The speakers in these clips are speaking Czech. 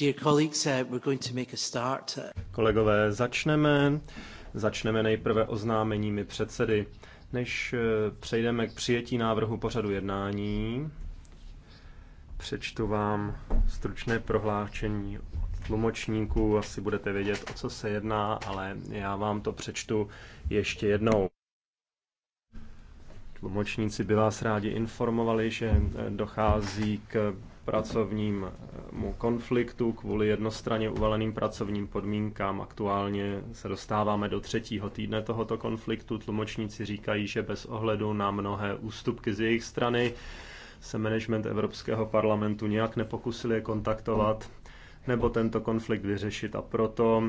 Uh, Kolegové, začneme. Začneme nejprve oznámeními předsedy. Než eh, přejdeme k přijetí návrhu pořadu jednání, přečtu vám stručné prohlášení tlumočníků. Asi budete vědět, o co se jedná, ale já vám to přečtu ještě jednou. Tlumočníci by vás rádi informovali, že eh, dochází k pracovnímu konfliktu kvůli jednostranně uvaleným pracovním podmínkám. Aktuálně se dostáváme do třetího týdne tohoto konfliktu. Tlumočníci říkají, že bez ohledu na mnohé ústupky z jejich strany se management Evropského parlamentu nějak nepokusili je kontaktovat nebo tento konflikt vyřešit a proto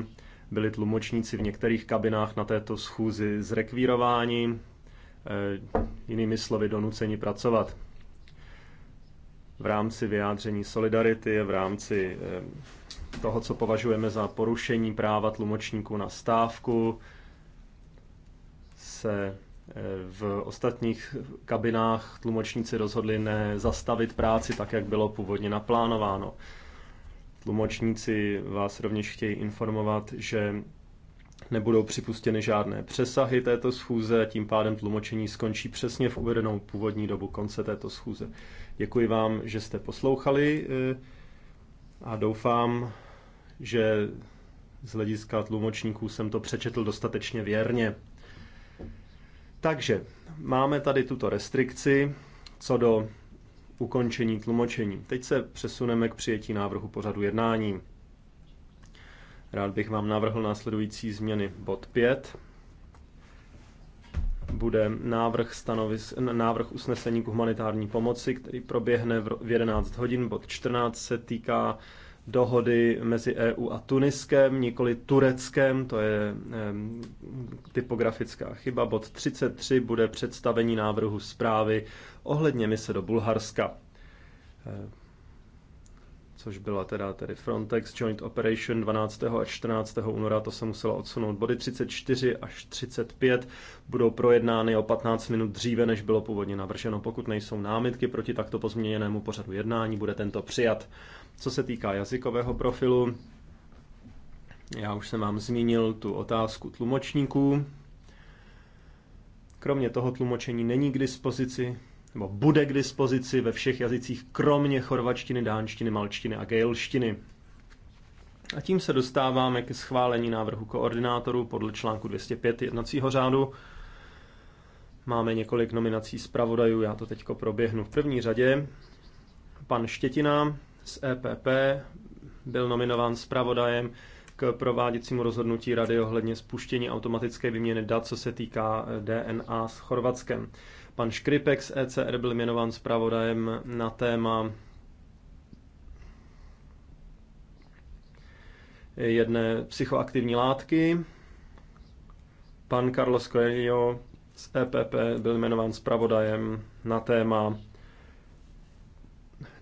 byli tlumočníci v některých kabinách na této schůzi zrekvírováni, eh, jinými slovy donuceni pracovat v rámci vyjádření solidarity, v rámci eh, toho, co považujeme za porušení práva tlumočníků na stávku, se eh, v ostatních kabinách tlumočníci rozhodli nezastavit práci tak, jak bylo původně naplánováno. Tlumočníci vás rovněž chtějí informovat, že nebudou připustěny žádné přesahy této schůze, tím pádem tlumočení skončí přesně v uvedenou původní dobu konce této schůze. Děkuji vám, že jste poslouchali eh, a doufám, že z hlediska tlumočníků jsem to přečetl dostatečně věrně. Takže máme tady tuto restrikci co do ukončení tlumočení. Teď se přesuneme k přijetí návrhu pořadu jednání. Rád bych vám navrhl následující změny. Bod 5 bude návrh, stanovis, návrh usnesení k humanitární pomoci, který proběhne v 11 hodin. Bod 14 se týká dohody mezi EU a Tuniskem, nikoli Tureckem, to je typografická chyba. Bod 33 bude představení návrhu zprávy ohledně mise do Bulharska což byla teda tedy Frontex Joint Operation 12. a 14. února, to se muselo odsunout. Body 34 až 35 budou projednány o 15 minut dříve, než bylo původně navrženo. Pokud nejsou námitky proti takto pozměněnému pořadu jednání, bude tento přijat. Co se týká jazykového profilu, já už jsem vám zmínil tu otázku tlumočníků. Kromě toho tlumočení není k dispozici nebo bude k dispozici ve všech jazycích, kromě chorvačtiny, dánštiny, malčtiny a gejlštiny. A tím se dostáváme ke schválení návrhu koordinátorů podle článku 205 jednacího řádu. Máme několik nominací zpravodajů, já to teďko proběhnu. V první řadě pan Štětina z EPP byl nominován zpravodajem k prováděcímu rozhodnutí rady ohledně spuštění automatické vyměny dat, co se týká eh, DNA s Chorvatskem. Pan Škripek z ECR byl jmenován zpravodajem na téma jedné psychoaktivní látky. Pan Carlos Coelho z EPP byl jmenován zpravodajem na téma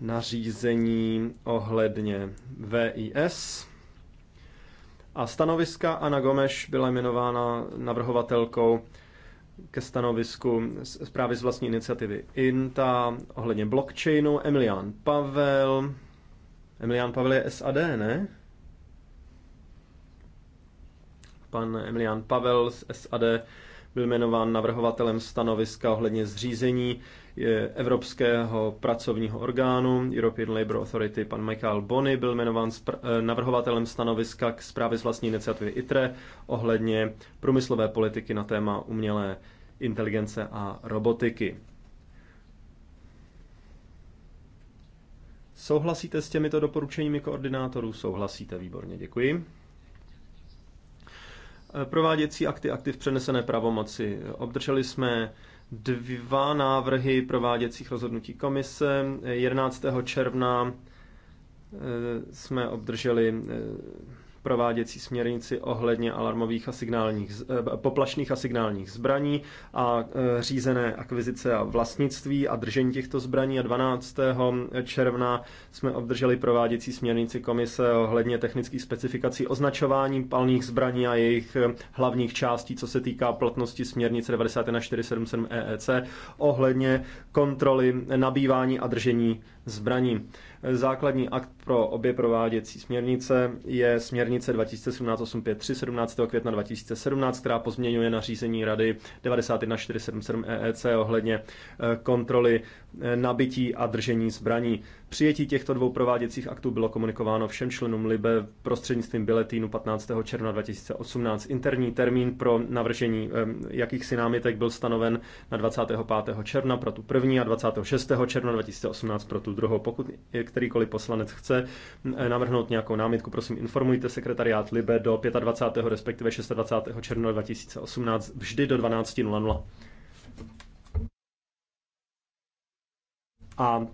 nařízení ohledně VIS. A stanoviska Ana Gomeš byla jmenována navrhovatelkou ke stanovisku zprávy z vlastní iniciativy INTA ohledně blockchainu. Emilian Pavel. Emilian Pavel je SAD, ne? Pan Emilian Pavel z SAD byl jmenován navrhovatelem stanoviska ohledně zřízení eh, Evropského pracovního orgánu European Labour Authority. Pan Michael Bonny byl jmenován eh, navrhovatelem stanoviska k zprávě z vlastní iniciativy ITRE ohledně průmyslové politiky na téma umělé inteligence a robotiky. Souhlasíte s těmito doporučeními koordinátorů? Souhlasíte, výborně, děkuji. Prováděcí akty v přenesené pravomoci. Obdrželi jsme dva návrhy prováděcích rozhodnutí komise. 11. června eh, jsme obdrželi eh, prováděcí směrnici ohledně alarmových a signálních, eh, poplašných a signálních zbraní a eh, řízené akvizice a vlastnictví a držení těchto zbraní. A 12. června jsme obdrželi prováděcí směrnici komise ohledně technických specifikací označování palných zbraní a jejich eh, hlavních částí, co se týká platnosti směrnice 91 EEC ohledně kontroly nabývání a držení zbraní. Základní akt pro obě prováděcí směrnice je směrnice 2017 17. května 2017, která pozměňuje nařízení Rady 91477 EEC ohledně eh, kontroly eh, nabití a držení zbraní. Přijetí těchto dvou prováděcích aktů bylo komunikováno všem členům LIBE prostřednictvím biletínu 15. června 2018. Interní termín pro navržení jakýchsi námitek byl stanoven na 25. června pro tu první a 26. června 2018 pro tu druhou. Pokud kterýkoliv poslanec chce eh, navrhnout nějakou námitku, prosím informujte sekretariát LIBE do 25. respektive 26. června 2018 vždy do 12.00. A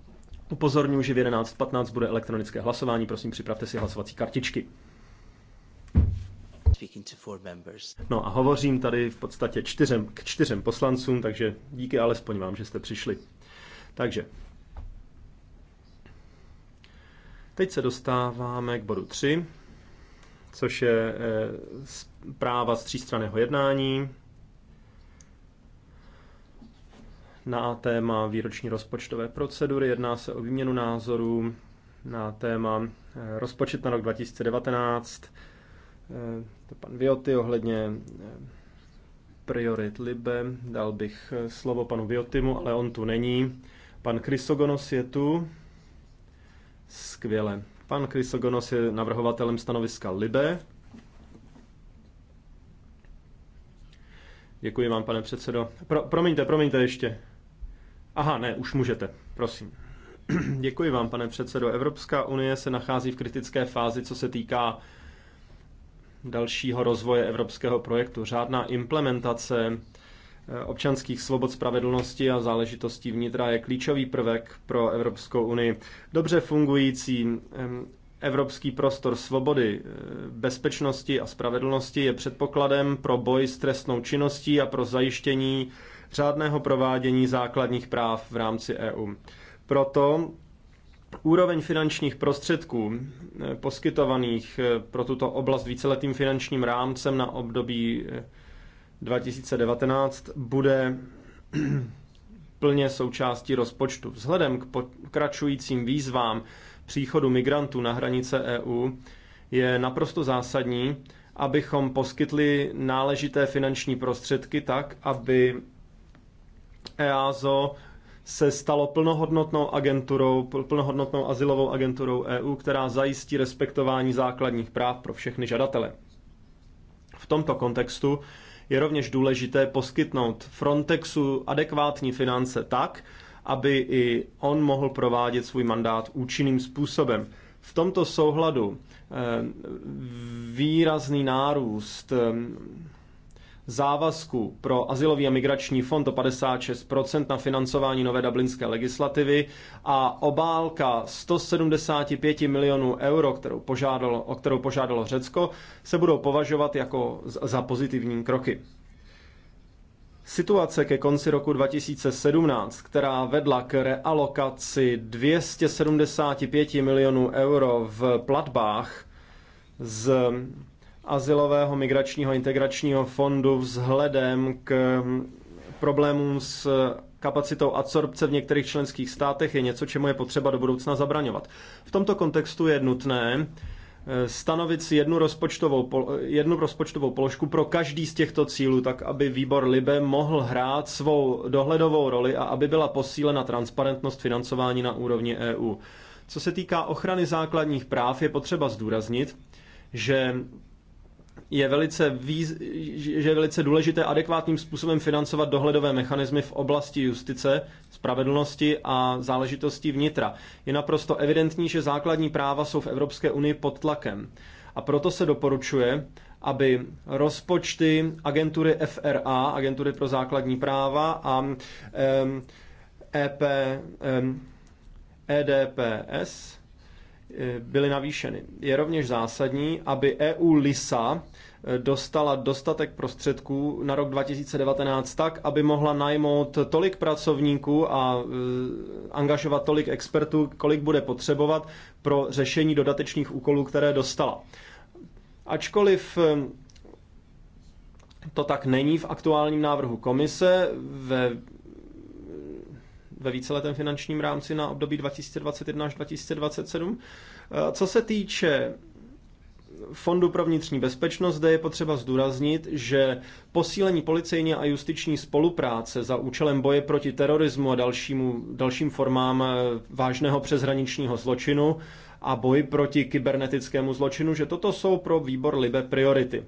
Upozorňuji, že v 11.15 bude elektronické hlasování. Prosím, připravte si hlasovací kartičky. No a hovořím tady v podstatě čtyřem, k čtyřem poslancům, takže díky alespoň vám, že jste přišli. Takže teď se dostáváme k bodu 3, což je eh, práva z třístraného jednání na téma výroční rozpočtové procedury, jedná se o výměnu názorů na téma eh, rozpočet na rok 2019, eh, to pan Vioty ohledně eh, priorit Libe, dal bych slovo panu Viotimu, ale on tu není. Pan Krysogonos je tu. Skvěle. Pan Krysogonos je navrhovatelem stanoviska Libe. Děkuji vám, pane předsedo. Pro, promiňte, promiňte ještě. Aha, ne, už můžete, prosím. Děkuji vám, pane předsedo. Evropská unie se nachází v kritické fázi, co se týká dalšího rozvoje evropského projektu. Řádná implementace eh, občanských svobod, spravedlnosti a záležitostí vnitra je klíčový prvek pro Evropskou unii. Dobře fungující ehm, evropský prostor svobody, eh, bezpečnosti a spravedlnosti je předpokladem pro boj s trestnou činností a pro zajištění řádného provádění základních práv v rámci EU. Proto Úroveň finančních prostředků eh, poskytovaných eh, pro tuto oblast víceletým finančním rámcem na období 2019 eh, bude plně součástí rozpočtu. Vzhledem k pokračujícím výzvám příchodu migrantů na hranice EU je naprosto zásadní, abychom poskytli náležité finanční prostředky tak, aby EASO se stalo plnohodnotnou agenturou, plnohodnotnou asilovou agenturou EU, která zajistí respektování základních práv pro všechny žadatele. V tomto kontextu je rovněž důležité poskytnout Frontexu adekvátní finance tak, aby i on mohl provádět svůj mandát účinným způsobem. V tomto souhladu e, výrazný nárůst závazku pro asilový a migrační fond o 56% na financování nové dublinské legislativy a obálka 175 milionů euro, kterou požádalo, o kterou požádalo Řecko, se budou považovat jako za pozitivní kroky. Situace ke konci roku 2017, která vedla k realokaci 275 milionů euro v platbách z azylového migračního integračního fondu vzhledem k problémům s kapacitou adsorpce v některých členských státech je něco, čemu je potřeba do budoucna zabraňovat. V tomto kontextu je nutné eh, stanovit si jednu rozpočtovou, jednu rozpočtovou položku pro každý z těchto cílů, tak aby výbor Libe mohl hrát svou dohledovou roli a aby byla posílena transparentnost financování na úrovni EU. Co se týká ochrany základních práv, je potřeba zdůraznit, že je velice výz, že je velice důležité adekvátním způsobem financovat dohledové mechanismy v oblasti justice, spravedlnosti a záležitostí vnitra. Je naprosto evidentní, že základní práva jsou v Evropské unii pod tlakem. A proto se doporučuje, aby rozpočty agentury FRA, agentury pro základní práva a EP, e EDPS, Eh, byly navýšeny. Je rovněž zásadní, aby EU LISA eh, dostala dostatek prostředků na rok 2019 tak, aby mohla najmout tolik pracovníků a eh, angažovat tolik expertů, kolik bude potřebovat pro řešení dodatečných úkolů, které dostala. Ačkoliv to tak není v aktuálním návrhu komise, ve ve víceletém finančním rámci na období 2021 až 2027. Eh, co se týče Fondu pro vnitřní bezpečnost, zde je potřeba zdůraznit, že posílení policejní a justiční spolupráce za účelem boje proti terorismu a dalšímu, dalším formám eh, vážného přeshraničního zločinu a boj proti kybernetickému zločinu, že toto jsou pro výbor Libe priority.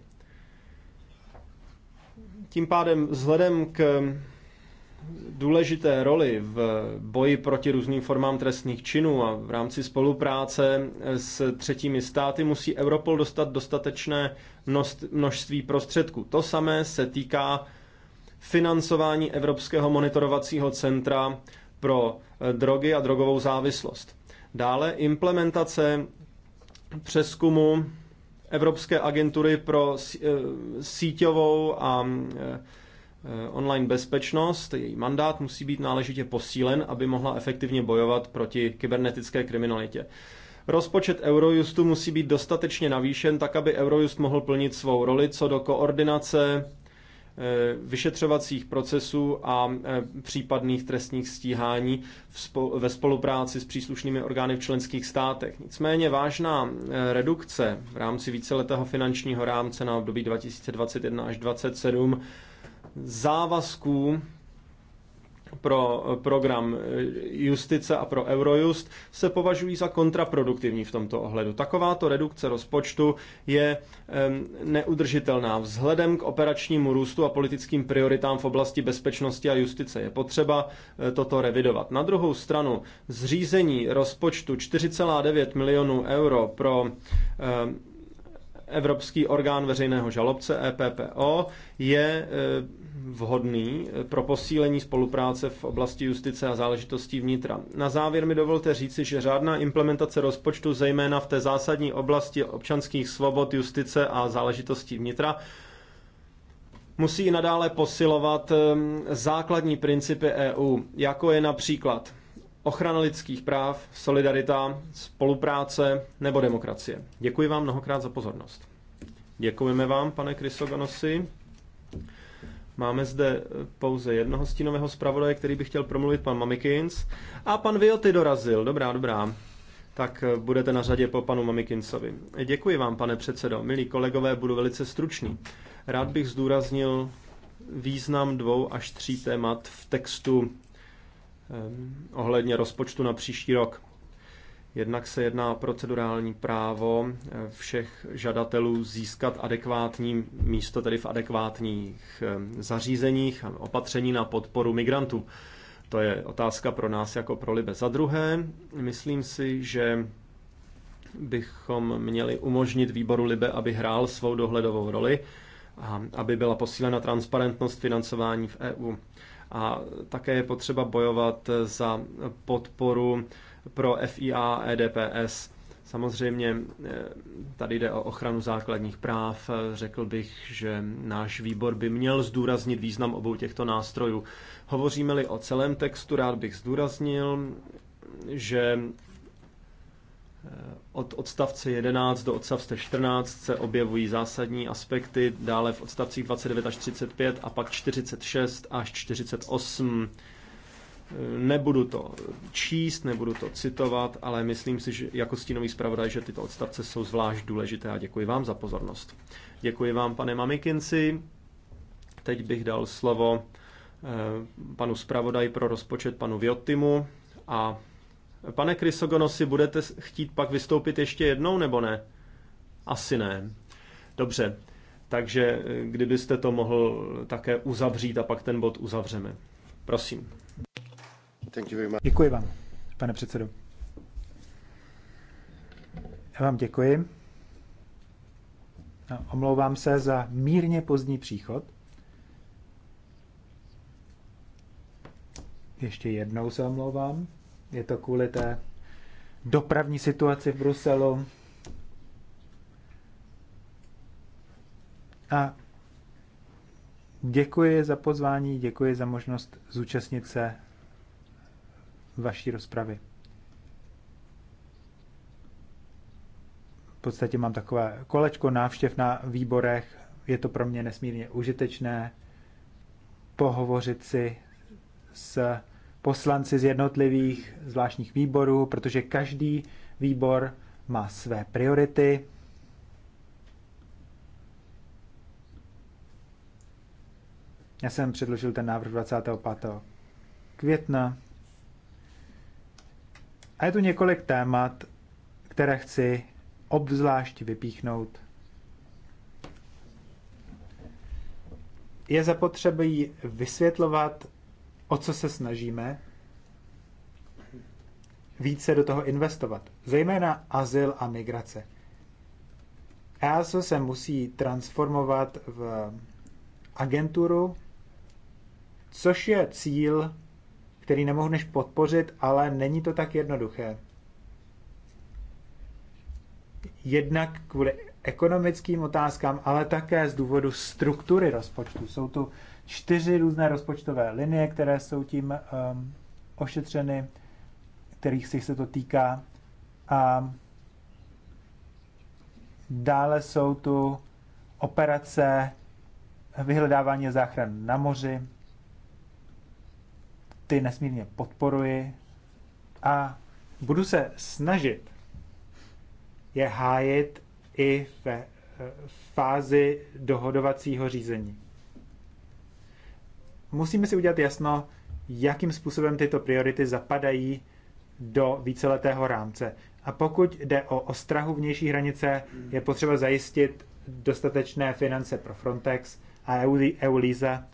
Tím pádem vzhledem k důležité roli v boji proti různým formám trestných činů a v rámci spolupráce s třetími státy musí Europol dostat dostatečné množství prostředků. To samé se týká financování Evropského monitorovacího centra pro eh, drogy a drogovou závislost. Dále implementace přeskumu Evropské agentury pro eh, síťovou a eh, Eh, online bezpečnost, její mandát musí být náležitě posílen, aby mohla efektivně bojovat proti kybernetické kriminalitě. Rozpočet Eurojustu musí být dostatečně navýšen, tak aby Eurojust mohl plnit svou roli co do koordinace eh, vyšetřovacích procesů a eh, případných trestních stíhání ve spolupráci s příslušnými orgány v členských státech. Nicméně vážná redukce v rámci víceletého finančního rámce na období 2021 až 2027 závazků pro program justice a pro Eurojust se považují za kontraproduktivní v tomto ohledu. Takováto redukce rozpočtu je neudržitelná. Vzhledem k operačnímu růstu a politickým prioritám v oblasti bezpečnosti a justice je potřeba e, toto revidovat. Na druhou stranu zřízení rozpočtu 4,9 milionů euro pro Evropský orgán veřejného žalobce EPPO je e, vhodný eh, pro posílení spolupráce v oblasti justice a záležitostí vnitra. Na závěr mi dovolte říci, že řádná implementace rozpočtu, zejména v té zásadní oblasti občanských svobod, justice a záležitostí vnitra, musí nadále posilovat ehm, základní principy EU, jako je například ochrana lidských práv, solidarita, spolupráce nebo demokracie. Děkuji vám mnohokrát za pozornost. Děkujeme vám, pane Krysogonosi. Máme zde eh, pouze jednoho stínového zpravodaje, který by chtěl promluvit pan Mamikins. A pan Vioty dorazil. Dobrá, dobrá. Tak eh, budete na řadě po panu Mamikinsovi. Děkuji vám, pane předsedo. Milí kolegové, budu velice stručný. Rád bych zdůraznil význam dvou až tří témat v textu eh, ohledně rozpočtu na příští rok. Jednak se jedná o procedurální právo eh, všech žadatelů získat adekvátní místo, tedy v adekvátních eh, zařízeních a opatření na podporu migrantů. To je otázka pro nás jako pro Libe. Za druhé, myslím si, že bychom měli umožnit výboru Libe, aby hrál svou dohledovou roli a aby byla posílena transparentnost financování v EU. A také je potřeba bojovat za podporu pro FIA a EDPS. Samozřejmě eh, tady jde o ochranu základních práv. Řekl bych, že náš výbor by měl zdůraznit význam obou těchto nástrojů. Hovoříme-li o celém textu, rád bych zdůraznil, že eh, od odstavce 11 do odstavce 14 se objevují zásadní aspekty, dále v odstavcích 29 až 35 a pak 46 až 48 Nebudu to číst, nebudu to citovat, ale myslím si, že jako stínový zpravodaj, že tyto odstavce jsou zvlášť důležité a děkuji vám za pozornost. Děkuji vám, pane Mamikinci. Teď bych dal slovo eh, panu zpravodaj pro rozpočet, panu Viotimu. A pane Krysogonosi, budete chtít pak vystoupit ještě jednou, nebo ne? Asi ne. Dobře, takže eh, kdybyste to mohl také uzavřít a pak ten bod uzavřeme. Prosím. Děkuji vám, pane předsedo. Já vám děkuji. Omlouvám se za mírně pozdní příchod. Ještě jednou se omlouvám. Je to kvůli té dopravní situaci v Bruselu. A děkuji za pozvání, děkuji za možnost zúčastnit se vaší rozpravy. V podstatě mám takové kolečko návštěv na výborech. Je to pro mě nesmírně užitečné pohovořit si s poslanci z jednotlivých zvláštních výborů, protože každý výbor má své priority. Já jsem předložil ten návrh 25. května a je tu několik témat, které chci obzvlášť vypíchnout. Je zapotřebí vysvětlovat, o co se snažíme, více do toho investovat, zejména azyl a migrace. EASO se musí transformovat v agenturu, což je cíl, který nemohu než podpořit, ale není to tak jednoduché. Jednak kvůli ekonomickým otázkám, ale také z důvodu struktury rozpočtu. Jsou tu čtyři různé rozpočtové linie, které jsou tím um, ošetřeny, kterých si se to týká. A dále jsou tu operace vyhledávání záchran na moři, ty nesmírně podporuji a budu se snažit je hájit i ve eh, fázi dohodovacího řízení. Musíme si udělat jasno, jakým způsobem tyto priority zapadají do víceletého rámce. A pokud jde o ostrahu vnější hranice, je potřeba zajistit dostatečné finance pro Frontex a EULISA e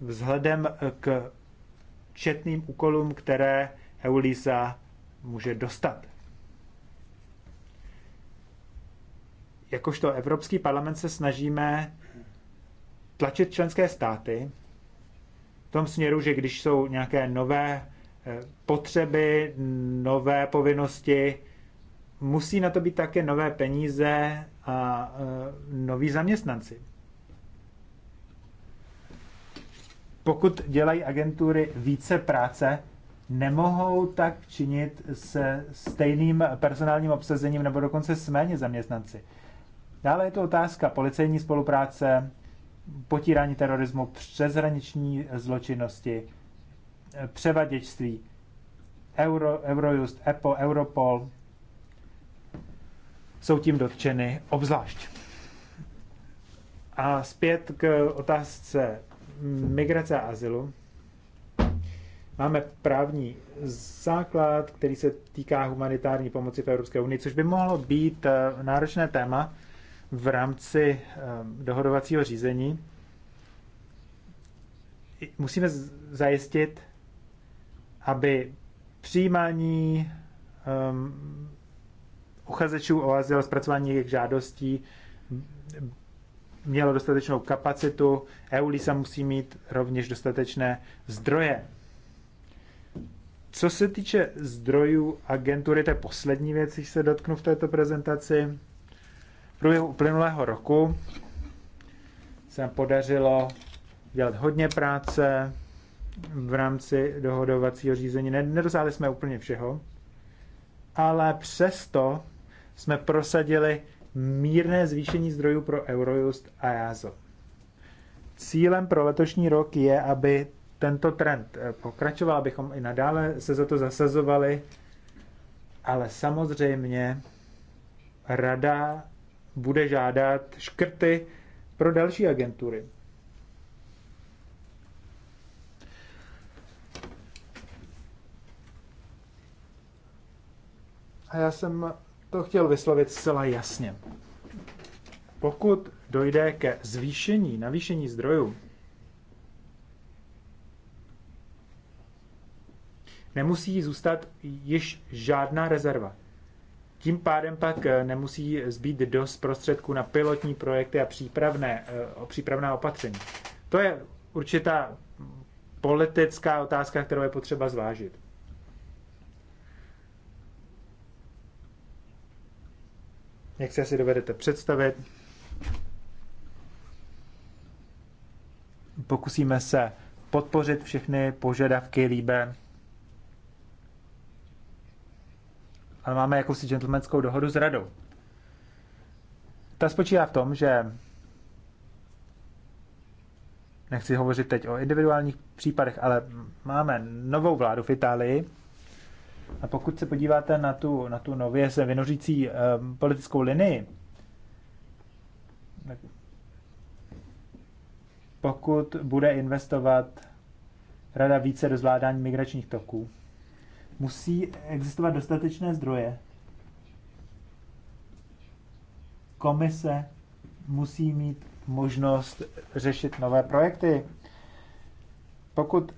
vzhledem k četným úkolům, které Eulisa může dostat. Jakožto Evropský parlament se snažíme tlačit členské státy v tom směru, že když jsou nějaké nové eh, potřeby, nové povinnosti, musí na to být také nové peníze a eh, noví zaměstnanci. pokud dělají agentury více práce, nemohou tak činit se stejným personálním obsazením nebo dokonce s méně zaměstnanci. Dále je to otázka policejní spolupráce, potírání terorismu, přeshraniční zločinnosti, převaděčství, Euro, Eurojust, EPO, Europol jsou tím dotčeny obzvlášť. A zpět k otázce migrace a azylu máme právní základ, který se týká humanitární pomoci v Evropské unii, což by mohlo být eh, náročné téma v rámci eh, dohodovacího řízení. Musíme zajistit, aby přijímání um, uchazečů o azyl, zpracování jejich žádostí mělo dostatečnou kapacitu, EULISA musí mít rovněž dostatečné zdroje. Co se týče zdrojů agentury, to je poslední věc, když se dotknu v této prezentaci. V průběhu uplynulého roku se nám podařilo dělat hodně práce v rámci dohodovacího řízení. Nedosáhli jsme úplně všeho, ale přesto jsme prosadili mírné zvýšení zdrojů pro Eurojust a JAZO. Cílem pro letošní rok je, aby tento trend eh, pokračoval, abychom i nadále se za to zasazovali, ale samozřejmě rada bude žádat škrty pro další agentury. A já jsem to chtěl vyslovit zcela jasně. Pokud dojde ke zvýšení, navýšení zdrojů, nemusí zůstat již žádná rezerva. Tím pádem pak eh, nemusí zbýt dost prostředků na pilotní projekty a přípravné, eh, přípravné opatření. To je určitá politická otázka, kterou je potřeba zvážit. jak se asi dovedete představit. Pokusíme se podpořit všechny požadavky líbe. Ale máme jakousi gentlemanskou dohodu s radou. Ta spočívá v tom, že nechci hovořit teď o individuálních případech, ale máme novou vládu v Itálii, a pokud se podíváte na tu, na tu nově se vynořící um, politickou linii, pokud bude investovat rada více do zvládání migračních toků, musí existovat dostatečné zdroje. Komise musí mít možnost řešit nové projekty. Pokud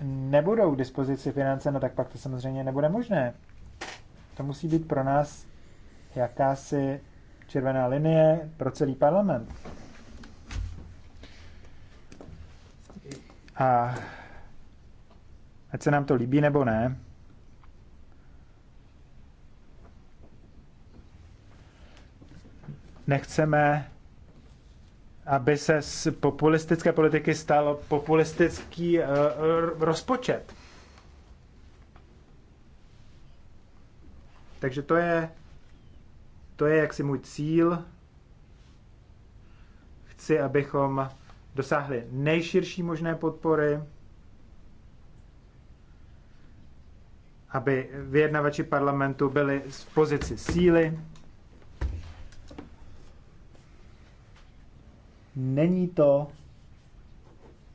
nebudou k dispozici finance, no tak pak to samozřejmě nebude možné. To musí být pro nás jakási červená linie pro celý parlament. A ať se nám to líbí nebo ne, nechceme aby se z populistické politiky stal populistický eh, rozpočet. Takže to je, to je jaksi můj cíl. Chci, abychom dosáhli nejširší možné podpory, aby vyjednavači parlamentu byli v pozici síly, Není to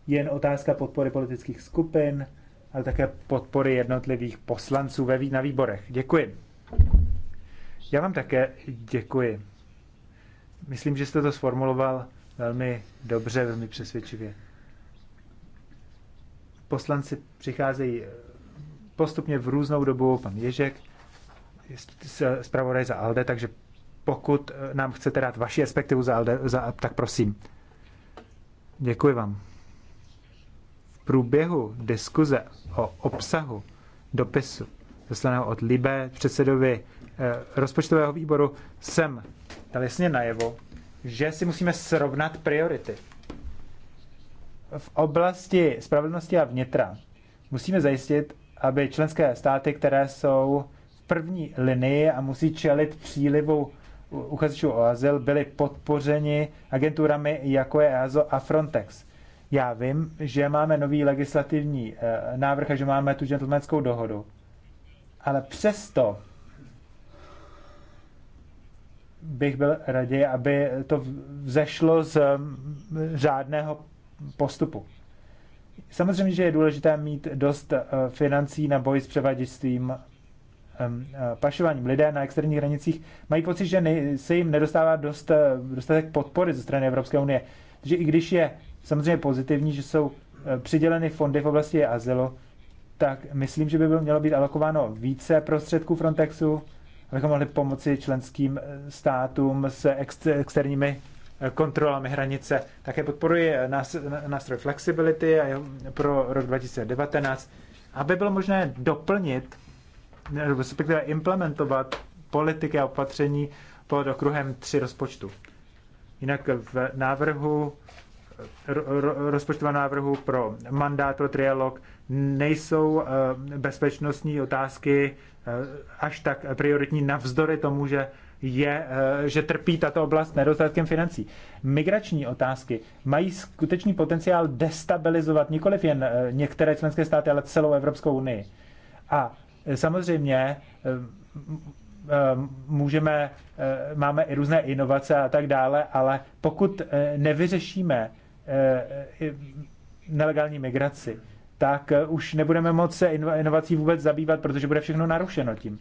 jen otázka podpory politických skupin, ale také podpory jednotlivých poslanců ve, na výborech. Děkuji. Já vám také děkuji. Myslím, že jste to sformuloval velmi dobře, velmi přesvědčivě. Poslanci přicházejí eh, postupně v různou dobu, pan Ježek, zpravodaj za ALDE, takže pokud eh, nám chcete dát vaši respektivu za, za tak prosím. Děkuji vám. V průběhu diskuze o obsahu dopisu zaslaného od Libé předsedovi eh, rozpočtového výboru jsem dal jasně najevo, že si musíme srovnat priority. V oblasti spravedlnosti a vnitra musíme zajistit, aby členské státy, které jsou v první linii a musí čelit přílivu uchazečů o azyl byli podpořeni agenturami jako je EASO a Frontex. Já vím, že máme nový legislativní eh, návrh a že máme tu gentlemanskou dohodu. Ale přesto bych byl raději, aby to vzešlo z řádného postupu. Samozřejmě, že je důležité mít dost eh, financí na boj s převaděstvím pašování. Lidé na externích hranicích mají pocit, že se jim nedostává dost, eh, dostatek podpory ze strany Evropské unie. Takže i když je samozřejmě pozitivní, že jsou eh, přiděleny fondy v oblasti azylu, tak myslím, že by bylo mělo být alokováno více prostředků Frontexu, abychom mohli pomoci členským eh, státům s ex- externími kontrolami hranice. Také podporuji nástroj flexibility pro rok 2019, aby bylo možné doplnit respektive implementovat politiky a opatření pod okruhem tři rozpočtu. Jinak v návrhu rozpočtového návrhu pro mandát pro trialog nejsou eh, bezpečnostní otázky eh, až tak prioritní navzdory tomu, že je, eh, že trpí tato oblast nedostatkem financí. Migrační otázky mají skutečný potenciál destabilizovat nikoliv jen některé členské státy, ale celou Evropskou unii. A Eh, samozřejmě eh, eh, můžeme, máme i různé inovace a tak dále, ale pokud nevyřešíme nelegální migraci, tak už nebudeme moci se inovací vůbec zabývat, protože bude všechno narušeno tím.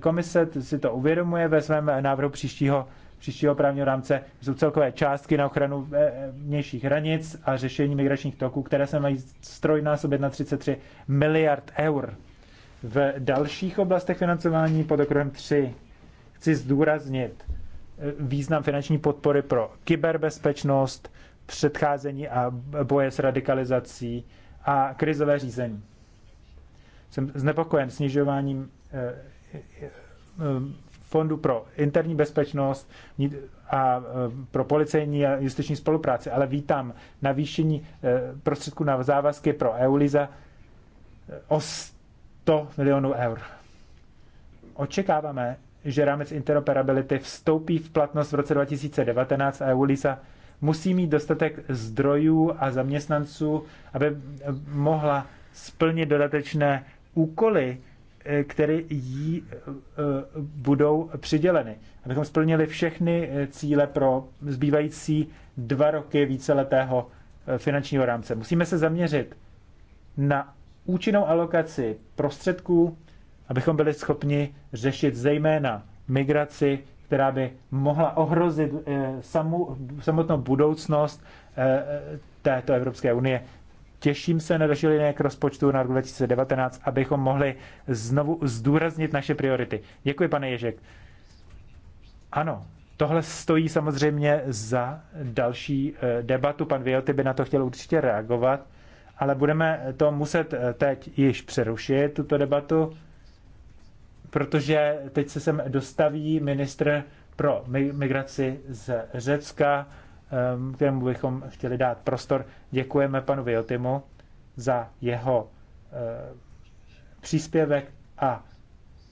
Komise si to uvědomuje ve svém návrhu příštího, příštího právního rámce. Jsou celkové částky na ochranu vnějších hranic a řešení migračních toků, které se mají strojnásobit na 33 miliard eur. V dalších oblastech financování pod okruhem 3 chci zdůraznit eh, význam finanční podpory pro kyberbezpečnost, předcházení a boje s radikalizací a krizové řízení. Jsem znepokojen snižováním eh, eh, fondu pro interní bezpečnost a pro policejní a justiční spolupráci, ale vítám navýšení prostředků na závazky pro EULIZA o 100 milionů eur. Očekáváme, že rámec interoperability vstoupí v platnost v roce 2019 a EULISA musí mít dostatek zdrojů a zaměstnanců, aby mohla splnit dodatečné úkoly, eh, které jí eh, budou přiděleny. Abychom splnili všechny eh, cíle pro zbývající dva roky víceletého finančního rámce. Musíme se zaměřit na účinnou alokaci prostředků, abychom byli schopni řešit zejména migraci, která by mohla ohrozit eh, samu, samotnou budoucnost eh, eh, této Evropské unie. Těším se na další linie k rozpočtu na rok 2019, abychom mohli znovu zdůraznit naše priority. Děkuji, pane Ježek. Ano, tohle stojí samozřejmě za další debatu. Pan Vioty by na to chtěl určitě reagovat ale budeme to muset eh, teď již přerušit, tuto debatu, protože teď se sem dostaví ministr pro migraci z Řecka, ehm, kterému bychom chtěli dát prostor. Děkujeme panu Viotimu za jeho eh, příspěvek a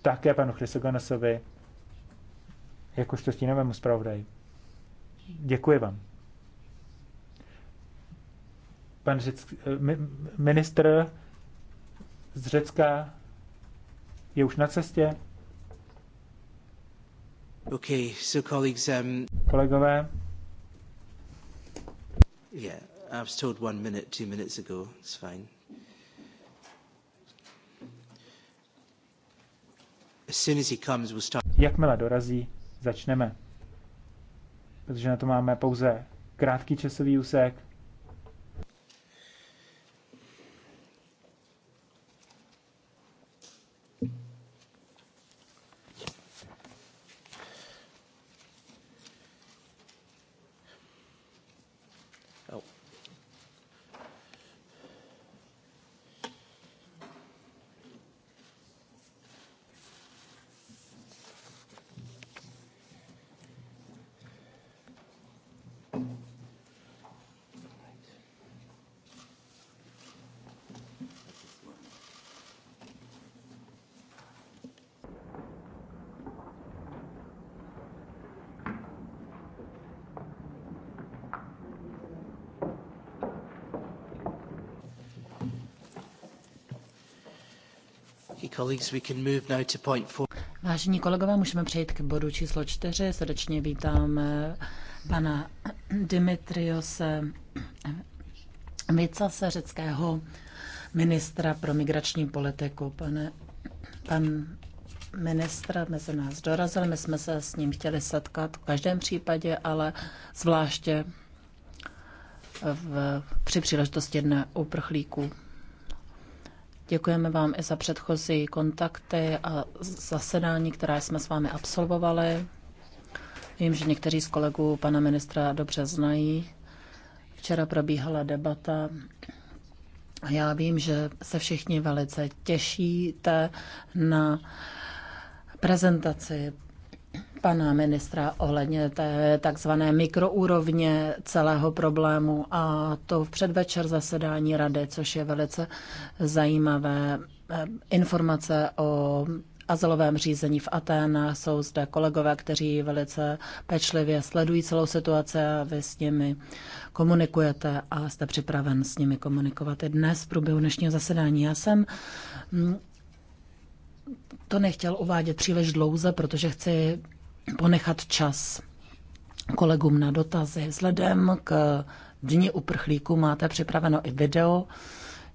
také panu Chrysogonosovi jakožto stínovému zpravodaji. Děkuji vám pan řeck, eh, ministr z Řecka je už na cestě. Okay, so colleagues, um... Kolegové. Yeah, I was told one minute, two minutes ago. It's fine. As soon as he comes, we'll start. Jakmile dorazí, začneme. Protože na to máme pouze krátký časový úsek. Vážení kolegové, můžeme přejít k bodu číslo čtyři. Srdečně vítám eh, pana Dimitriose Vicase, řeckého ministra pro migrační politiku. Pane, pan ministra mezi nás dorazil, my jsme se s ním chtěli setkat v každém případě, ale zvláště v, při příležitosti dne uprchlíků. Děkujeme vám i za předchozí kontakty a zasedání, která jsme s vámi absolvovali. Vím, že někteří z kolegů pana ministra dobře znají. Včera probíhala debata a já vím, že se všichni velice těšíte na prezentaci pana ministra ohledně té takzvané mikroúrovně celého problému a to v předvečer zasedání rady, což je velice zajímavé. Eh, informace o azylovém řízení v Aténách jsou zde kolegové, kteří velice pečlivě sledují celou situaci a vy s nimi komunikujete a jste připraven s nimi komunikovat i dnes v průběhu dnešního zasedání. Já jsem hm, to nechtěl uvádět příliš dlouze, protože chci ponechat čas kolegům na dotazy. Vzhledem k Dni uprchlíků máte připraveno i video,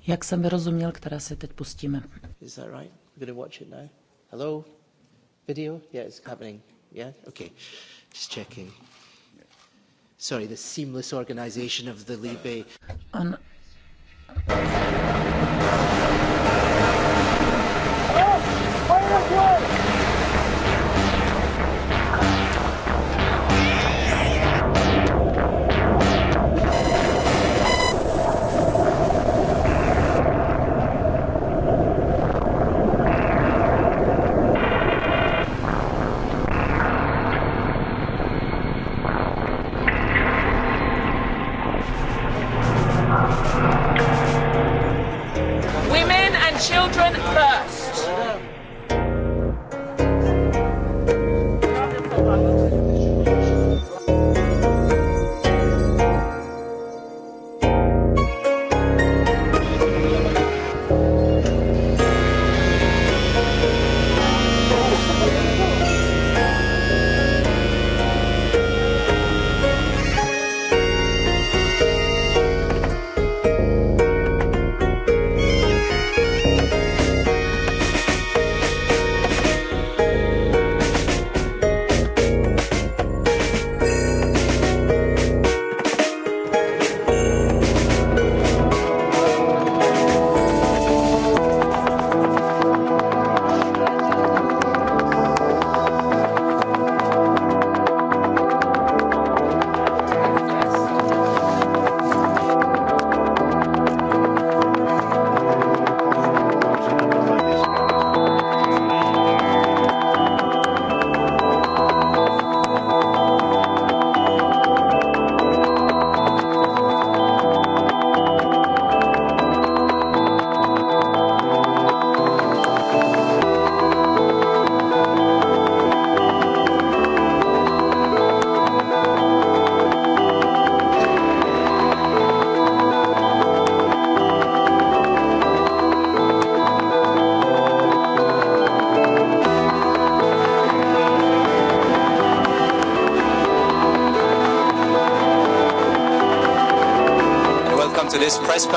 jak jsem vyrozuměl, které si teď pustíme. Is that right? watch it now. Hello? Video? Yeah, it's happening. Yeah? Okay. Just checking. Sorry, the seamless organization of the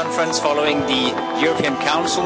conference following the European Council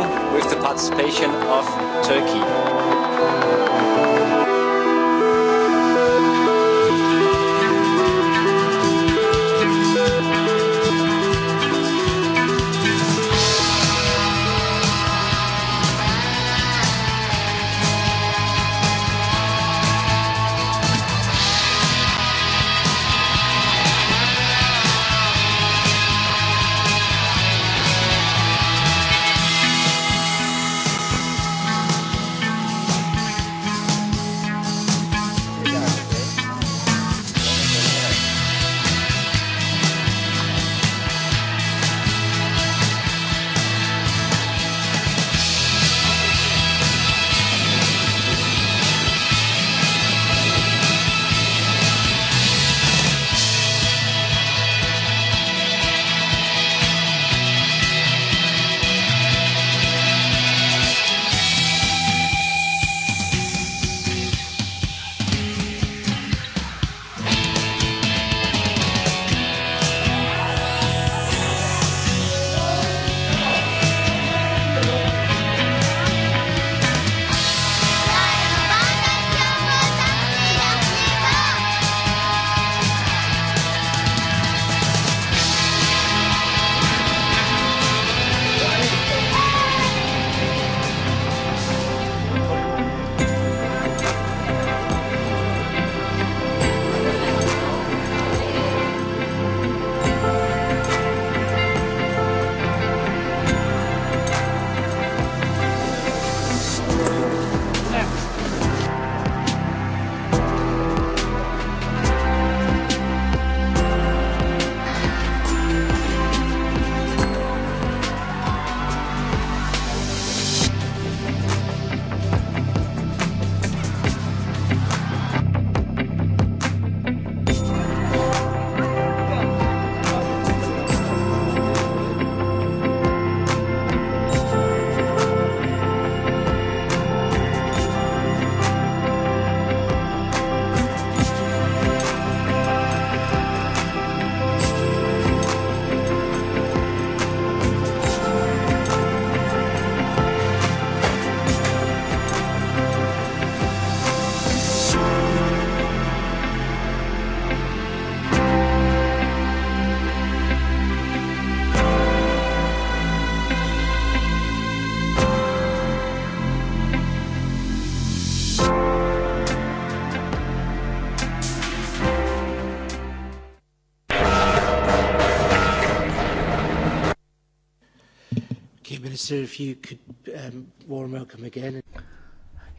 Um,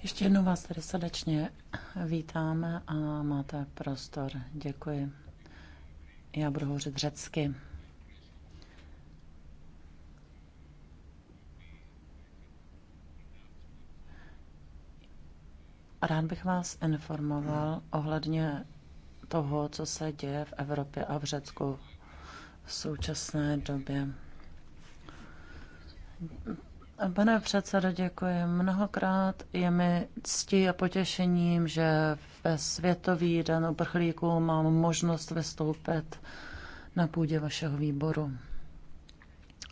Ještě jednou vás tady srdečně vítáme a máte prostor. Děkuji. Já budu hovořit řecky. Rád bych vás informoval ohledně toho, co se děje v Evropě a v Řecku v současné době. Pane předsedo, děkuji mnohokrát. Je mi ctí a potěšením, že ve Světový den uprchlíků mám možnost vystoupit na půdě vašeho výboru.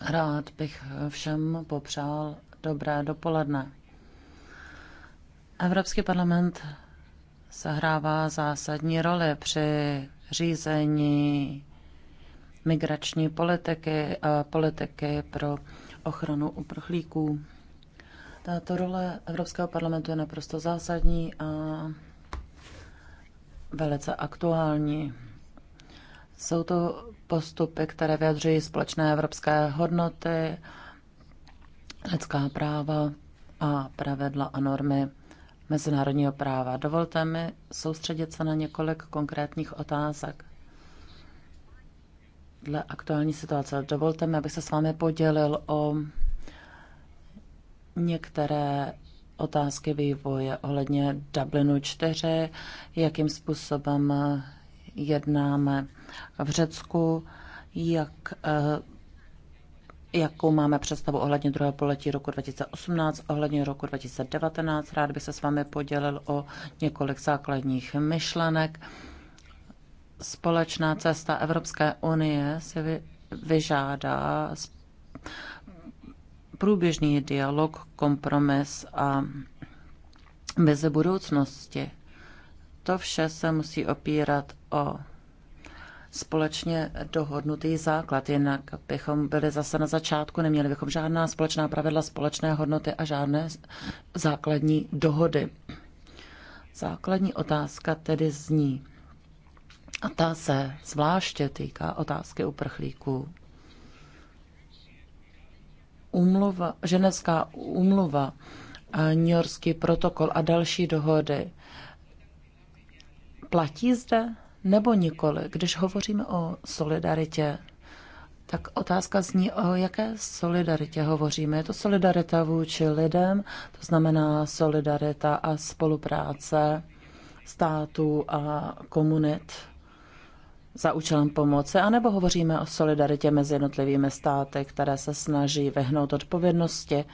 Rád bych všem popřál dobré dopoledne. Evropský parlament sehrává zásadní roli při řízení migrační politiky a politiky pro ochranu uprchlíků. Tato role Evropského parlamentu je naprosto zásadní a velice aktuální. Jsou to postupy, které vyjadřují společné evropské hodnoty, lidská práva a pravidla a normy mezinárodního práva. Dovolte mi soustředit se na několik konkrétních otázek dle aktuální situace. Dovolte mi, abych se s vámi podělil o některé otázky vývoje ohledně Dublinu 4, jakým způsobem jednáme v Řecku, jak, eh, jakou máme představu ohledně druhého poletí roku 2018, ohledně roku 2019. Rád bych se s vámi podělil o několik základních myšlenek společná cesta Evropské unie si vyžádá průběžný dialog, kompromis a vize budoucnosti. To vše se musí opírat o společně dohodnutý základ, jinak bychom byli zase na začátku, neměli bychom žádná společná pravidla, společné hodnoty a žádné základní dohody. Základní otázka tedy zní, a ta se zvláště týká otázky uprchlíků. Umluva, ženevská umluva, New Yorkský protokol a další dohody platí zde nebo nikoli? Když hovoříme o solidaritě, tak otázka zní, o jaké solidaritě hovoříme. Je to solidarita vůči lidem, to znamená solidarita a spolupráce států a komunit za účelem pomoci, anebo hovoříme o solidaritě mezi jednotlivými státy, které se snaží vyhnout odpovědnosti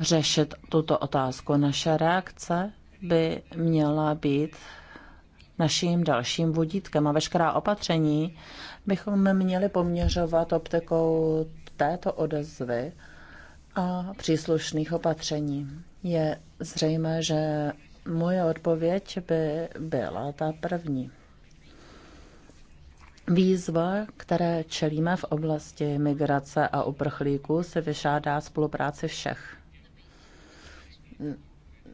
řešit tuto otázku. Naše reakce by měla být naším dalším vodítkem a veškerá opatření bychom měli poměřovat optikou této odezvy a příslušných opatření. Je zřejmé, že moje odpověď by byla ta první. Výzva, které čelíme v oblasti migrace a uprchlíků, se vyžádá spolupráci všech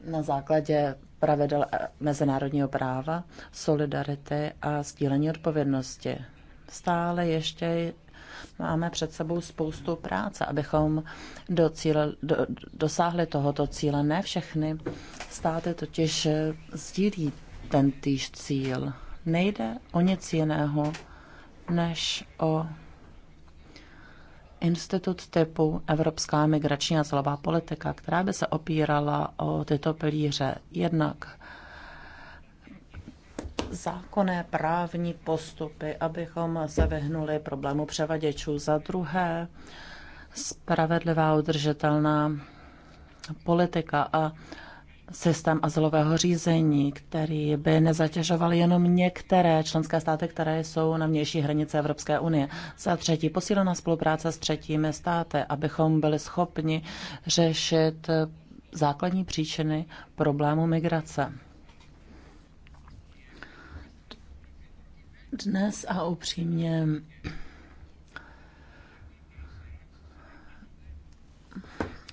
na základě pravidel mezinárodního práva, solidarity a sdílení odpovědnosti. Stále ještě máme před sebou spoustu práce, abychom do cíle, do, dosáhli tohoto cíle. Ne všechny státy totiž sdílí ten týž cíl. Nejde o nic jiného, než o institut typu Evropská migrační a zlová politika, která by se opírala o tyto pilíře. Jednak zákonné právní postupy, abychom se vyhnuli problému převaděčů. Za druhé, spravedlivá udržitelná politika a systém azylového řízení, který by nezatěžoval jenom některé členské státy, které jsou na vnější hranice Evropské unie. Za třetí, posílená spolupráce s třetími státy, abychom byli schopni řešit základní příčiny problému migrace. Dnes a upřímně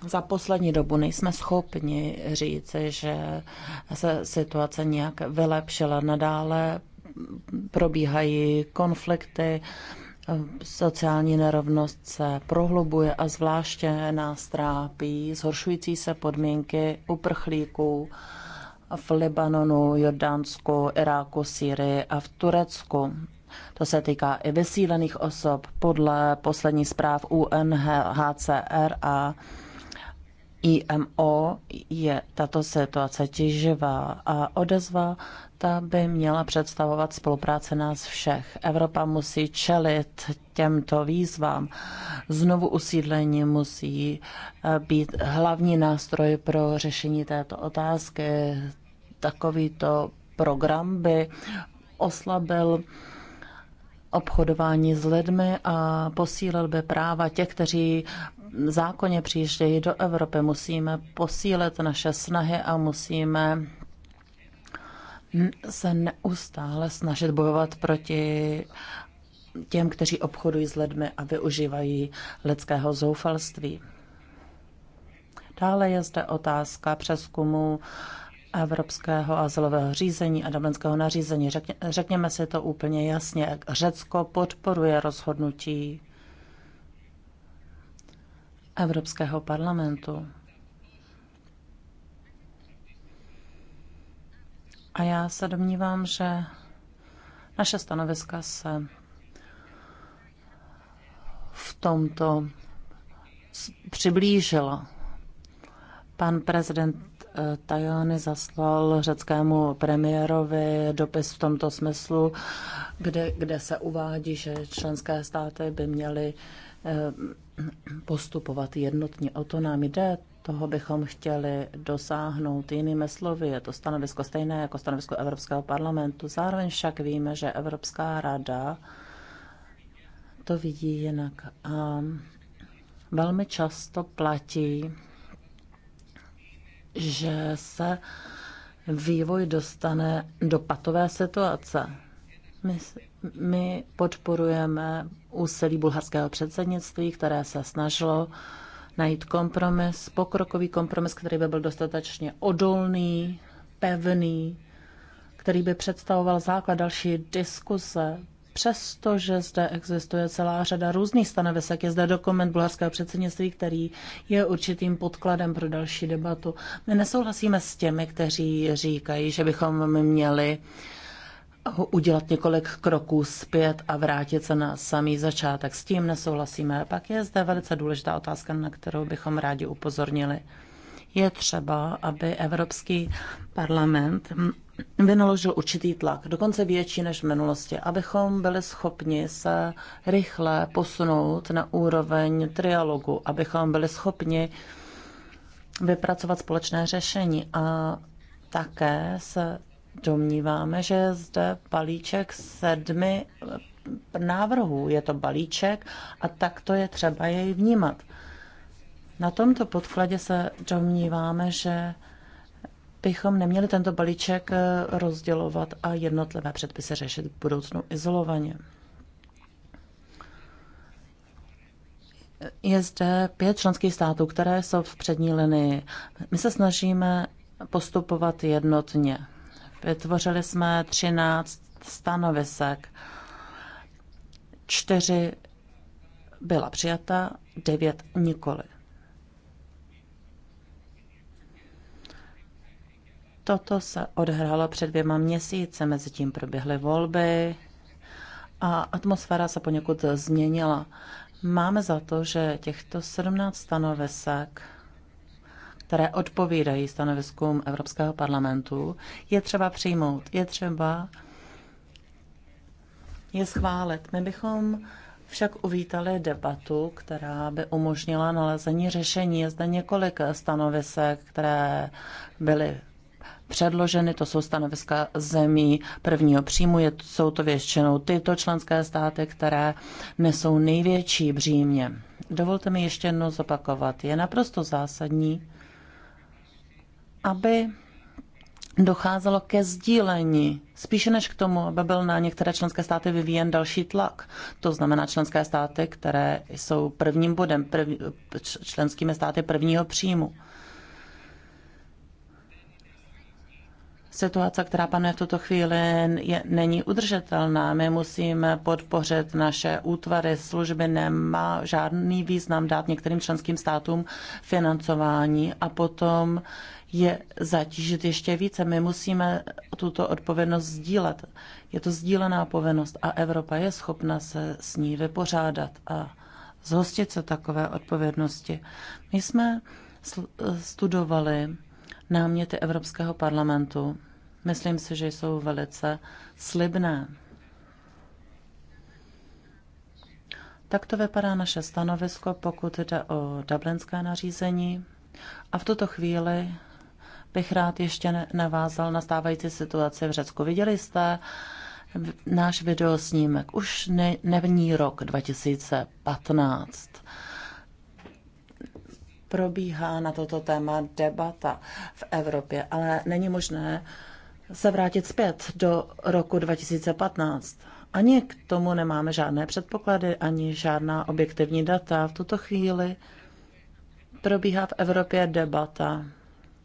za poslední dobu nejsme schopni říci, že se situace nějak vylepšila. Nadále probíhají konflikty, sociální nerovnost se prohlubuje a zvláště nás trápí zhoršující se podmínky uprchlíků v Libanonu, Jordánsku, Iráku, Sýrii a v Turecku. To se týká i vysílených osob podle posledních zpráv UNHCR a IMO je tato situace těživá a odezva ta by měla představovat spolupráce nás všech. Evropa musí čelit těmto výzvám. Znovu usídlení musí eh, být hlavní nástroj pro řešení této otázky. Takovýto program by oslabil obchodování s lidmi a posílil by práva těch, kteří zákonně přijíždějí do Evropy. Musíme posílit naše snahy a musíme se neustále snažit bojovat proti těm, kteří obchodují s lidmi a využívají lidského zoufalství. Dále je zde otázka přeskumu evropského azylového řízení a dublinského nařízení. Řekně, řekněme si to úplně jasně. Řecko podporuje rozhodnutí Evropského parlamentu. A já se domnívám, že naše stanoviska se v tomto přiblížila. Pan prezident Tajani zaslal řeckému premiérovi dopis v tomto smyslu, kde, kde se uvádí, že členské státy by měly eh, postupovat jednotně. O to nám jde, toho bychom chtěli dosáhnout. Jinými slovy, je to stanovisko stejné jako stanovisko Evropského parlamentu. Zároveň však víme, že Evropská rada to vidí jinak. A velmi často platí, že se vývoj dostane do patové situace. My, my podporujeme úsilí bulharského předsednictví, které se snažilo najít kompromis, pokrokový kompromis, který by byl dostatečně odolný, pevný, který by představoval základ další diskuse Přestože zde existuje celá řada různých stanovisek, je zde dokument bulharského předsednictví, který je určitým podkladem pro další debatu. My nesouhlasíme s těmi, kteří říkají, že bychom měli udělat několik kroků zpět a vrátit se na samý začátek. S tím nesouhlasíme. Pak je zde velice důležitá otázka, na kterou bychom rádi upozornili. Je třeba, aby Evropský parlament vynaložil určitý tlak, dokonce větší než v minulosti, abychom byli schopni se rychle posunout na úroveň trialogu, abychom byli schopni vypracovat společné řešení. A také se domníváme, že je zde balíček sedmi návrhů. Je to balíček a tak to je třeba jej vnímat. Na tomto podkladě se domníváme, že bychom neměli tento balíček eh, rozdělovat a jednotlivé předpisy řešit v budoucnu izolovaně. Je zde pět členských států, které jsou v přední linii. My se snažíme postupovat jednotně. Vytvořili jsme 13 stanovisek. Čtyři byla přijata, devět nikoli. Toto se odhrálo před dvěma měsíci, mezi tím proběhly volby a atmosféra se poněkud změnila. Máme za to, že těchto 17 stanovisek, které odpovídají stanoviskům Evropského parlamentu, je třeba přijmout, je třeba je schválit. My bychom však uvítali debatu, která by umožnila nalezení řešení. Je zde několik stanovisek, které byly předloženy. To jsou stanoviska zemí prvního příjmu. Je, jsou to většinou tyto členské státy, které nesou největší břímě. Dovolte mi ještě jednou zopakovat. Je naprosto zásadní, aby docházelo ke sdílení, spíše než k tomu, aby byl na některé členské státy vyvíjen další tlak. To znamená členské státy, které jsou prvním bodem, prv, členskými státy prvního příjmu. situace, která panuje v tuto chvíli, je, není udržitelná. My musíme podpořit naše útvary, služby. Nemá žádný význam dát některým členským státům financování a potom je zatížit ještě více. My musíme tuto odpovědnost sdílet. Je to sdílená povinnost a Evropa je schopna se s ní vypořádat a zhostit se takové odpovědnosti. My jsme studovali náměty Evropského parlamentu Myslím si, že jsou velice slibné. Tak to vypadá naše stanovisko, pokud jde o dublinské nařízení. A v tuto chvíli bych rád ještě navázal na stávající situaci v Řecku. Viděli jste náš videosnímek. Už nevní rok 2015 probíhá na toto téma debata v Evropě, ale není možné se vrátit zpět do roku 2015. Ani k tomu nemáme žádné předpoklady, ani žádná objektivní data. V tuto chvíli probíhá v Evropě debata.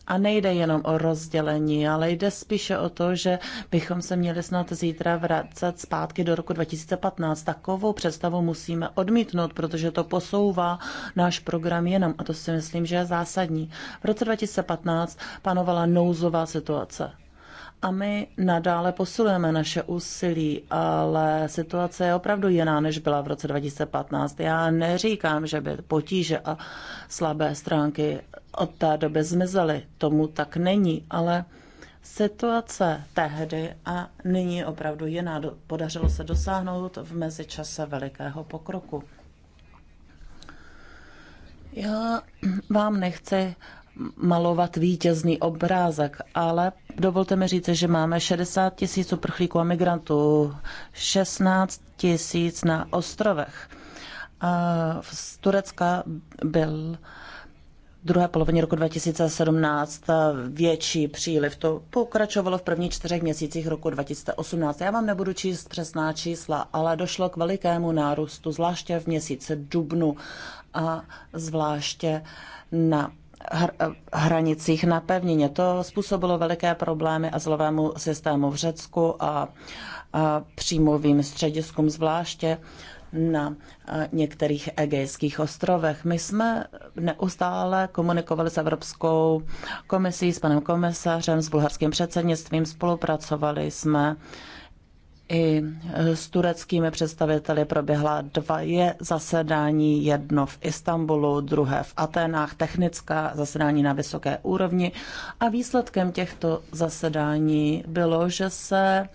A nejde jenom o rozdělení, ale jde spíše o to, že bychom se měli snad zítra vracet zpátky do roku 2015. Takovou představu musíme odmítnout, protože to posouvá náš program jenom. A to si myslím, že je zásadní. V roce 2015 panovala nouzová situace a my nadále posilujeme naše úsilí, ale situace je opravdu jiná, než byla v roce 2015. Já neříkám, že by potíže a slabé stránky od té doby zmizely. Tomu tak není, ale situace tehdy a nyní je opravdu jiná. Podařilo se dosáhnout v mezičase velikého pokroku. Já vám nechci malovat vítězný obrázek, ale dovolte mi říct, že máme 60 tisíc uprchlíků a migrantů, 16 tisíc na ostrovech. A z Turecka byl v druhé polovině roku 2017 větší příliv. To pokračovalo v prvních čtyřech měsících roku 2018. Já vám nebudu číst přesná čísla, ale došlo k velikému nárůstu, zvláště v měsíci dubnu a zvláště na hranicích na pevnině. To způsobilo veliké problémy a zlovému systému v Řecku a, a přímovým střediskům zvláště na některých egejských ostrovech. My jsme neustále komunikovali s Evropskou komisí, s panem komisařem, s bulharským předsednictvím, spolupracovali jsme i e, s tureckými představiteli proběhla dva je zasedání, jedno v Istanbulu, druhé v Atenách, technická zasedání na vysoké úrovni. A výsledkem těchto zasedání bylo, že se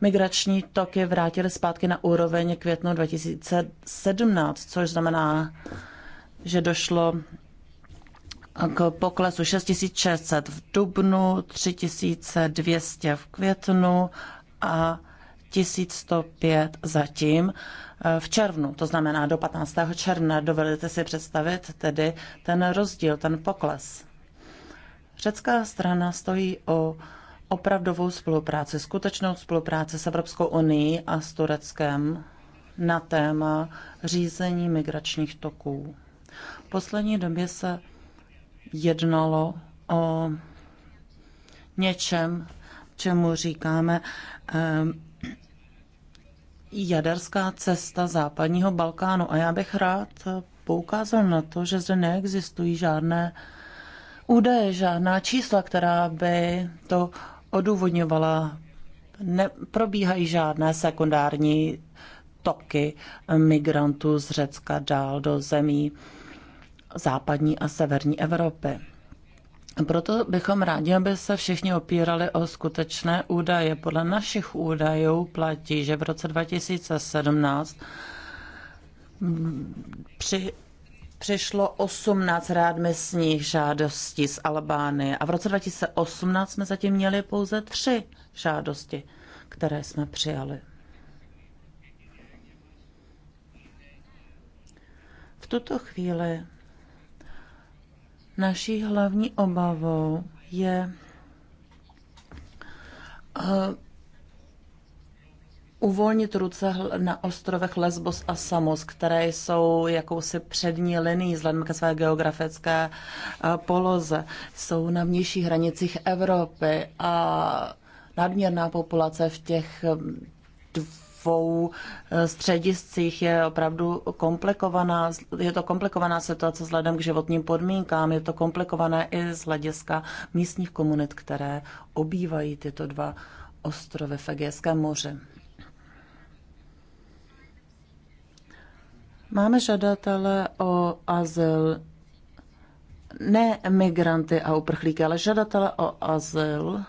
migrační toky vrátily zpátky na úroveň květnu 2017, což znamená, že došlo k poklesu 6600 v dubnu, 3200 v květnu a 1105 zatím eh, v červnu, to znamená do 15. června. Dovedete si představit tedy ten rozdíl, ten pokles. Řecká strana stojí o opravdovou spolupráci, skutečnou spolupráci s Evropskou unii a s Tureckem na téma řízení migračních toků. V poslední době se jednalo o něčem, čemu říkáme eh, jaderská cesta západního Balkánu. A já bych rád poukázal na to, že zde neexistují žádné údaje, žádná čísla, která by to odůvodňovala. Neprobíhají žádné sekundární toky migrantů z Řecka dál do zemí západní a severní Evropy. Proto bychom rádi, aby se všichni opírali o skutečné údaje. Podle našich údajů platí, že v roce 2017 při přišlo 18 readmisních žádostí z Albánie a v roce 2018 jsme zatím měli pouze tři žádosti, které jsme přijali. V tuto chvíli Naší hlavní obavou je eh, uvolnit ruce na ostrovech Lesbos a Samos, které jsou jakousi přední linií vzhledem ke své geografické eh, poloze. Jsou na vnějších hranicích Evropy a nadměrná populace v těch eh, dvou eh, střediscích je opravdu komplikovaná. Je to komplikovaná situace vzhledem k životním podmínkám, je to komplikované i z hlediska místních komunit, které obývají tyto dva ostrovy v Egejském moři. Máme žadatele o azyl, ne migranty a uprchlíky, ale žadatele o azyl.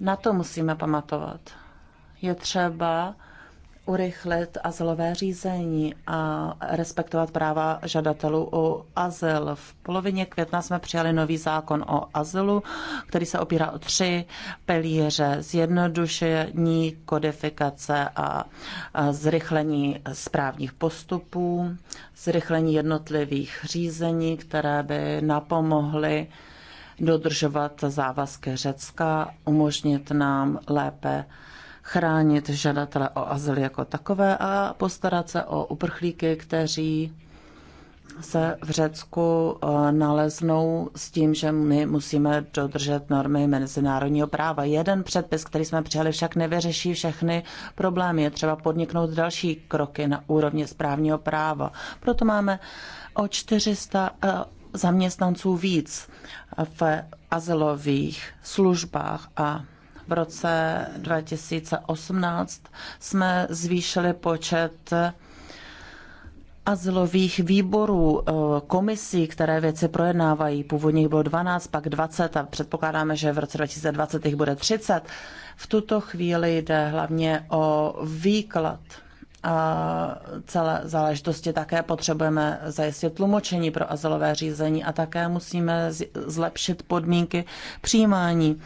Na to musíme pamatovat je třeba urychlit azylové řízení a respektovat práva žadatelů o azyl. V polovině května jsme přijali nový zákon o azylu, který se opírá o tři pilíře. Zjednodušení, kodifikace a zrychlení správních postupů, zrychlení jednotlivých řízení, které by napomohly dodržovat závazky Řecka, umožnit nám lépe chránit žadatele o azyl jako takové a postarat se o uprchlíky, kteří se v Řecku eh, naleznou s tím, že my musíme dodržet normy mezinárodního práva. Jeden předpis, který jsme přijali, však nevyřeší všechny problémy. Je třeba podniknout další kroky na úrovni správního práva. Proto máme o 400 eh, zaměstnanců víc v azylových službách a v roce 2018 jsme zvýšili počet azylových výborů, eh, komisí, které věci projednávají. Původně bylo 12, pak 20 a předpokládáme, že v roce 2020 jich bude 30. V tuto chvíli jde hlavně o výklad a celé záležitosti také potřebujeme zajistit tlumočení pro azylové řízení a také musíme zlepšit podmínky přijímání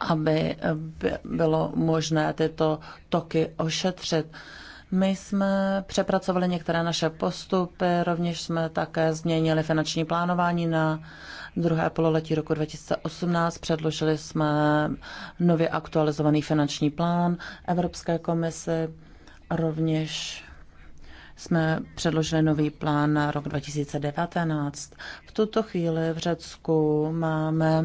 aby eh, bylo možné tyto toky ošetřit. My jsme přepracovali některé naše postupy, rovněž jsme také změnili finanční plánování na druhé pololetí roku 2018. Předložili jsme nově aktualizovaný finanční plán Evropské komisi. Rovněž jsme předložili nový plán na rok 2019. V tuto chvíli v Řecku máme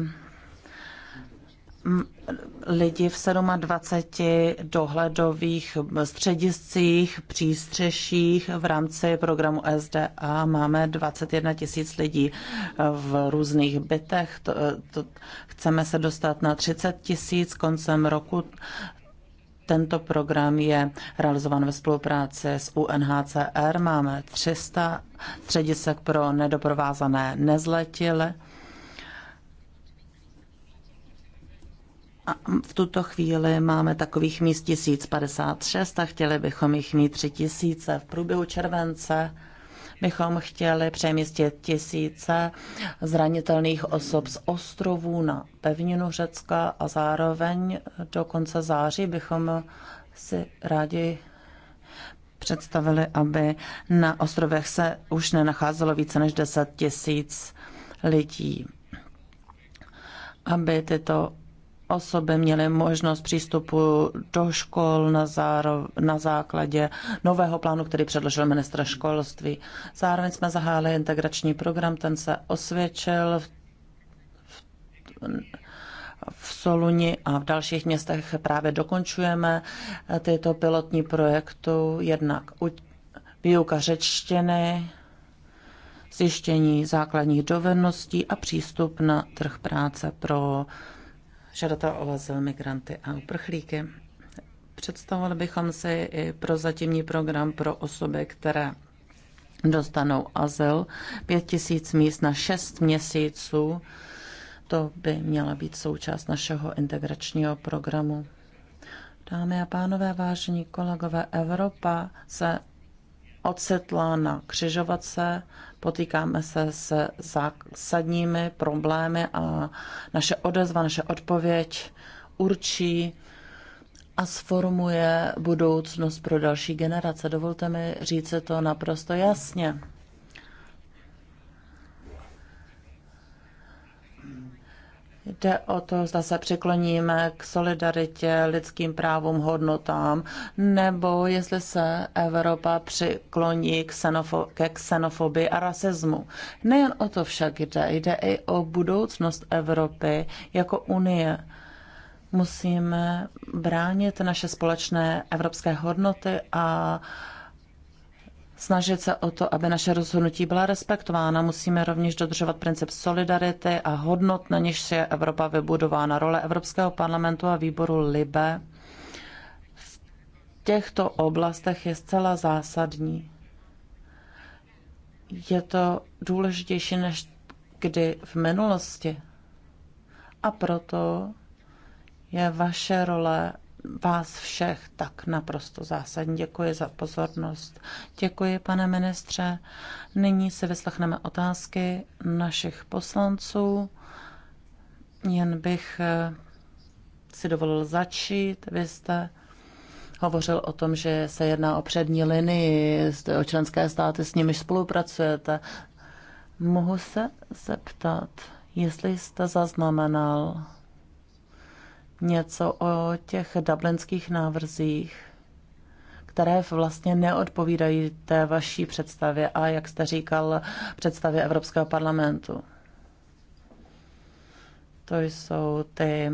lidi v 27 dohledových střediscích, přístřeších v rámci programu SDA. Máme 21 tisíc lidí v různých bytech. To, to, chceme se dostat na 30 tisíc koncem roku. Tento program je realizován ve spolupráci s UNHCR. Máme 300 středisek pro nedoprovázané nezletilé v tuto chvíli máme takových míst 1056 a chtěli bychom jich mít 3000 v průběhu července bychom chtěli přemístit tisíce zranitelných osob z ostrovů na pevninu Řecka a zároveň do konce září bychom si rádi představili, aby na ostrovech se už nenacházelo více než 10 tisíc lidí. Aby tyto osoby měly možnost přístupu do škol na, záro, na základě nového plánu, který předložil ministr školství. Zároveň jsme zahájili integrační program, ten se osvědčil v, v, v Soluni a v dalších městech právě dokončujeme tyto pilotní projekty, jednak u, výuka řečtiny, zjištění základních dovedností a přístup na trh práce pro žadatel o azyl, migranty a uprchlíky. Představovali bychom si i zatímní program pro osoby, které dostanou azyl. 5000 míst na 6 měsíců. To by měla být součást našeho integračního programu. Dámy a pánové, vážení kolegové, Evropa se odsetla na křižovatce, potýkáme se s zásadními problémy a naše odezva, naše odpověď určí a sformuje budoucnost pro další generace. Dovolte mi říct to naprosto jasně. Jde o to, zda se přikloníme k solidaritě, lidským právům, hodnotám, nebo jestli se Evropa přikloní k xenofo- ke xenofobii a rasismu. Nejen o to však jde, jde i o budoucnost Evropy jako unie. Musíme bránit naše společné evropské hodnoty a snažit se o to, aby naše rozhodnutí byla respektována. Musíme rovněž dodržovat princip solidarity a hodnot, na něž je Evropa vybudována. Role Evropského parlamentu a výboru LIBE v těchto oblastech je zcela zásadní. Je to důležitější než kdy v minulosti. A proto je vaše role vás všech tak naprosto zásadní. Děkuji za pozornost. Děkuji, pane ministře. Nyní si vyslechneme otázky našich poslanců. Jen bych eh, si dovolil začít. Vy jste hovořil o tom, že se jedná o přední linii, o členské státy, s nimiž spolupracujete. Mohu se zeptat, jestli jste zaznamenal něco o těch dublinských návrzích, které vlastně neodpovídají té vaší představě a, jak jste říkal, představě Evropského parlamentu. To jsou ty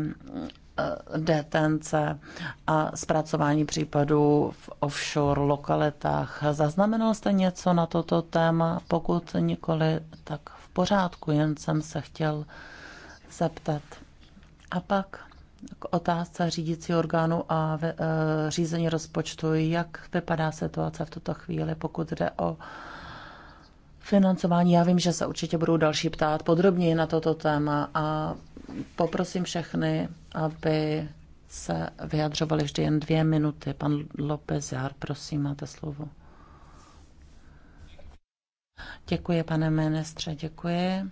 eh, detence a zpracování případů v offshore lokalitách. Zaznamenal jste něco na toto téma? Pokud nikoli, tak v pořádku, jen jsem se chtěl zeptat. A pak k otázce řídícího orgánu a ve, e, řízení rozpočtu. Jak vypadá situace v tuto chvíli, pokud jde o financování? Já vím, že se určitě budou další ptát podrobněji na toto téma a poprosím všechny, aby se vyjadřovali vždy jen dvě minuty. Pan López Jár, prosím, máte slovo. Děkuji, pane ministře, děkuji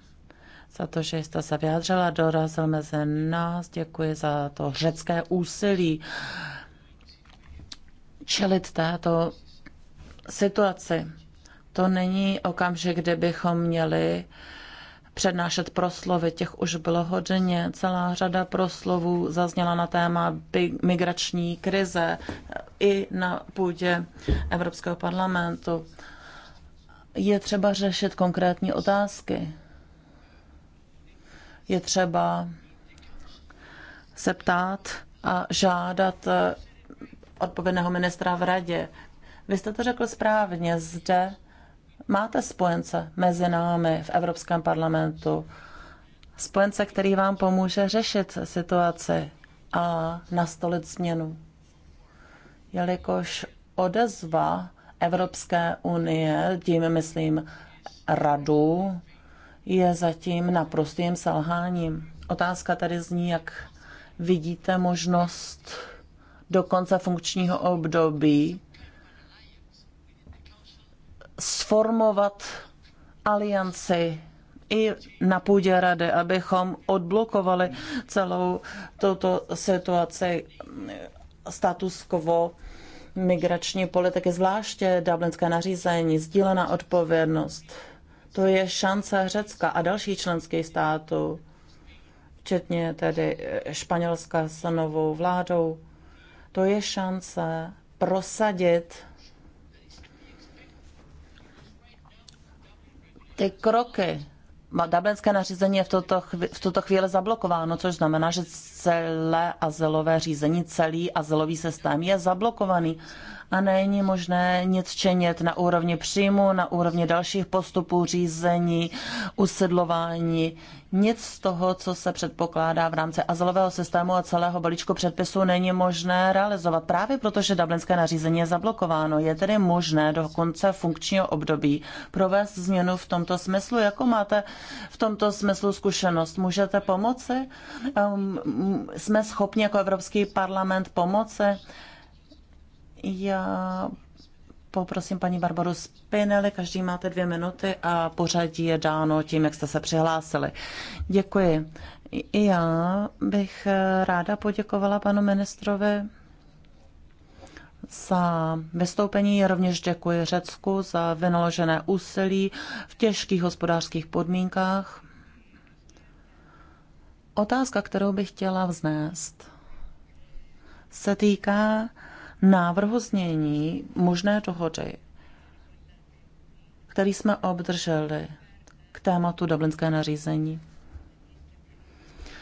za to, že jste se vyjádřila, dorazil mezi nás. Děkuji za to řecké úsilí čelit této situaci. To není okamžik, kdy bychom měli přednášet proslovy, těch už bylo hodně. Celá řada proslovů zazněla na téma migrační krize i na půdě Evropského parlamentu. Je třeba řešit konkrétní otázky je třeba se ptát a žádat eh, odpovědného ministra v radě. Vy jste to řekl správně, zde máte spojence mezi námi v Evropském parlamentu. Spojence, který vám pomůže řešit situaci a nastolit změnu. Jelikož odezva Evropské unie, tím myslím radu, je zatím naprostým selháním. Otázka tady zní, jak vidíte možnost do konce funkčního období sformovat alianci i na půdě rady, abychom odblokovali celou tuto situaci status quo migrační politiky, zvláště dublinské nařízení, sdílená odpovědnost. To je šance Řecka a dalších členských států, včetně tedy eh, Španělska s novou vládou. To je šance prosadit ty kroky. Dublinské nařízení je v tuto, chvíli, v tuto chvíli zablokováno, což znamená, že celé azylové řízení, celý azylový systém je zablokovaný a není možné nic činit na úrovni příjmu, na úrovni dalších postupů řízení, usedlování. Nic z toho, co se předpokládá v rámci azylového systému a celého balíčku předpisů, není možné realizovat právě proto, že dublinské nařízení je zablokováno. Je tedy možné do konce funkčního období provést změnu v tomto smyslu. Jako máte v tomto smyslu zkušenost? Můžete pomoci? Ehm, jsme schopni jako Evropský parlament pomoci? Já poprosím paní Barbaru Spinelli, každý máte dvě minuty a pořadí je dáno tím, jak jste se přihlásili. Děkuji. I já bych ráda poděkovala panu ministrovi za vystoupení. Rovněž děkuji Řecku za vynaložené úsilí v těžkých hospodářských podmínkách. Otázka, kterou bych chtěla vznést, se týká návrhu znění možné dohody, který jsme obdrželi k tématu dublinské nařízení.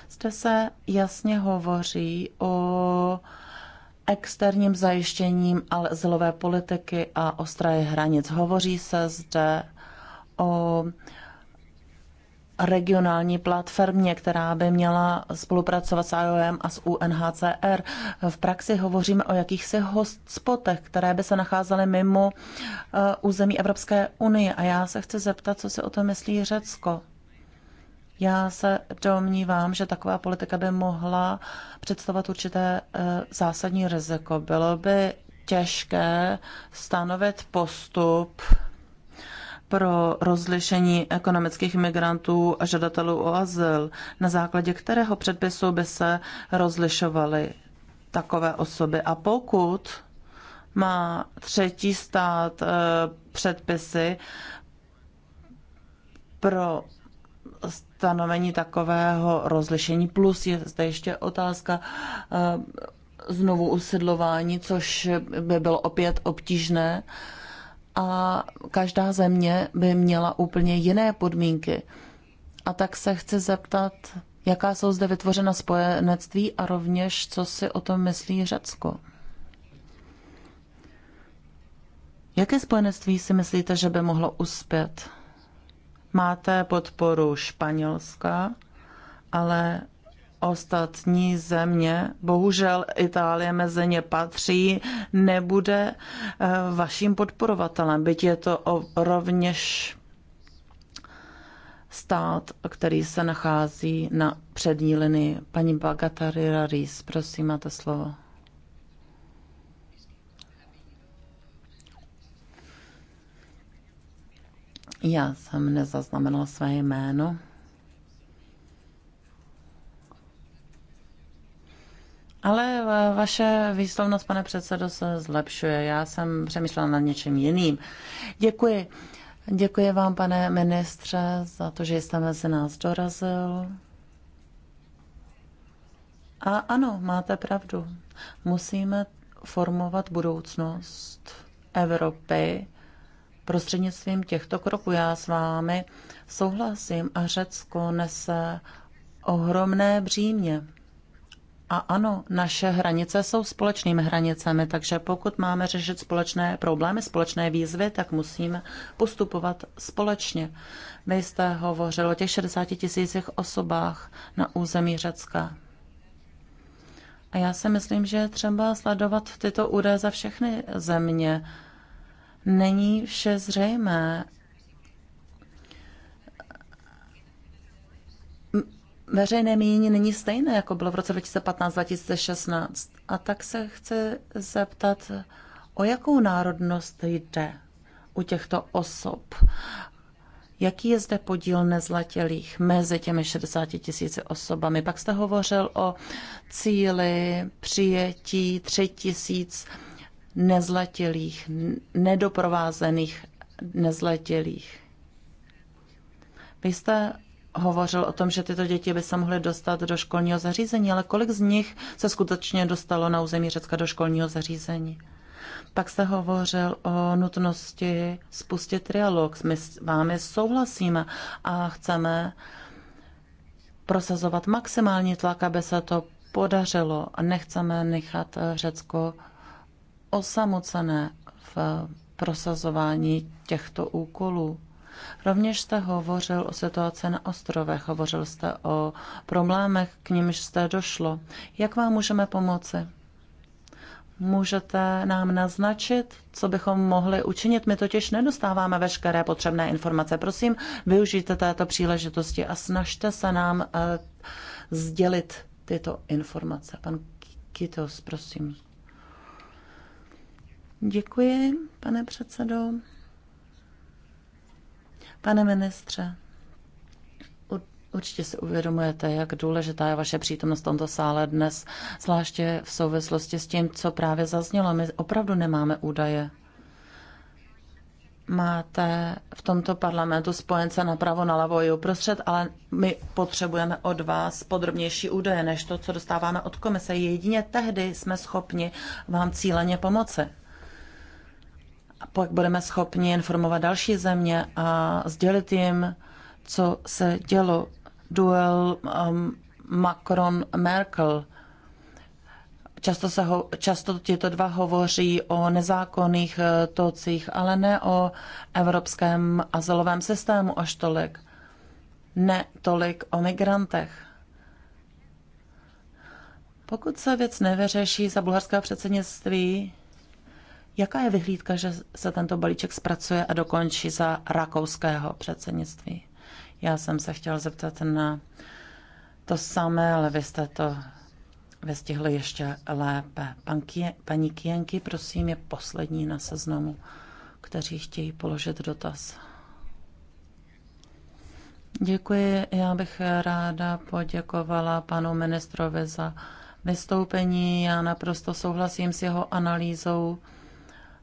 Zde se jasně hovoří o externím zajištěním zlové politiky a ostraje hranic. Hovoří se zde o regionální platformě, která by měla spolupracovat s IOM a s UNHCR. V praxi hovoříme o jakýchsi hotspotech, které by se nacházely mimo eh, území Evropské unie. A já se chci zeptat, co si o tom myslí Řecko. Já se domnívám, že taková politika by mohla představovat určité eh, zásadní riziko. Bylo by těžké stanovit postup, pro rozlišení ekonomických migrantů a žadatelů o azyl, na základě kterého předpisu by se rozlišovaly takové osoby. A pokud má třetí stát eh, předpisy pro stanovení takového rozlišení, plus je zde ještě otázka eh, znovu usidlování, což by bylo opět obtížné, a každá země by měla úplně jiné podmínky. A tak se chci zeptat, jaká jsou zde vytvořena spojenectví a rovněž, co si o tom myslí Řecko. Jaké spojenectví si myslíte, že by mohlo uspět? Máte podporu Španělska, ale ostatní země, bohužel Itálie mezi ně patří, nebude eh, vaším podporovatelem, byť je to rovněž stát, který se nachází na přední linii. Paní Bagatari Raris, prosím, máte slovo. Já jsem nezaznamenala své jméno. Ale vaše výslovnost, pane předsedo, se zlepšuje. Já jsem přemýšlela nad něčím jiným. Děkuji. Děkuji vám, pane ministře, za to, že jste mezi nás dorazil. A ano, máte pravdu. Musíme formovat budoucnost Evropy prostřednictvím těchto kroků. Já s vámi souhlasím a Řecko nese ohromné břímě. A ano, naše hranice jsou společnými hranicemi, takže pokud máme řešit společné problémy, společné výzvy, tak musíme postupovat společně. Vy jste hovořil o těch 60 tisících osobách na území Řecka. A já si myslím, že třeba sledovat tyto údaje za všechny země. Není vše zřejmé. veřejné mínění není stejné, jako bylo v roce 2015-2016. A tak se chci zeptat, o jakou národnost jde u těchto osob? Jaký je zde podíl nezlatělých mezi těmi 60 tisíci osobami? Pak jste hovořil o cíli přijetí 3 tisíc nezletilých, nedoprovázených nezletilých. Vy jste hovořil o tom, že tyto děti by se mohly dostat do školního zařízení, ale kolik z nich se skutečně dostalo na území Řecka do školního zařízení? Pak se hovořil o nutnosti spustit trialog. My s vámi souhlasíme a chceme prosazovat maximální tlak, aby se to podařilo a nechceme nechat Řecko osamocené v prosazování těchto úkolů. Rovněž jste hovořil o situaci na ostrovech, hovořil jste o problémech, k nimž jste došlo. Jak vám můžeme pomoci? Můžete nám naznačit, co bychom mohli učinit? My totiž nedostáváme veškeré potřebné informace. Prosím, využijte této příležitosti a snažte se nám uh, sdělit tyto informace. Pan Kytos. prosím. Děkuji, pane předsedo. Pane ministře, Určitě si uvědomujete, jak důležitá je vaše přítomnost v tomto sále dnes, zvláště v souvislosti s tím, co právě zaznělo. My opravdu nemáme údaje. Máte v tomto parlamentu spojence napravo, nalevo i uprostřed, ale my potřebujeme od vás podrobnější údaje než to, co dostáváme od komise. Jedině tehdy jsme schopni vám cíleně pomoci a pak budeme schopni informovat další země a sdělit jim, co se dělo. Duel um, Macron-Merkel. Často, se ho, často tyto dva hovoří o nezákonných eh, tocích, ale ne o evropském azylovém systému až tolik. Ne tolik o migrantech. Pokud se věc nevyřeší za bulharského předsednictví, Jaká je vyhlídka, že se tento balíček zpracuje a dokončí za rakouského předsednictví? Já jsem se chtěl zeptat na to samé, ale vy jste to vystihli ještě lépe. Pan Kie, paní Kienky, prosím, je poslední na seznamu, kteří chtějí položit dotaz. Děkuji. Já bych ráda poděkovala panu ministrovi za vystoupení. Já naprosto souhlasím s jeho analýzou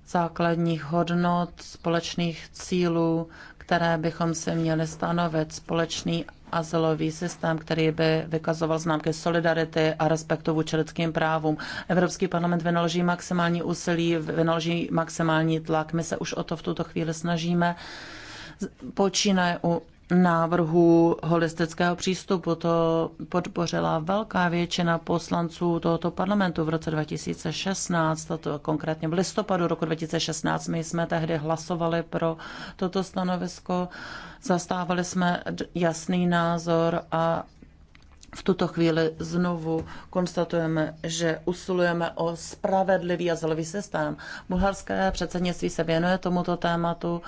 základních hodnot, společných cílů, které bychom si měli stanovit, společný azylový systém, který by vykazoval známky solidarity a respektu vůči lidským právům. Evropský parlament vynaloží maximální úsilí, vynaloží maximální tlak. My se už o to v tuto chvíli snažíme. Počínaje u návrhu holistického přístupu. To podpořila velká většina poslanců tohoto parlamentu v roce 2016, to konkrétně v listopadu roku 2016. My jsme tehdy hlasovali pro toto stanovisko, zastávali jsme jasný názor a v tuto chvíli znovu konstatujeme, že usilujeme o spravedlivý a azylový systém. Bulharské předsednictví se věnuje tomuto tématu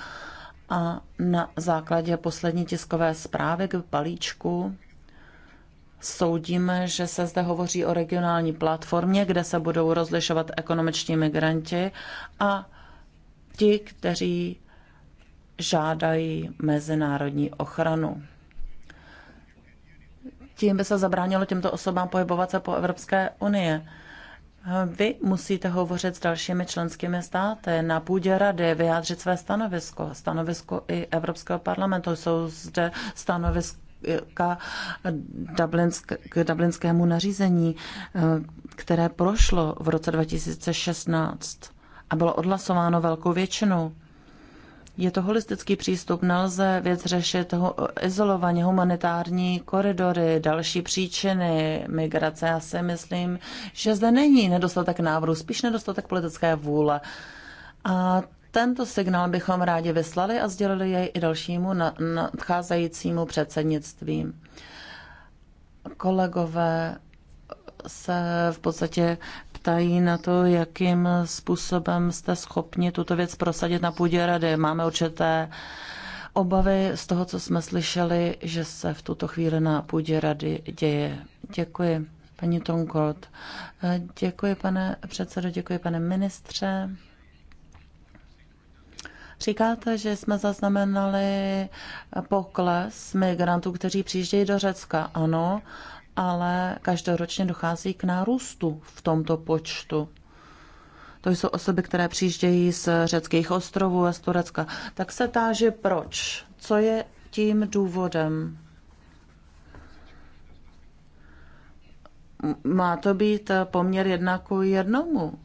a na základě poslední tiskové zprávy k balíčku soudíme, že se zde hovoří o regionální platformě, kde se budou rozlišovat ekonomiční migranti a ti, kteří žádají mezinárodní ochranu. Tím by se zabránilo těmto osobám pohybovat se po Evropské unie. Vy musíte hovořit s dalšími členskými státy na půdě rady, vyjádřit své stanovisko, stanovisko i Evropského parlamentu. Jsou zde stanoviska k dublinskému nařízení, eh, které prošlo v roce 2016 a bylo odhlasováno velkou většinou. Je to holistický přístup, nelze věc řešit ho, izolovaně, humanitární koridory, další příčiny migrace. Já si myslím, že zde není nedostatek návrhu, spíš nedostatek politické vůle. A tento signál bychom rádi vyslali a sdělili jej i dalšímu nadcházejícímu předsednictví. Kolegové se v podstatě ptají na to, jakým způsobem jste schopni tuto věc prosadit na půdě rady. Máme určité obavy z toho, co jsme slyšeli, že se v tuto chvíli na půdě rady děje. Děkuji, paní Tonkot. Děkuji, pane předsedo, děkuji, pane ministře. Říkáte, že jsme zaznamenali pokles migrantů, kteří přijíždějí do Řecka. Ano, ale každoročně dochází k nárůstu v tomto počtu. To jsou osoby, které přijíždějí z řeckých ostrovů a z Turecka. Tak se táže proč? Co je tím důvodem? Má to být poměr jedna ku jednomu,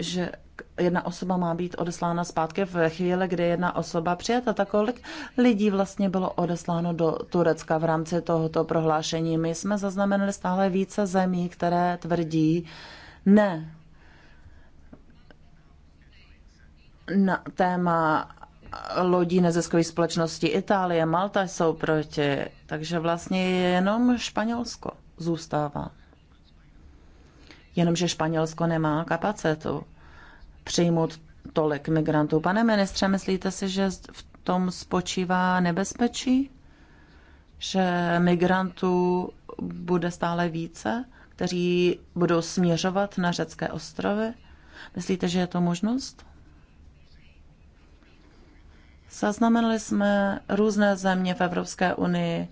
že jedna osoba má být odeslána zpátky v chvíli, kdy jedna osoba přijata. Tak kolik lidí vlastně bylo odesláno do Turecka v rámci tohoto prohlášení? My jsme zaznamenali stále více zemí, které tvrdí ne na téma lodí neziskových společností Itálie, Malta jsou proti, takže vlastně jenom Španělsko zůstává. Jenomže Španělsko nemá kapacitu přijmout tolik migrantů. Pane ministře, myslíte si, že v tom spočívá nebezpečí? Že migrantů bude stále více, kteří budou směřovat na řecké ostrovy? Myslíte, že je to možnost? Zaznamenali jsme různé země v Evropské unii,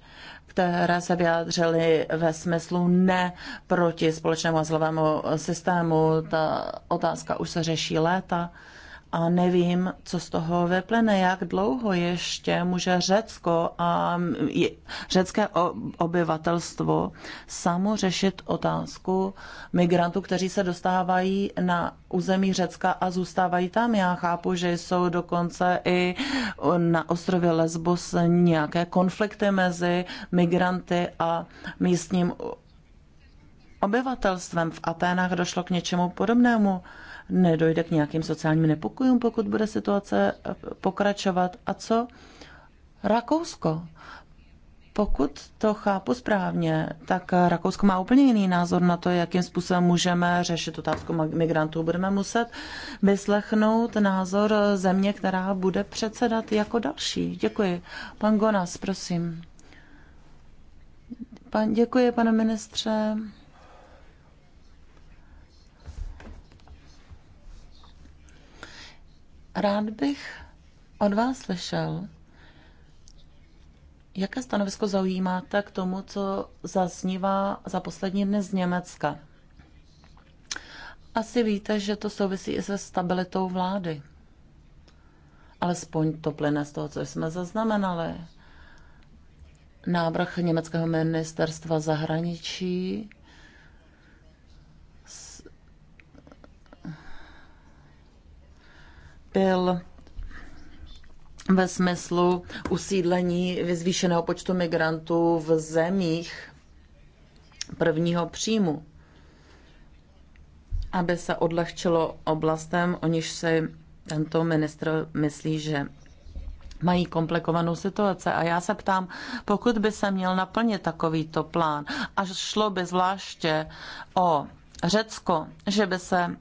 které se vyjádřily ve smyslu ne proti společnému azylovému systému. Ta otázka už se řeší léta. A nevím, co z toho vyplyne, jak dlouho ještě může Řecko a řecké obyvatelstvo samo řešit otázku migrantů, kteří se dostávají na území Řecka a zůstávají tam. Já chápu, že jsou dokonce i na ostrově Lesbos nějaké konflikty mezi migranty a místním obyvatelstvem. V Aténách došlo k něčemu podobnému nedojde k nějakým sociálním nepokojům, pokud bude situace eh, pokračovat. A co Rakousko? Pokud to chápu správně, tak eh, Rakousko má úplně jiný názor na to, jakým způsobem můžeme řešit otázku migrantů. Budeme muset vyslechnout názor eh, země, která bude předsedat jako další. Děkuji. Pan Gonas, prosím. Pan, děkuji, pane ministře. Rád bych od vás slyšel, jaké stanovisko zaujímáte k tomu, co zaznívá za poslední dny z Německa. Asi víte, že to souvisí i se stabilitou vlády. Alespoň to plyne z toho, co jsme zaznamenali. Návrh německého ministerstva zahraničí byl ve smyslu usídlení vyzvýšeného počtu migrantů v zemích prvního příjmu, aby se odlehčilo oblastem, o niž si tento ministr myslí, že mají komplikovanou situaci. A já se ptám, pokud by se měl naplnit takovýto plán, až šlo by zvláště o Řecko, že by se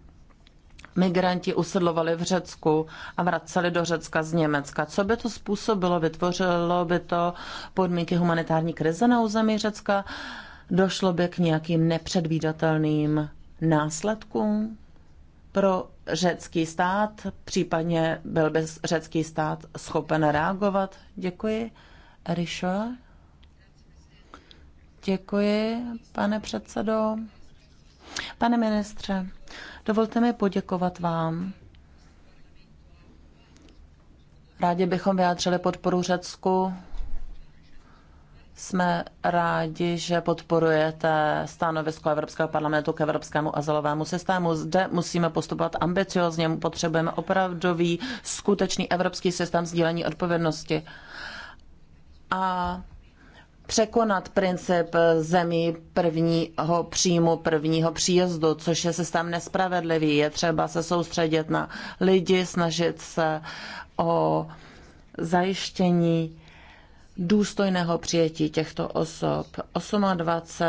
migranti usedlovali v Řecku a vraceli do Řecka z Německa. Co by to způsobilo? Vytvořilo by to podmínky humanitární krize na území Řecka? Došlo by k nějakým nepředvídatelným následkům pro řecký stát? Případně byl by řecký stát schopen reagovat? Děkuji. Erišo? Děkuji, pane předsedo. Pane ministře, dovolte mi poděkovat vám. Rádi bychom vyjádřili podporu Řecku. Jsme rádi, že podporujete stanovisko Evropského parlamentu k evropskému azylovému systému. Zde musíme postupovat ambiciozně, potřebujeme opravdový, skutečný evropský systém sdílení odpovědnosti. A překonat princip zemí prvního příjmu, prvního příjezdu, což je systém nespravedlivý. Je třeba se soustředit na lidi, snažit se o zajištění důstojného přijetí těchto osob. 28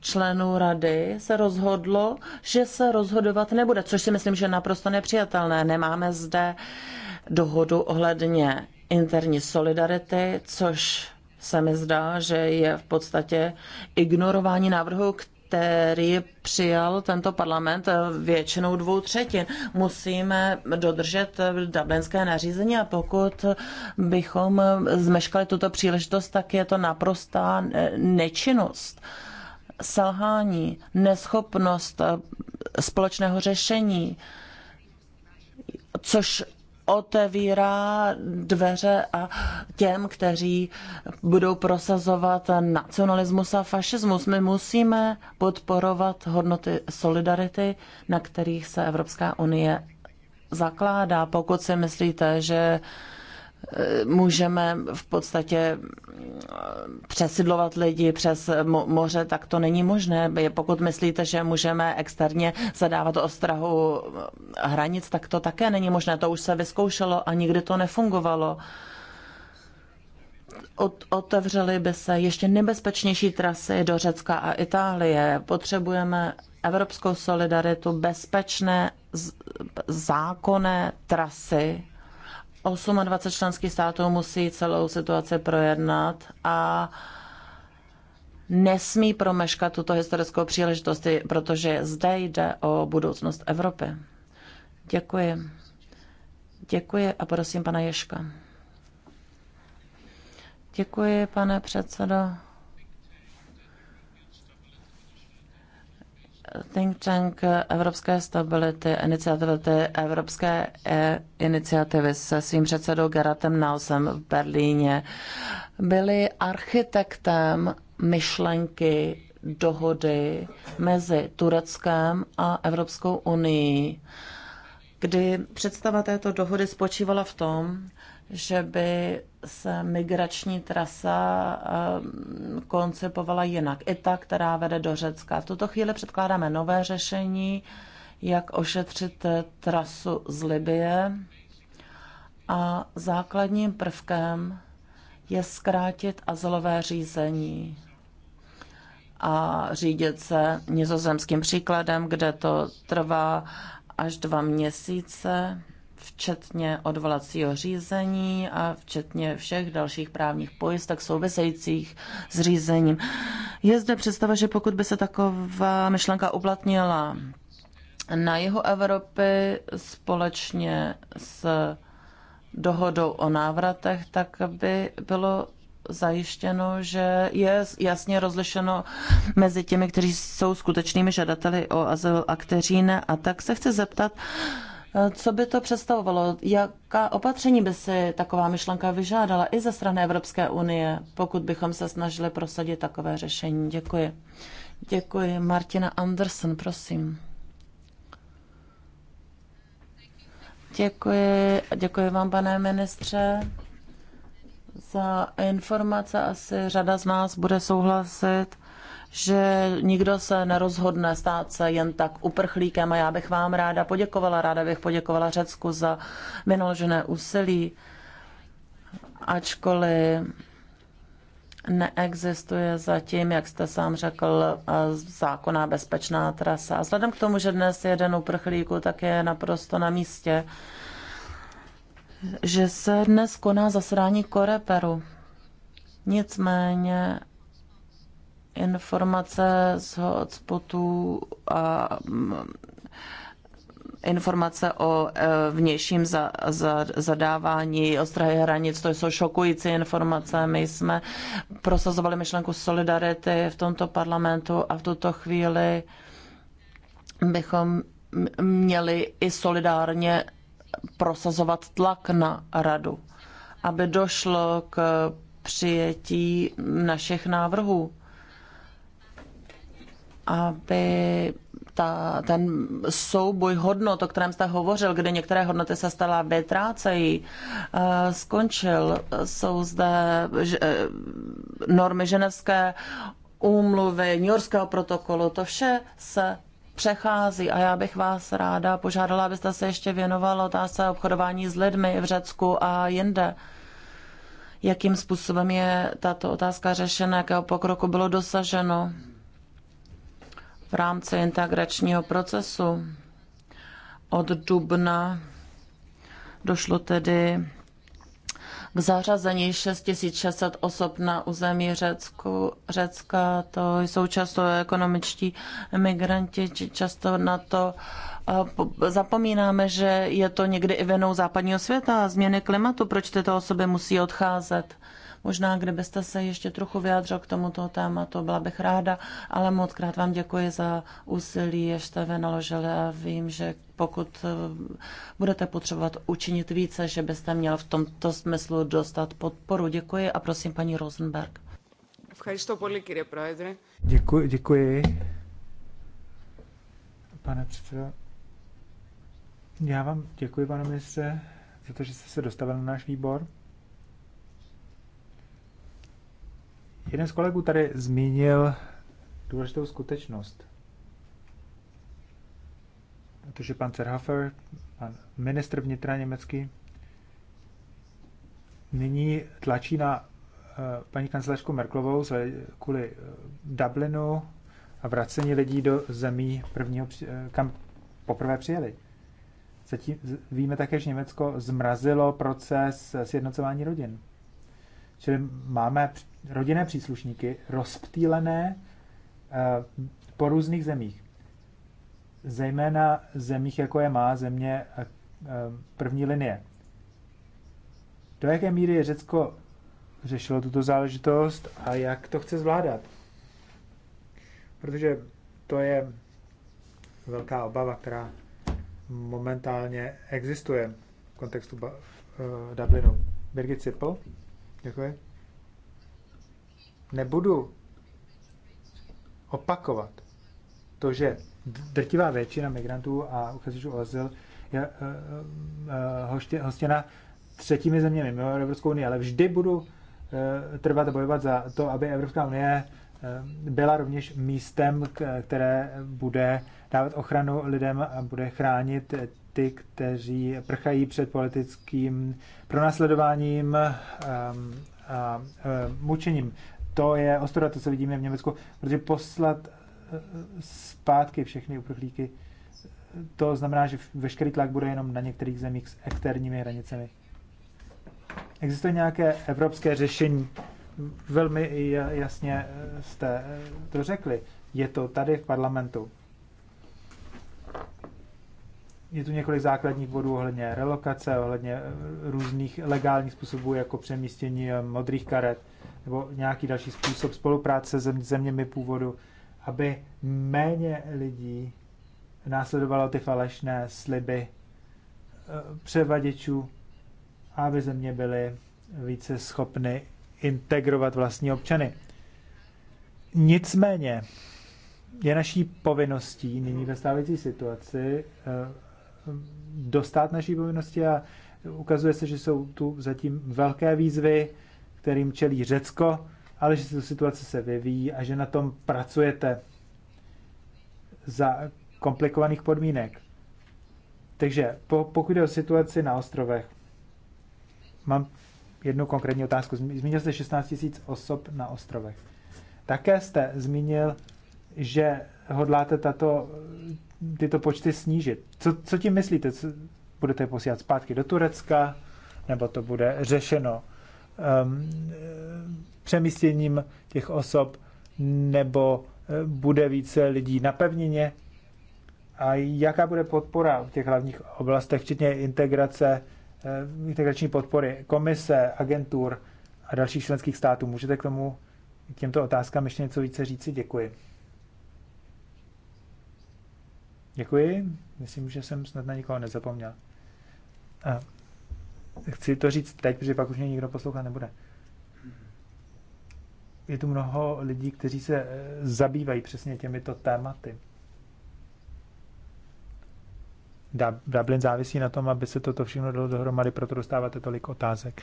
členů rady se rozhodlo, že se rozhodovat nebude, což si myslím, že je naprosto nepřijatelné. Nemáme zde dohodu ohledně interní solidarity, což se mi zdá, že je v podstatě ignorování návrhu, který přijal tento parlament většinou dvou třetin. Musíme dodržet dublinské nařízení a pokud bychom zmeškali tuto příležitost, tak je to naprostá nečinnost selhání, neschopnost společného řešení, což otevírá dveře a těm, kteří budou prosazovat nacionalismus a fašismus. My musíme podporovat hodnoty solidarity, na kterých se Evropská unie zakládá. Pokud si myslíte, že Eh, můžeme v podstatě eh, přesidlovat lidi přes moře, tak to není možné. Pokud myslíte, že můžeme externě zadávat ostrahu eh, hranic, tak to také není možné. To už se vyzkoušelo a nikdy to nefungovalo. Otevřely by se ještě nebezpečnější trasy do Řecka a Itálie. Potřebujeme evropskou solidaritu, bezpečné zákonné trasy 28 členských států musí celou situaci projednat a nesmí promeškat tuto historickou příležitost, protože zde jde o budoucnost Evropy. Děkuji. Děkuji a prosím pana Ješka. Děkuji, pane předsedo. think tank Evropské stability, iniciativy Evropské eh, iniciativy se svým předsedou Geratem Nausem v Berlíně byli architektem myšlenky dohody mezi Tureckem a Evropskou unii, kdy představa této dohody spočívala v tom, že by se migrační trasa eh, koncipovala jinak. I ta, která vede do Řecka. V tuto chvíli předkládáme nové řešení, jak ošetřit trasu z Libie. A základním prvkem je zkrátit azylové řízení a řídit se nizozemským příkladem, kde to trvá až dva měsíce včetně odvolacího řízení a včetně všech dalších právních pojistek souvisejících s řízením. Je zde představa, že pokud by se taková myšlenka uplatnila na jihu Evropy společně s dohodou o návratech, tak by bylo zajištěno, že je jasně rozlišeno mezi těmi, kteří jsou skutečnými žadateli o azyl a kteří ne. A tak se chci zeptat, co by to představovalo? Jaká opatření by si taková myšlenka vyžádala i ze strany Evropské unie, pokud bychom se snažili prosadit takové řešení? Děkuji. Děkuji. Martina Anderson, prosím. Děkuji. Děkuji vám, pane ministře, za informace. Asi řada z nás bude souhlasit že nikdo se nerozhodne stát se jen tak uprchlíkem a já bych vám ráda poděkovala, ráda bych poděkovala Řecku za vynaložené úsilí, ačkoliv neexistuje zatím, jak jste sám řekl, zákonná bezpečná trasa. A vzhledem k tomu, že dnes je den uprchlíků, tak je naprosto na místě, že se dnes koná zasedání Koreperu. Nicméně informace z hotspotů a mm, informace o e, vnějším za, za, zadávání ostrahy hranic, to jsou šokující informace. My jsme prosazovali myšlenku solidarity v tomto parlamentu a v tuto chvíli bychom měli i solidárně prosazovat tlak na radu, aby došlo k přijetí našich návrhů aby ta, ten souboj hodnot, o kterém jste hovořil, kde některé hodnoty se stále vytrácejí, eh, skončil. Jsou zde eh, normy ženevské úmluvy, New Yorkského protokolu, to vše se přechází a já bych vás ráda požádala, abyste se ještě věnovala otázce obchodování s lidmi v Řecku a jinde. Jakým způsobem je tato otázka řešena, jakého pokroku bylo dosaženo? v rámci integračního procesu. Od dubna došlo tedy k zařazení 6600 osob na území Řecku. Řecka. To jsou často ekonomičtí emigranti, často na to zapomínáme, že je to někdy i vinou západního světa a změny klimatu, proč tyto osoby musí odcházet. Možná, kdybyste se ještě trochu vyjádřil k tomuto tématu, byla bych ráda, ale moc krát vám děkuji za úsilí, jež jste vynaložili a vím, že pokud eh, budete potřebovat učinit více, že byste měl v tomto smyslu dostat podporu. Děkuji a prosím paní Rosenberg. Děkuji, děkuji. Pane předsedo, já vám děkuji, pane ministře, za to, že jste se dostavil na náš výbor. Jeden z kolegů tady zmínil důležitou skutečnost. Protože pan Cerhafer, pan ministr vnitra německý, nyní tlačí na eh, paní kancelářku Merklovou kvůli eh, Dublinu a vracení lidí do zemí, prvního, eh, kam poprvé přijeli. Zatím víme také, že Německo zmrazilo proces sjednocování rodin. Čili máme rodinné příslušníky rozptýlené eh, po různých zemích. Zejména zemích, jako je má země eh, eh, první linie. Do jaké míry je Řecko řešilo tuto záležitost a jak to chce zvládat? Protože to je velká obava, která momentálně existuje v kontextu Dublinu. Birgit Cipel. Děkuji. Nebudu opakovat to, že drtivá většina migrantů a uchazečů o azyl je uh, hostěna třetími zeměmi mimo Evropskou unii, ale vždy budu eh, trvat a bojovat za to, aby Evropská unie byla rovněž místem, které bude dávat ochranu lidem a bude chránit ty, kteří prchají před politickým pronásledováním um, a um, mučením. To je ostuda, to, co vidíme v Německu, protože poslat uh, zpátky všechny uprchlíky, to znamená, že veškerý tlak bude jenom na některých zemích s externími hranicemi. Existuje nějaké evropské řešení? Velmi jasně uh, jste uh, to řekli. Je to tady v parlamentu je tu několik základních bodů ohledně relokace, ohledně eh, různých legálních způsobů, jako přemístění eh, modrých karet nebo nějaký další způsob spolupráce se zeměmi původu, aby méně lidí následovalo ty falešné sliby eh, převaděčů, aby země byly více schopny integrovat vlastní občany. Nicméně je naší povinností nyní ve stávající situaci dostat naší povinnosti a ukazuje se, že jsou tu zatím velké výzvy, kterým čelí Řecko, ale že se situace se vyvíjí a že na tom pracujete za komplikovaných podmínek. Takže po, pokud jde o situaci na ostrovech, mám jednu konkrétní otázku. Zmínil jste 16 000 osob na ostrovech. Také jste zmínil že hodláte tato, tyto počty snížit. Co, co tím myslíte? Co, budete je posílat zpátky do Turecka, nebo to bude řešeno um, přemístěním těch osob, nebo eh, bude více lidí na pevnině? A jaká bude podpora v těch hlavních oblastech, včetně integrace, eh, integrační podpory komise, agentur a dalších členských států? Můžete k tomu k těmto otázkám ještě něco více říci? Děkuji. Děkuji. Myslím, že jsem snad na nikoho nezapomněl. A chci to říct teď, protože pak už mě nikdo poslouchat nebude. Je tu mnoho lidí, kteří se eh, zabývají přesně těmito tématy. Dublin závisí na tom, aby se toto všechno dalo dohromady, proto dostáváte tolik otázek,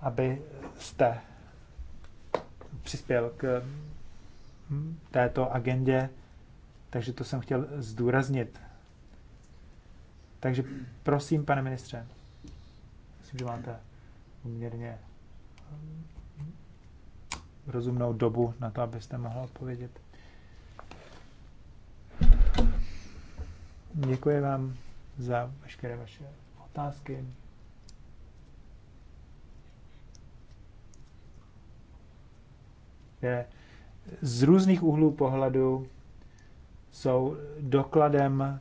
aby jste přispěl k hm, této agendě takže to jsem chtěl zdůraznit. Takže prosím, pane ministře, myslím, že máte poměrně eh, rozumnou dobu na to, abyste mohla odpovědět. Děkuji vám za veškeré vaše otázky. Je z různých úhlů pohledu jsou dokladem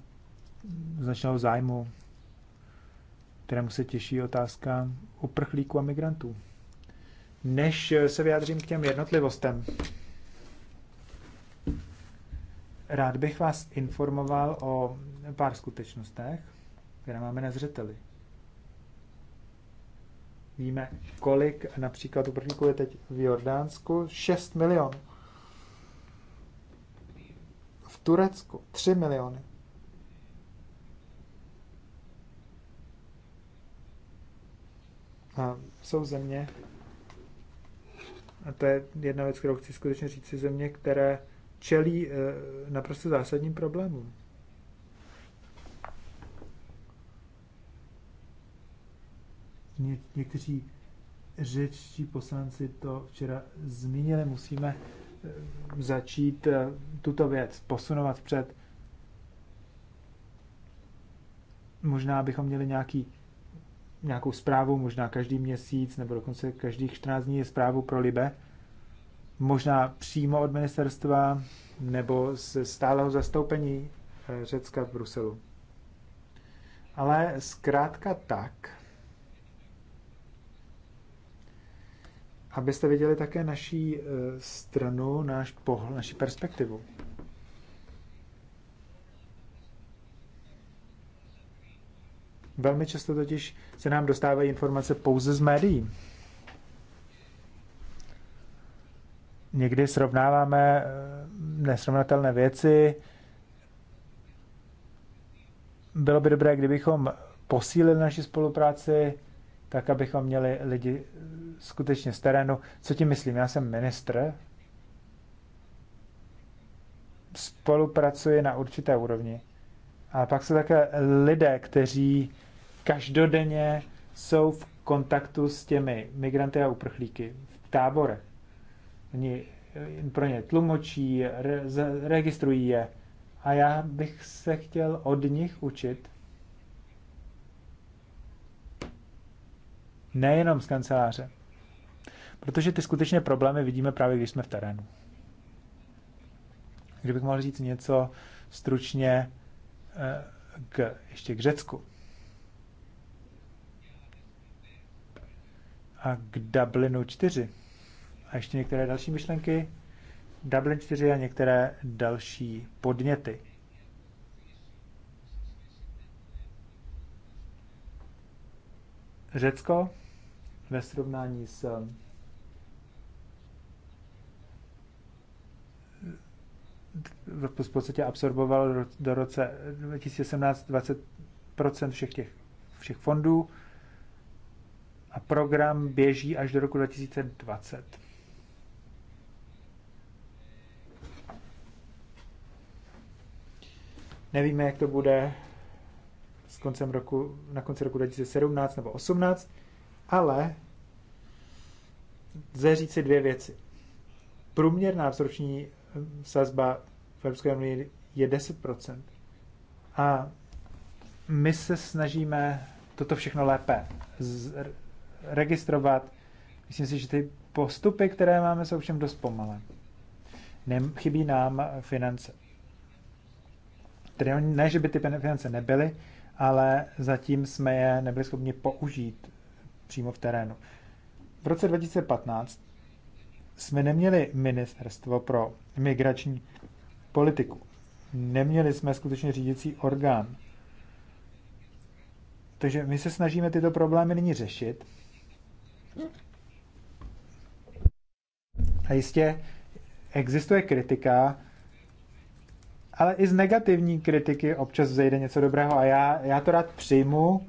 značného zájmu, kterému se těší otázka uprchlíků a migrantů. Než se vyjádřím k těm jednotlivostem, rád bych vás informoval o pár skutečnostech, které máme na zřeteli. Víme, kolik například uprchlíků je teď v Jordánsku. 6 milionů. Turecku 3 miliony. A jsou země, a to je jedna věc, kterou chci skutečně říct, si země, které čelí eh, naprosto zásadním problémům. Ně, někteří řečtí poslanci to včera zmínili, musíme začít eh, tuto věc posunovat před. Možná bychom měli nějaký, nějakou zprávu, možná každý měsíc nebo dokonce každých 14 dní je zprávu pro Libe, možná přímo od ministerstva nebo z stáleho zastoupení eh, Řecka v Bruselu. Ale zkrátka tak, abyste viděli také naší eh, stranu, náš pohled, naši perspektivu. Velmi často totiž se nám dostávají informace pouze z médií. Někdy srovnáváme eh, nesrovnatelné věci. Bylo by dobré, kdybychom posílili naši spolupráci tak abychom měli lidi eh, skutečně z terénu. Co tím myslím? Já jsem ministr, spolupracuji na určité úrovni, A pak jsou také lidé, kteří každodenně jsou v kontaktu s těmi migranty a uprchlíky v táborech. Oni eh, pro ně tlumočí, re, registrují je. A já bych se chtěl od nich učit, nejenom z kanceláře. Protože ty skutečné problémy vidíme právě, když jsme v terénu. Kdybych mohl říct něco stručně eh, k, ještě k Řecku. A k Dublinu 4. A ještě některé další myšlenky. Dublin 4 a některé další podněty. Řecko ve srovnání s eh, v podstatě absorboval do roce 2017 20% všech těch všech fondů a program běží až do roku 2020. Nevíme, jak to bude s koncem roku, na konci roku 2017 nebo 2018, ale lze říci dvě věci. Průměrná vzroční eh, sazba v Evropské unii je 10%. A my se snažíme toto všechno lépe registrovat. Myslím si, že ty postupy, které máme, jsou všem dost pomalé. Nem, chybí nám finance. Tedy ne, že by ty finance nebyly, ale zatím jsme je nebyli schopni použít přímo v terénu. V roce 2015 jsme neměli ministerstvo pro migrační politiku. Neměli jsme skutečně řídící orgán. Takže my se snažíme tyto problémy nyní řešit. A jistě existuje kritika, ale i z negativní kritiky občas vzejde něco dobrého a já, já to rád přijmu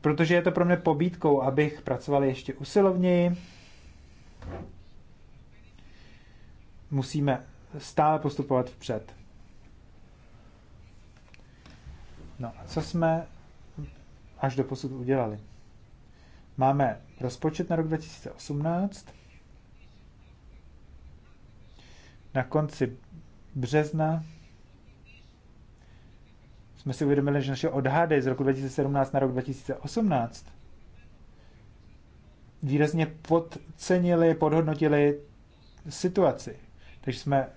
protože je to pro mě pobídkou, abych pracoval ještě usilovněji. Musíme stále postupovat vpřed. No a co jsme až do posud udělali? Máme rozpočet na rok 2018. Na konci března jsme si uvědomili, že naše odhady z roku 2017 na rok 2018 výrazně podcenili, podhodnotili situaci. Takže jsme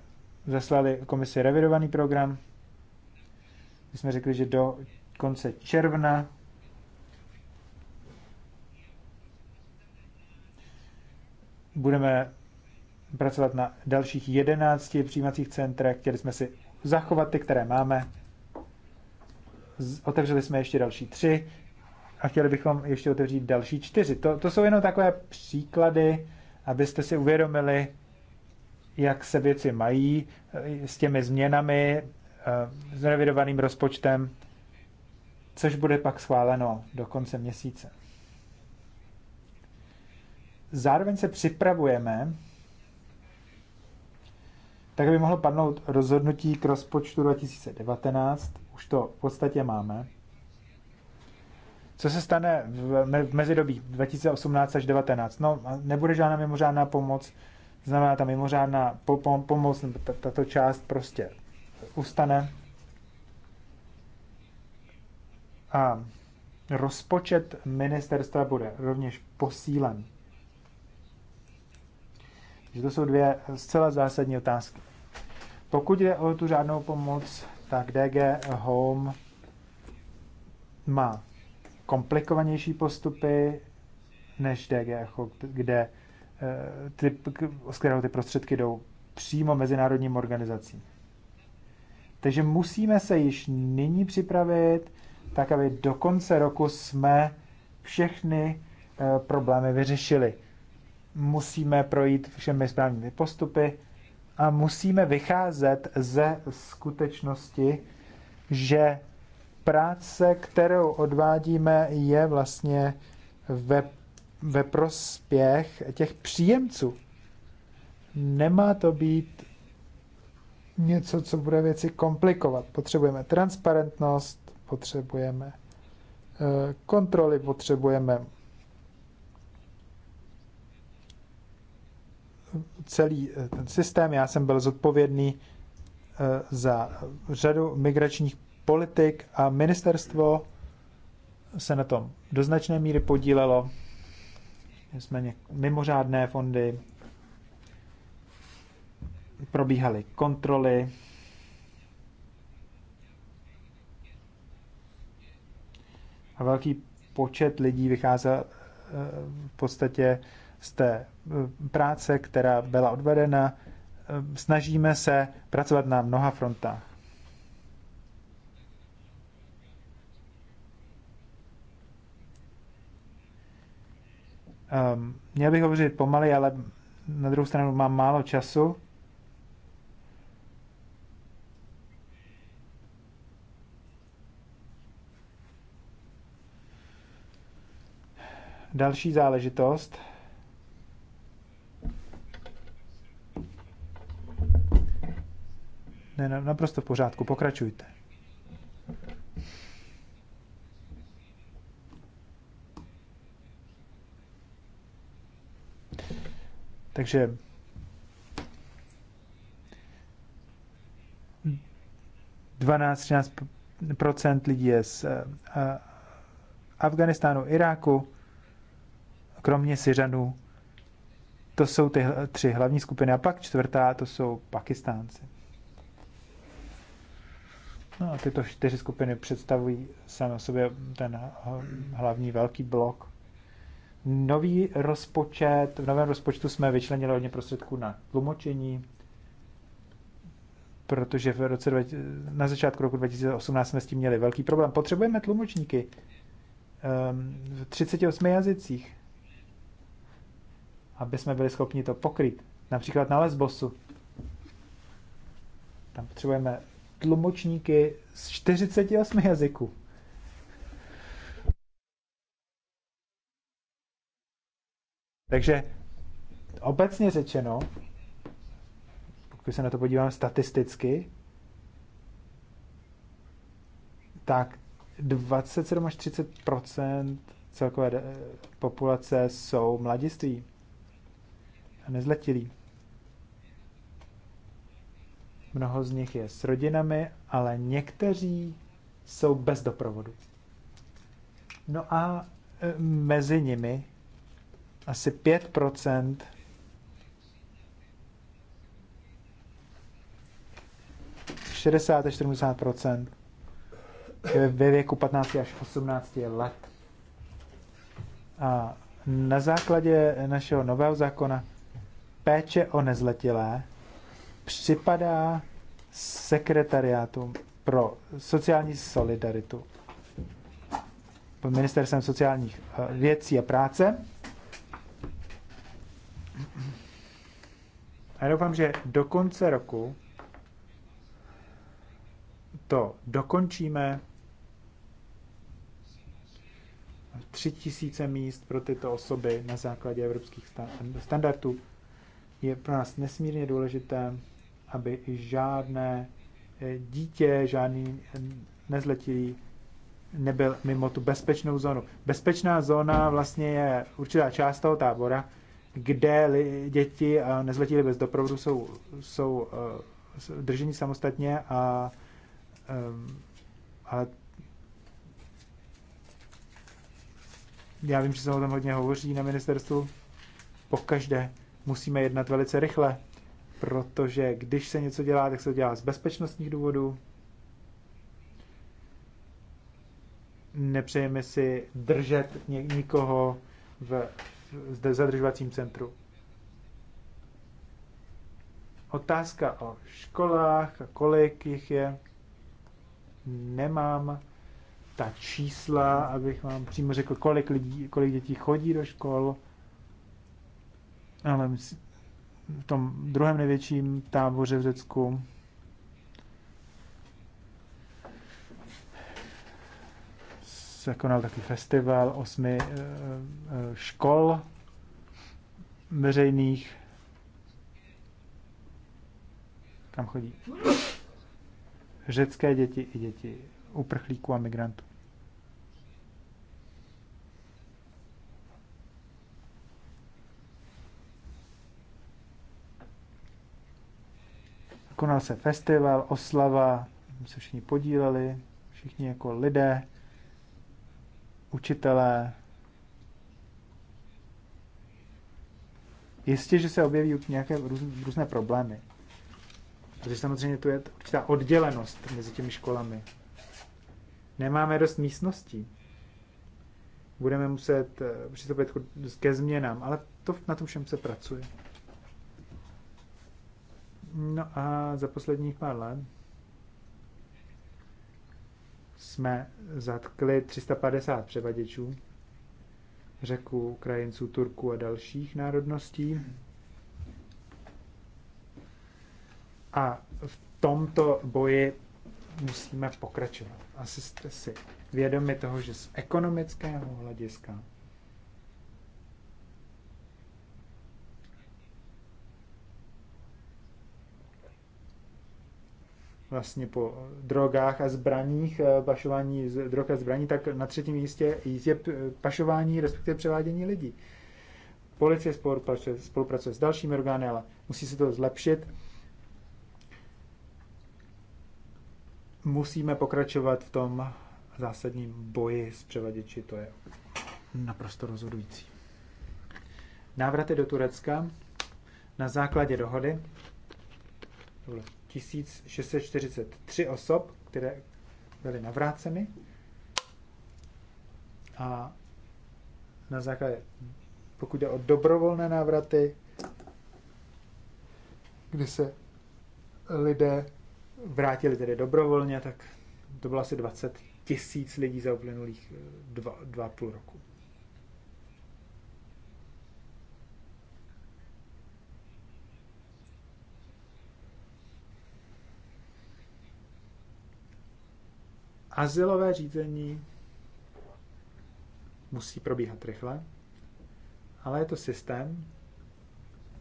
zaslali komisi revidovaný program. My jsme řekli, že do konce června budeme pracovat na dalších jedenácti přijímacích centrech. Chtěli jsme si zachovat ty, které máme Otevřeli jsme ještě další tři a chtěli bychom ještě otevřít další čtyři. To, to jsou jenom takové příklady, abyste si uvědomili, jak se věci mají eh, s těmi změnami, eh, s revidovaným rozpočtem, což bude pak schváleno do konce měsíce. Zároveň se připravujeme, tak aby mohlo padnout rozhodnutí k rozpočtu 2019 už to v podstatě máme. Co se stane v, me, v mezidobí 2018 až 2019? No, nebude žádná mimořádná pomoc, znamená ta mimořádná po, pom, pomoc, tato část prostě ustane. A rozpočet ministerstva bude rovněž posílen. Takže to jsou dvě zcela zásadní otázky. Pokud jde o tu řádnou pomoc, tak DG Home má komplikovanější postupy než DG, kde eh, ty, z kterého ty prostředky jdou přímo mezinárodním organizacím. Takže musíme se již nyní připravit, tak aby do konce roku jsme všechny eh, problémy vyřešili. Musíme projít všemi správnými postupy, a musíme vycházet ze skutečnosti, že práce, kterou odvádíme, je vlastně ve, ve prospěch těch příjemců. Nemá to být něco, co bude věci komplikovat. Potřebujeme transparentnost, potřebujeme eh, kontroly, potřebujeme celý eh, ten systém. Já jsem byl zodpovědný eh, za řadu migračních politik a ministerstvo se na tom do značné míry podílelo. Jsme mimořádné fondy, probíhaly kontroly, a velký počet lidí vycházel eh, v podstatě z té eh, práce, která byla odvedena. Eh, snažíme se pracovat na mnoha frontách. Um, měl bych hovořit pomaly, ale na druhou stranu mám málo času. Další záležitost. Ne, naprosto v pořádku, pokračujte. Takže dvanáct, třináct procent lidí je z eh, eh, Afganistánu, Iráku, kromě Syřanů. To jsou ty tři hlavní skupiny. A pak čtvrtá, to jsou Pakistánci. No a tyto čtyři skupiny představují sami sobě ten hlavní velký blok. Nový rozpočet, v novém rozpočtu jsme vyčlenili hodně prostředků na tlumočení, protože v roce, na začátku roku 2018 jsme s tím měli velký problém. Potřebujeme tlumočníky ehm, v 38 jazycích, aby jsme byli schopni to pokryt. Například na Lesbosu. Tam potřebujeme tlumočníky z 48 jazyků. Takže obecně řečeno, pokud se na to podívám statisticky, tak 27 až 30 celkové populace jsou mladiství a nezletilí. Mnoho z nich je s rodinami, ale někteří jsou bez doprovodu. No a e, mezi nimi asi 5% ...60 až 70% ve věku 15 až 18 let. A na základě našeho nového zákona péče o nezletilé připadá sekretariátu pro sociální solidaritu pod ministerstvem sociálních eh, věcí a práce. A doufám, že do konce roku to dokončíme. Tři tisíce míst pro tyto osoby na základě evropských standardů je pro nás nesmírně důležité, aby žádné eh, dítě, žádný eh, nezletilý nebyl mimo tu bezpečnou zónu. Bezpečná zóna vlastně je určitá část toho tábora, kde děti a eh, nezletilí bez doprovodu jsou, jsou drženi samostatně a, a já vím, že se o tom hodně hovoří na ministerstvu po každé, musíme jednat velice rychle, protože když se něco dělá, tak se to dělá z bezpečnostních důvodů. Nepřejeme si držet nikoho v, v zadržovacím centru. Otázka o školách a kolik jich je. Nemám ta čísla, abych vám přímo řekl, kolik, lidí, kolik dětí chodí do škol ale v tom druhém největším táboře v Řecku se konal takový festival osmi eh, eh, škol veřejných, kam chodí řecké děti i děti uprchlíků a migrantů. konal se festival, oslava, tam se všichni podíleli, všichni jako lidé, učitelé. Jistě, že se objeví nějaké různé problémy. Protože samozřejmě tu je určitá oddělenost mezi těmi školami. Nemáme dost místností. Budeme muset eh, přistoupit ke změnám, ale to, na tom všem se pracuje. No a za posledních pár let jsme zatkli 350 převaděčů, řeků, Ukrajinců, Turků a dalších národností. A v tomto boji musíme pokračovat. Asi jste si vědomi toho, že z ekonomického hlediska vlastně po drogách a zbraních, eh, pašování drog a zbraní, tak na třetím místě je pašování, respektive převádění lidí. Policie spolupracuje, spolupracuje s dalšími orgány, ale musí se to zlepšit. Musíme pokračovat v tom zásadním boji s převaděči, to je naprosto rozhodující. Návraty do Turecka na základě dohody. Tohle 1643 osob, které byly navráceny. A na základě, pokud jde o dobrovolné návraty, kdy se lidé vrátili tedy dobrovolně, tak to bylo asi 20 tisíc lidí za uplynulých dva, dva půl roku. Azylové řízení musí probíhat rychle, ale je to systém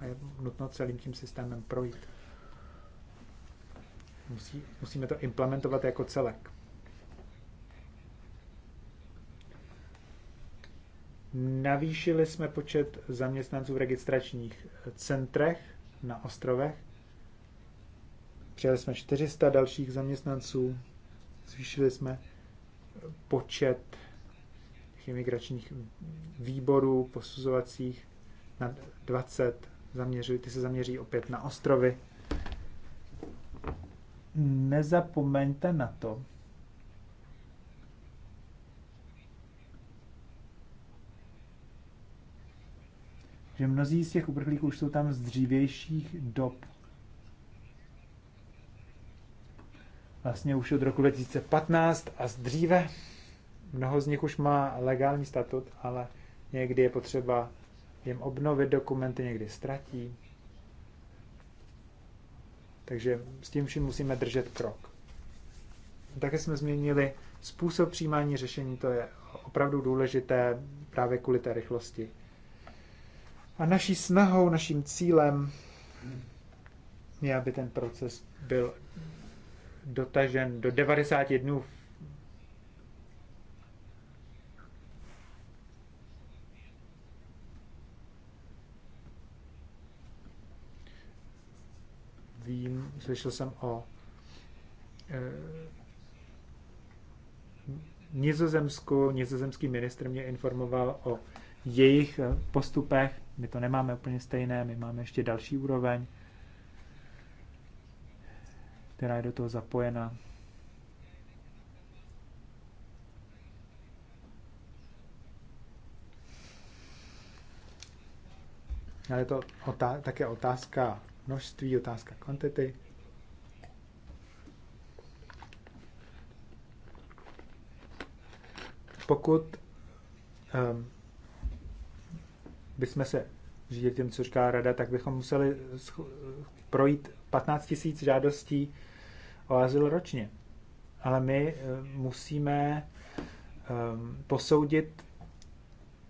a je nutno celým tím systémem projít. Musí, musíme to implementovat jako celek. Navýšili jsme počet zaměstnanců v registračních centrech na ostrovech. Přijali jsme 400 dalších zaměstnanců zvýšili jsme počet imigračních výborů posuzovacích na 20. Zaměřují, ty se zaměří opět na ostrovy. Nezapomeňte na to, že mnozí z těch uprchlíků už jsou tam z dřívějších dob. vlastně už od roku 2015 a z dříve. Mnoho z nich už má legální statut, ale někdy je potřeba jim obnovit dokumenty, někdy ztratí. Takže s tím vším musíme držet krok. Také jsme změnili způsob přijímání řešení, to je opravdu důležité právě kvůli té rychlosti. A naší snahou, naším cílem je, aby ten proces byl dotažen do 90 dnů. Vím, slyšel jsem o e, Nizozemsku, nizozemský ministr mě informoval o jejich postupech. My to nemáme úplně stejné, my máme ještě další úroveň která je do toho zapojena. Ale je to otá- také otázka množství, otázka kvantity. Pokud um, bychom se řídili tím, co říká rada, tak bychom museli projít 15 000 žádostí o azyl ročně. Ale my eh, musíme ehm, posoudit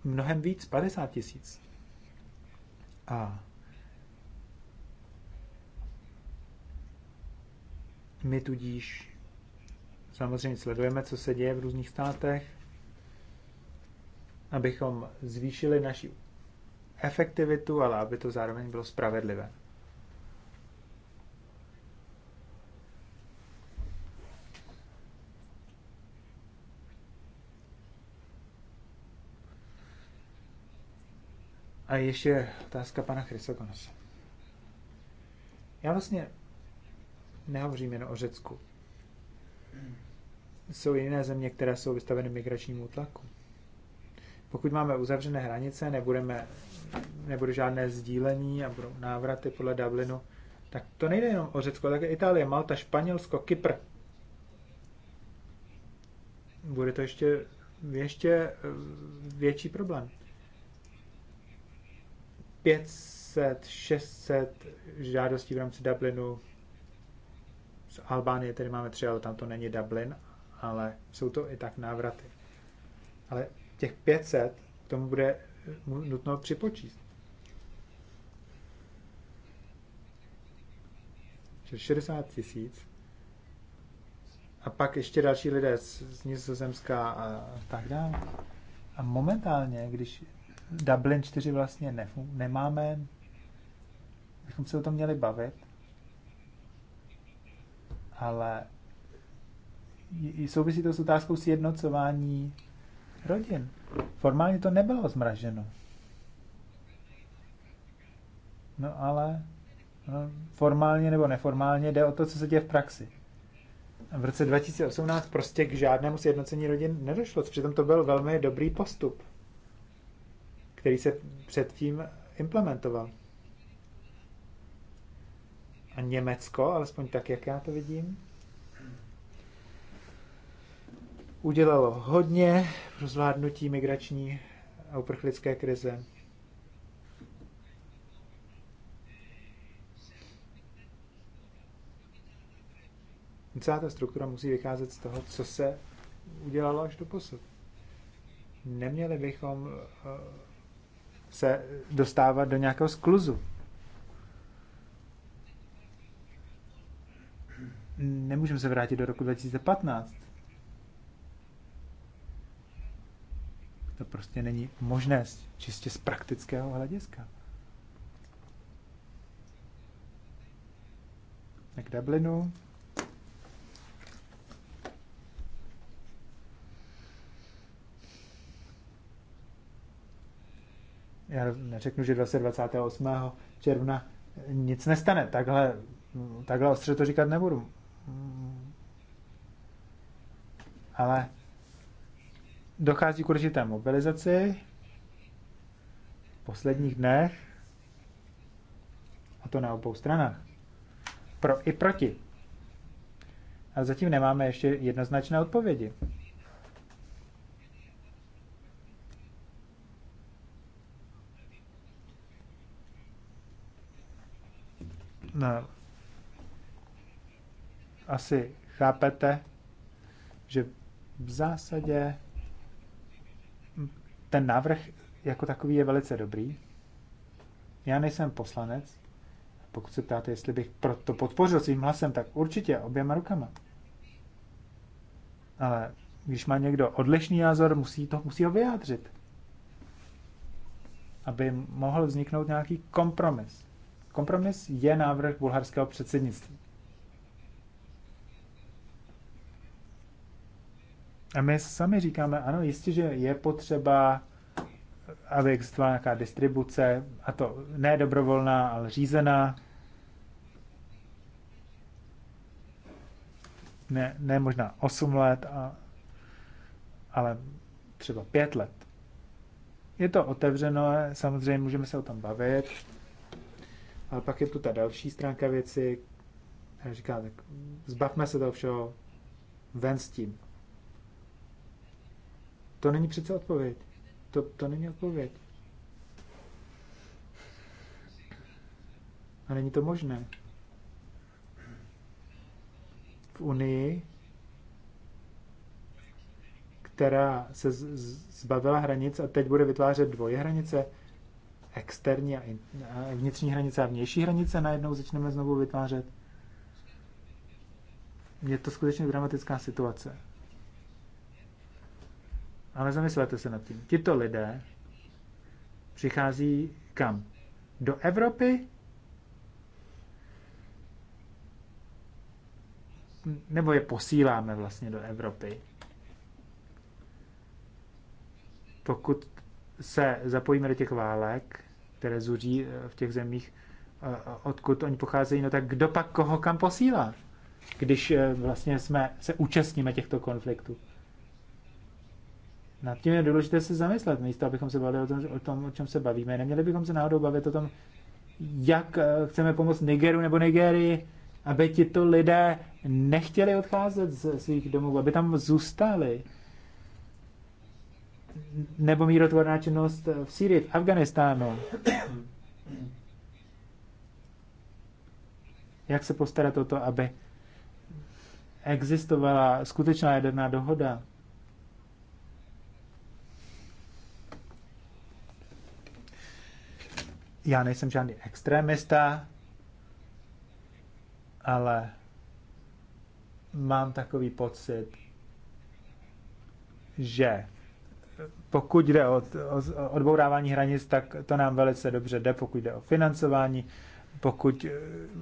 mnohem víc, 50 tisíc. A my tudíž samozřejmě sledujeme, co se děje v různých státech, abychom zvýšili naši efektivitu, ale aby to zároveň bylo spravedlivé. A ještě otázka pana Chrysogonosa. Já vlastně nehovořím jen o Řecku. Jsou jiné země, které jsou vystaveny migračnímu tlaku. Pokud máme uzavřené hranice, nebudeme, nebude žádné sdílení a budou návraty podle Dublinu, tak to nejde jenom o Řecko, tak Itálie, Malta, Španělsko, Kypr. Bude to ještě, ještě eh, větší problém. 500, 600 žádostí v rámci Dublinu. Z Albánie tedy máme tři, ale tam to není Dublin, ale jsou to i tak návraty. Ale těch 500 k tomu bude nutno připočíst. 60 tisíc. A pak ještě další lidé z, z Nizozemska a tak dále. A momentálně, když Dublin 4 vlastně ne, nemáme. Bychom se o tom měli bavit. Ale souvisí to s otázkou sjednocování rodin. Formálně to nebylo zmraženo. No ale no, formálně nebo neformálně jde o to, co se děje v praxi. V roce 2018 prostě k žádnému sjednocení rodin nedošlo, přitom to byl velmi dobrý postup který se předtím implementoval. A Německo, alespoň tak, jak já to vidím, udělalo hodně pro zvládnutí migrační a uprchlické krize. Celá ta struktura musí vycházet z toho, co se udělalo až do posud. Neměli bychom eh, se dostávat do nějakého skluzu. Nemůžeme se vrátit do roku 2015. To prostě není možné čistě z praktického hlediska. Tak Dublinu já neřeknu, že 28. června nic nestane. Takhle, takhle ostře to říkat nebudu. Ale dochází k určité mobilizaci v posledních dnech a to na obou stranách. Pro i proti. a zatím nemáme ještě jednoznačné odpovědi. No, asi chápete, že v zásadě ten návrh jako takový je velice dobrý. Já nejsem poslanec. Pokud se ptáte, jestli bych to podpořil svým hlasem, tak určitě oběma rukama. Ale když má někdo odlišný názor, musí, to, musí ho vyjádřit. Aby mohl vzniknout nějaký kompromis. Kompromis je návrh bulharského předsednictví. A my sami říkáme, ano, jistě, že je potřeba, aby existovala nějaká distribuce, a to ne dobrovolná, ale řízená. Ne, ne možná 8 let, a, ale třeba 5 let. Je to otevřeno, samozřejmě můžeme se o tom bavit. Ale pak je tu ta další stránka věci, která říká, tak zbavme se toho všeho, ven s tím. To není přece odpověď. To, to není odpověď. A není to možné. V Unii, která se zbavila hranic a teď bude vytvářet dvoje hranice, externí a vnitřní hranice a vnější hranice najednou začneme znovu vytvářet. Je to skutečně dramatická situace. Ale zamyslete se nad tím. Tito lidé přichází kam? Do Evropy? Nebo je posíláme vlastně do Evropy? Pokud se zapojíme do těch válek, které zuří eh, v těch zemích, eh, eh, odkud oni pocházejí, no tak kdo pak koho kam posílá, když vlastně jsme, se účastníme těchto konfliktů. Nad tím je důležité se zamyslet, místo abychom se bavili o tom, o tom, o čem se bavíme. Neměli bychom se náhodou bavit o tom, jak chceme pomoct Nigeru nebo Nigerii, aby tito lidé nechtěli odcházet ze svých domů, aby tam zůstali nebo mírotvorná činnost v Sýrii, v Afganistánu. Jak se postarat o to, aby existovala skutečná jaderná dohoda? Já nejsem žádný extremista, ale mám takový pocit, že pokud jde o, o odbourávání hranic, tak to nám velice dobře jde, pokud jde o financování, pokud eh,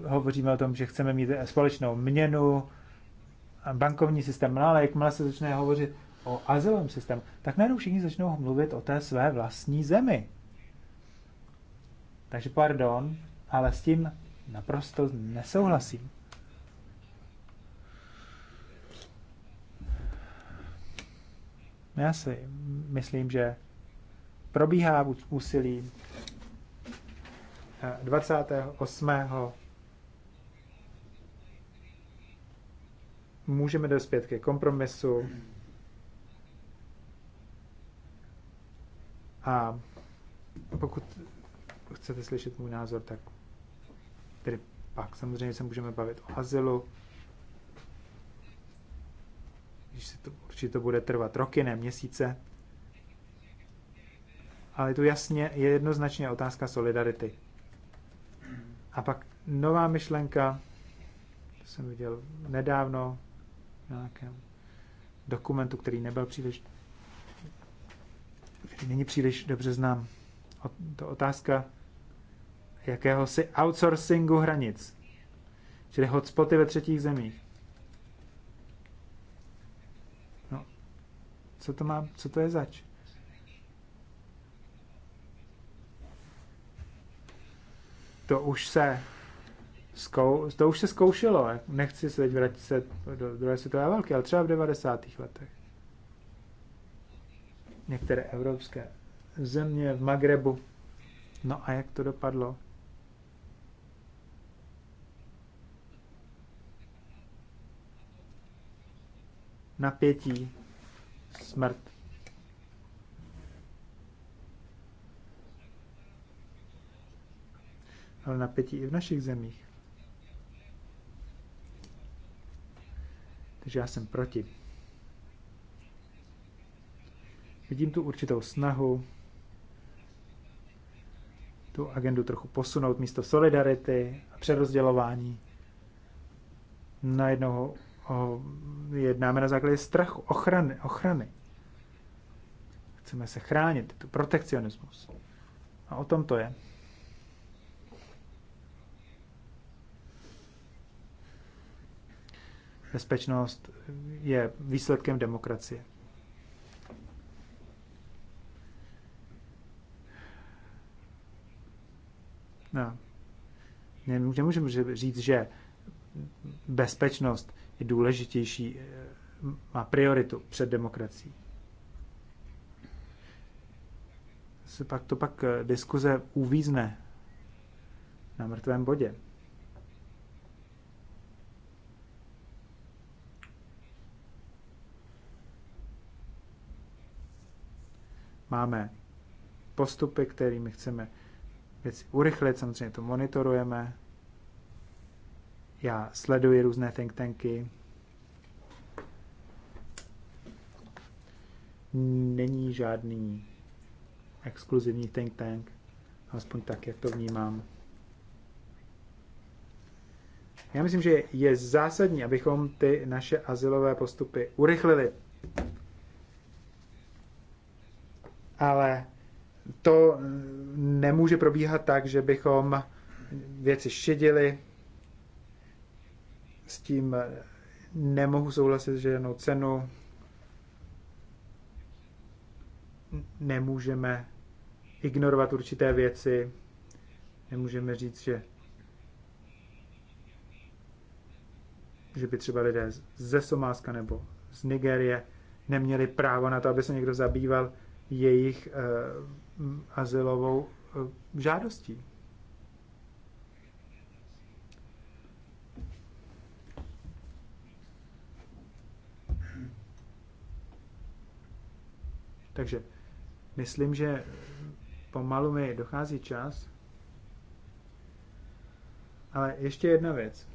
hovoříme o tom, že chceme mít společnou měnu, bankovní systém, no ale jakmile se začne hovořit o azylovém systému, tak najednou všichni začnou mluvit o té své vlastní zemi. Takže pardon, ale s tím naprosto nesouhlasím. No já si myslím, že probíhá úsilí 28. Eh, můžeme dospět ke kompromisu a pokud chcete slyšet můj názor, tak tedy pak samozřejmě se můžeme bavit o azylu, když se to, určitě to bude trvat roky, ne měsíce. Ale tu jasně je jednoznačně otázka solidarity. A pak nová myšlenka, to jsem viděl nedávno v nějakém dokumentu, který nebyl příliš, který není příliš dobře znám. O, to otázka jakéhosi outsourcingu hranic, čili hotspoty ve třetích zemích. Co to, má, co to je zač? To už se zkou, to už se zkoušelo. Nechci se teď vrátit se do druhé světové války, ale třeba v 90. letech. Některé evropské země v Magrebu. No a jak to dopadlo? Napětí smrt. Ale napětí i v našich zemích. Takže já jsem proti. Vidím tu určitou snahu tu agendu trochu posunout místo solidarity a přerozdělování Najednou ho o, jednáme na základě strachu, ochrany, ochrany. Chceme se chránit, to protekcionismus. A o tom to je. Bezpečnost je výsledkem demokracie. No. Nemůžeme říct, že bezpečnost je důležitější, eh, má prioritu před demokracií. Se pak to pak eh, diskuze uvízne na mrtvém bodě. Máme postupy, kterými chceme věci urychlit, samozřejmě to monitorujeme, já sleduji různé think tanky. Není žádný exkluzivní think tank, aspoň tak, jak to vnímám. Já myslím, že je zásadní, abychom ty naše asilové postupy urychlili. Ale to nemůže probíhat tak, že bychom věci šedili, s tím nemohu souhlasit, že jednou cenu nemůžeme ignorovat určité věci, nemůžeme říct, že že by třeba lidé ze Somálska nebo z Nigerie neměli právo na to, aby se někdo zabýval jejich uh, azylovou uh, žádostí. Takže myslím, že pomalu mi dochází čas. Ale ještě jedna věc.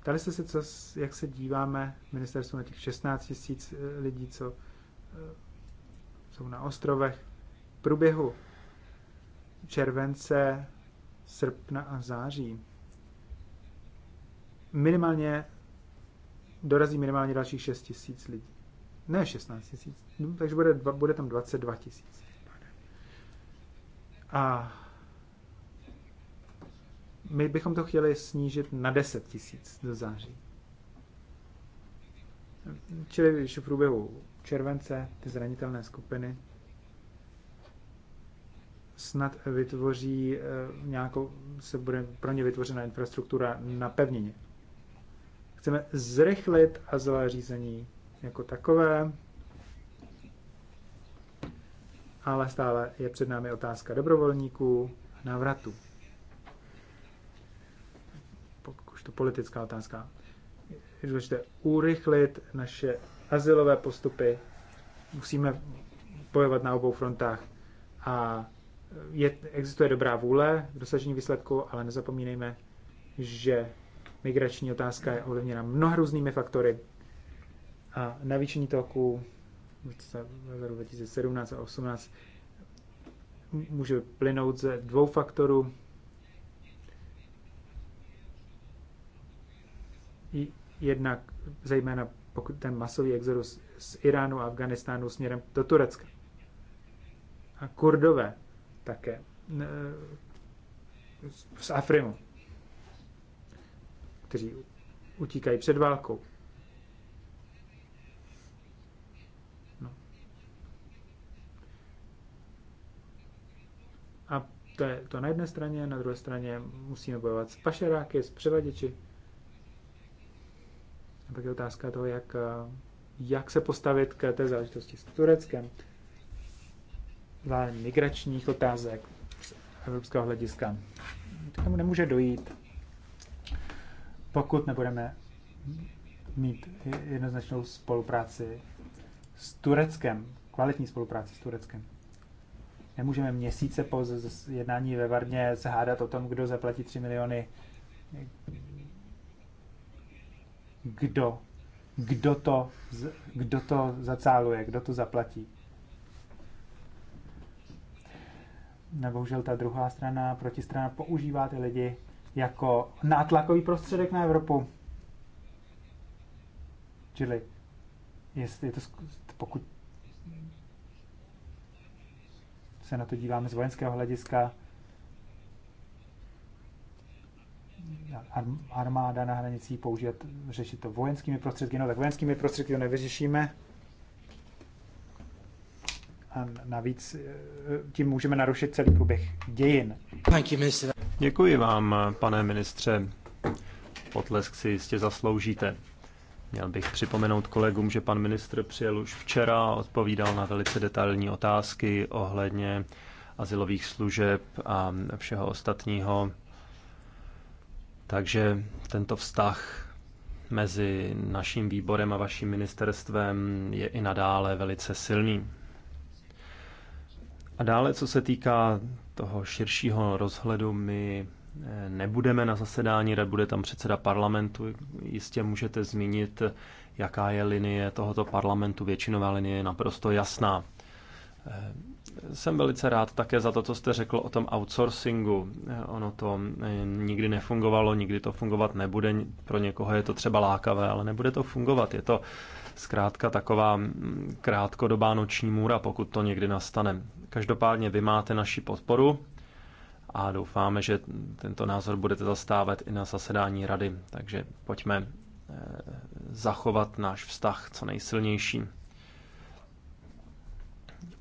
Ptali jste se, co, jak se díváme ministerstvu na těch 16 tisíc eh, lidí, co eh, jsou na ostrovech. V průběhu července, srpna a září minimálně dorazí minimálně dalších 6 tisíc lidí. Ne 16 tisíc, no, takže bude, bude tam 22 tisíc. A my bychom to chtěli snížit na 10 tisíc do září. Čili když v průběhu července ty zranitelné skupiny snad vytvoří eh, nějakou, se bude pro ně vytvořena infrastruktura na pevnině. Chceme zrychlit azylové řízení jako takové, ale stále je před námi otázka dobrovolníků a návratu. Už to politická otázka. Je důležité urychlit naše azylové postupy, musíme bojovat na obou frontách a je, existuje dobrá vůle v dosažení výsledku, ale nezapomínejme, že migrační otázka je ovlivněna mnoha různými faktory a výšení toku v roce 2017 a 2018 může plynout ze dvou faktorů. Jednak zejména pokud ten masový exodus z Iránu a Afganistánu směrem do Turecka. A kurdové také z Afrimu, kteří utíkají před válkou. to je to na jedné straně, na druhé straně musíme bojovat s pašeráky, s převaděči. A pak je otázka toho, jak, eh, jak se postavit k té záležitosti s Tureckem, migračních otázek z evropského hlediska. K tomu nemůže dojít, pokud nebudeme mít jednoznačnou spolupráci s Tureckem, kvalitní spolupráci s Tureckem. Nemůžeme měsíce po jednání ve Varně se hádat o tom, kdo zaplatí 3 miliony, kdo, kdo to, kdo to zacáluje, kdo to zaplatí. Nebohužel ta druhá strana, protistrana, používá ty lidi jako nátlakový prostředek na Evropu. Čili jestli je to, pokud se na to díváme z vojenského hlediska, armáda na hranicích použít řešit to vojenskými prostředky, no tak vojenskými prostředky to nevyřešíme. A navíc e, tím můžeme narušit celý průběh dějin. Děkuji vám, pane ministře. Potlesk si jistě zasloužíte. Měl bych připomenout kolegům, že pan ministr přijel už včera a odpovídal na velice detailní otázky ohledně asilových služeb a všeho ostatního. Takže tento vztah mezi naším výborem a vaším ministerstvem je i nadále velice silný. A dále, co se týká toho širšího rozhledu, my nebudeme na zasedání rad, bude tam předseda parlamentu. Jistě můžete zmínit, jaká je linie tohoto parlamentu. Většinová linie je naprosto jasná. Jsem velice rád také za to, co jste řekl o tom outsourcingu. Ono to eh, nikdy nefungovalo, nikdy to fungovat nebude. Pro někoho je to třeba lákavé, ale nebude to fungovat. Je to zkrátka taková mm, krátkodobá noční můra, pokud to někdy nastane. Každopádně vy máte naši podporu a doufáme, že tento názor budete zastávat i na zasedání rady. Takže pojďme eh, zachovat náš vztah co nejsilnější.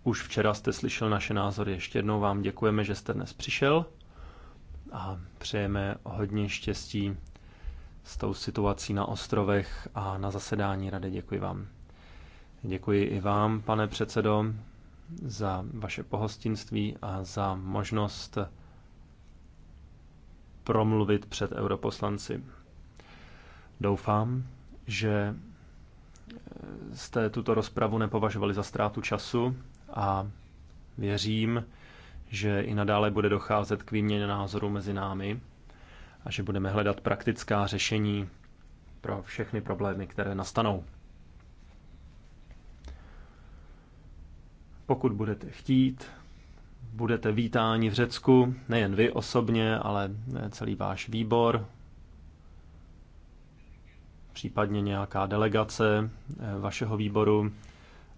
Už včera jste slyšel naše názory. Ještě jednou vám děkujeme, že jste dnes přišel a přejeme hodně štěstí s tou situací na ostrovech a na zasedání rady. Děkuji vám. Děkuji i vám, pane předsedo, za vaše pohostinství a za možnost promluvit před europoslanci. Doufám, že eh, jste tuto rozpravu nepovažovali za ztrátu času a věřím, že i nadále bude docházet k výměně názoru mezi námi a že budeme hledat praktická řešení pro všechny problémy, které nastanou. Pokud budete chtít, budete vítáni v Řecku, nejen vy osobně, ale celý váš výbor, případně nějaká delegace eh, vašeho výboru,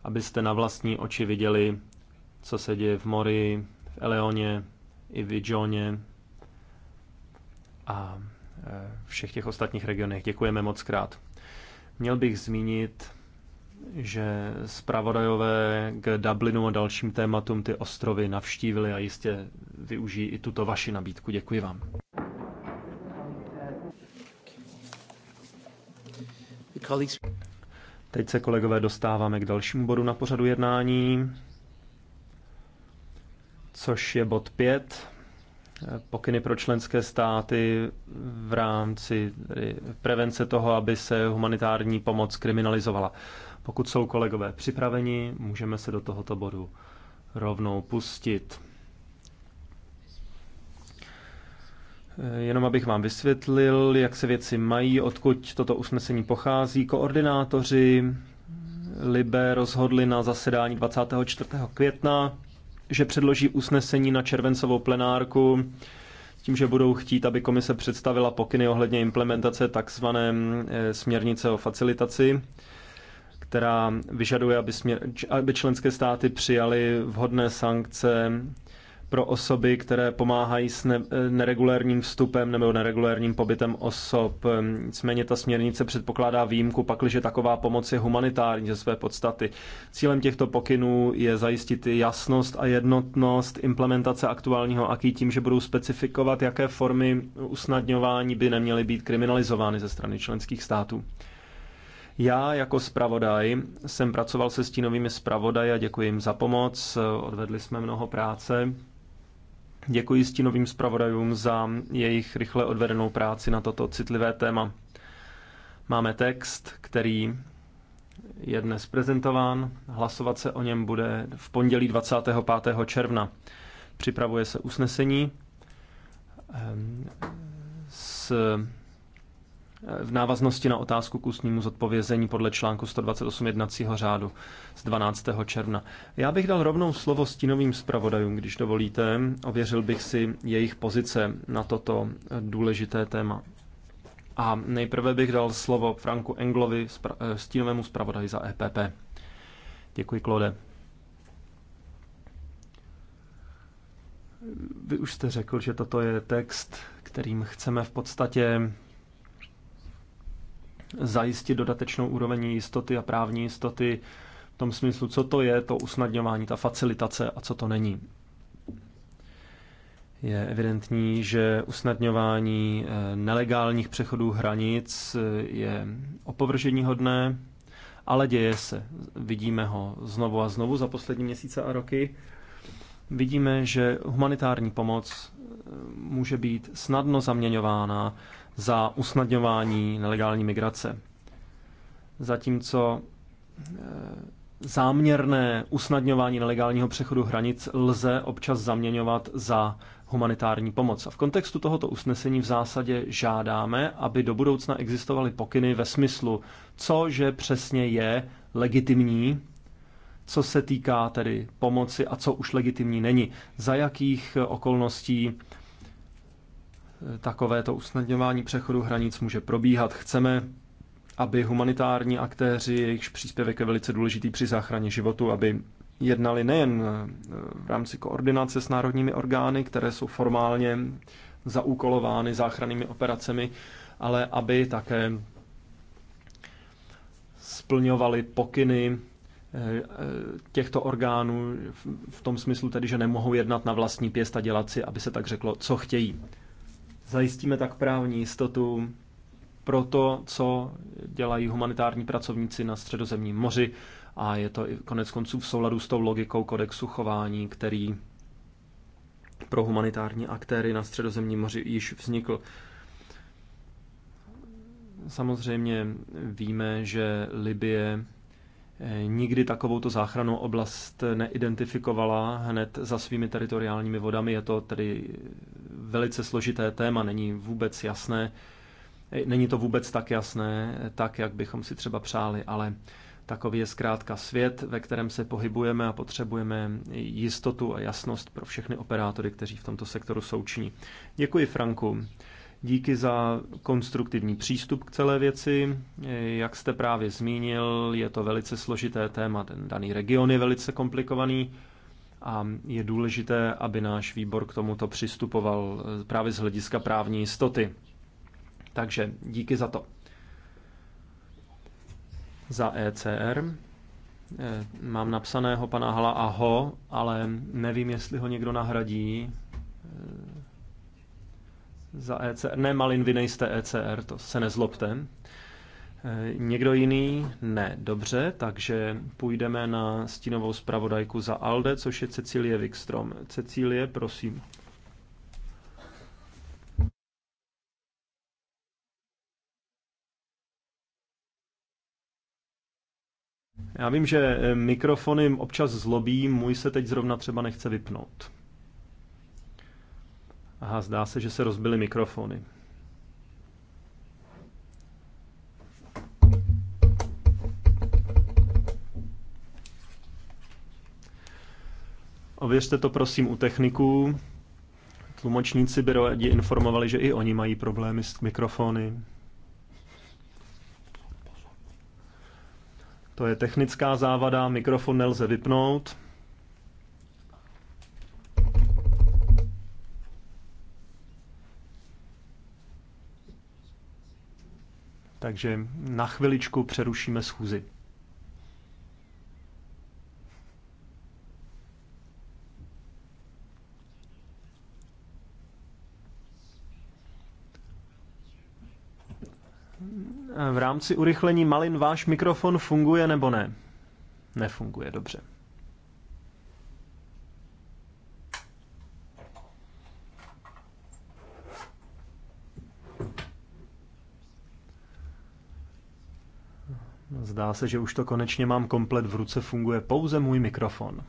abyste na vlastní oči viděli, co se děje v Mori, v Eleoně, i v Idžoně a eh, všech těch ostatních regionech. Děkujeme moc krát. Měl bych zmínit že zpravodajové k Dublinu a dalším tématům ty ostrovy navštívili a jistě využijí i tuto vaši nabídku. Děkuji vám. Teď se, kolegové, dostáváme k dalšímu bodu na pořadu jednání, což je bod 5. Pokyny pro členské státy v rámci prevence toho, aby se humanitární pomoc kriminalizovala. Pokud jsou kolegové připraveni, můžeme se do tohoto bodu rovnou pustit. Jenom abych vám vysvětlil, jak se věci mají, odkud toto usnesení pochází. Koordinátoři Libe rozhodli na zasedání 24. května, že předloží usnesení na červencovou plenárku s tím, že budou chtít, aby komise představila pokyny ohledně implementace takzvané eh, směrnice o facilitaci která vyžaduje, aby, smě, aby členské státy přijaly vhodné sankce pro osoby, které pomáhají s ne, neregulérním vstupem nebo neregulérním pobytem osob. Nicméně ta směrnice předpokládá výjimku, pakliže taková pomoc je humanitární ze své podstaty. Cílem těchto pokynů je zajistit jasnost a jednotnost implementace aktuálního aký tím, že budou specifikovat, jaké formy usnadňování by neměly být kriminalizovány ze strany členských států. Já jako zpravodaj jsem pracoval se stínovými zpravodaj a děkuji jim za pomoc. Odvedli jsme mnoho práce. Děkuji stínovým zpravodajům za jejich rychle odvedenou práci na toto citlivé téma. Máme text, který je dnes prezentován. Hlasovat se o něm bude v pondělí 25. června. Připravuje se usnesení ehm, s v návaznosti na otázku k ústnímu zodpovězení podle článku 128 jednacího řádu z 12. června. Já bych dal rovnou slovo stínovým zpravodajům, když dovolíte. Ověřil bych si jejich pozice na toto důležité téma. A nejprve bych dal slovo Franku Englovi, eh, stínovému zpravodaji za EPP. Děkuji, Klode. Vy už jste řekl, že toto je text, kterým chceme v podstatě zajistit dodatečnou úroveň jistoty a právní jistoty v tom smyslu, co to je to usnadňování, ta facilitace a co to není. Je evidentní, že usnadňování eh, nelegálních přechodů hranic eh, je opovržení hodné, ale děje se. Vidíme ho znovu a znovu za poslední měsíce a roky. Vidíme, že humanitární pomoc eh, může být snadno zaměňována za usnadňování nelegální migrace. Zatímco e, záměrné usnadňování nelegálního přechodu hranic lze občas zaměňovat za humanitární pomoc. A v kontextu tohoto usnesení v zásadě žádáme, aby do budoucna existovaly pokyny ve smyslu, co že přesně je legitimní, co se týká tedy pomoci a co už legitimní není, za jakých okolností takovéto usnadňování přechodu hranic může probíhat. Chceme, aby humanitární aktéři, jejichž příspěvek je velice důležitý při záchraně životu, aby jednali nejen eh, v rámci koordinace s národními orgány, které jsou formálně zaúkolovány záchrannými operacemi, ale aby také splňovali pokyny eh, eh, těchto orgánů v tom smyslu tedy, že nemohou jednat na vlastní pěst a dělat si, aby se tak řeklo, co chtějí. Zajistíme tak právní jistotu pro to, co dělají humanitární pracovníci na středozemním moři a je to i konec konců v souladu s tou logikou kodexu chování, který pro humanitární aktéry na středozemním moři již vznikl. Samozřejmě víme, že Libie nikdy takovouto záchranou oblast neidentifikovala hned za svými teritoriálními vodami. Je to tedy velice složité téma, není vůbec jasné, není to vůbec tak jasné, tak, jak bychom si třeba přáli, ale takový je zkrátka svět, ve kterém se pohybujeme a potřebujeme jistotu a jasnost pro všechny operátory, kteří v tomto sektoru součiní. Děkuji, Franku. Díky za konstruktivní přístup k celé věci. Jak jste právě zmínil, je to velice složité téma. Ten daný region je velice komplikovaný a je důležité, aby náš výbor k tomuto přistupoval eh, právě z hlediska právní jistoty. Takže díky za to. Za ECR eh, mám napsaného pana Hala Aho, ale nevím, jestli ho někdo nahradí eh, za ECR. Ne, Malin, vy nejste ECR, to se nezlobte. E, někdo jiný? Ne, dobře, takže půjdeme na stínovou zpravodajku za ALDE, což je Cecilie Wikstrom. Cecilie, prosím. Já vím, že mikrofony občas zlobí, můj se teď zrovna třeba nechce vypnout. Aha, zdá se, že se rozbily mikrofony. Ověřte to prosím u techniků. Tlumočníci by rádi informovali, že i oni mají problémy s mikrofony. To je technická závada, mikrofon nelze vypnout. Takže na chviličku přerušíme schůzi. V rámci urychlení malin váš mikrofon funguje nebo ne? Nefunguje, dobře. Zdá se, že už to konečně mám komplet v ruce, funguje pouze můj mikrofon.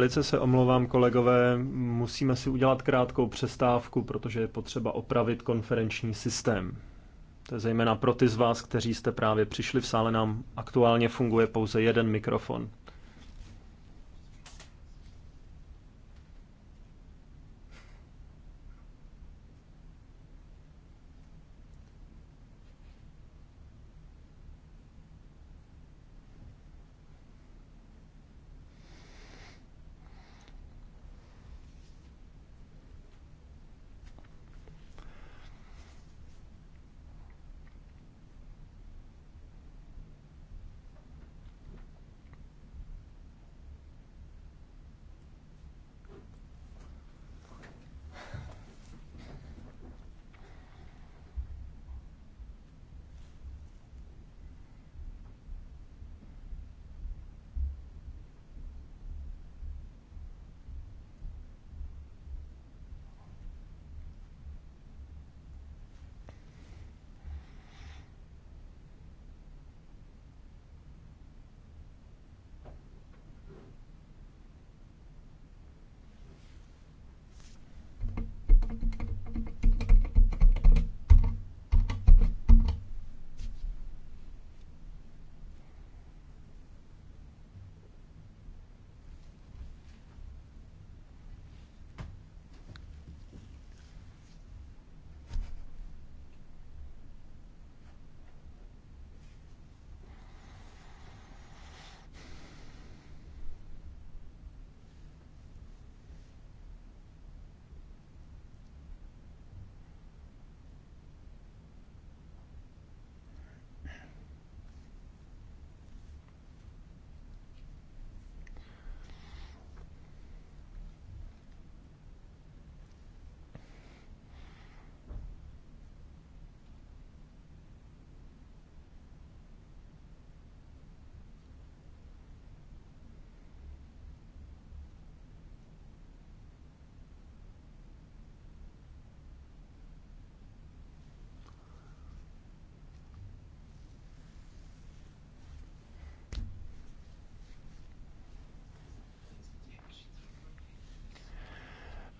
Velice se omlouvám, kolegové, musíme si udělat krátkou přestávku, protože je potřeba opravit konferenční systém. To je zejména pro ty z vás, kteří jste právě přišli v sále, nám aktuálně funguje pouze jeden mikrofon.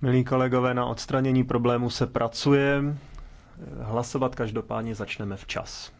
Milí kolegové, na odstranění problému se pracuje. Hlasovat každopádně začneme včas.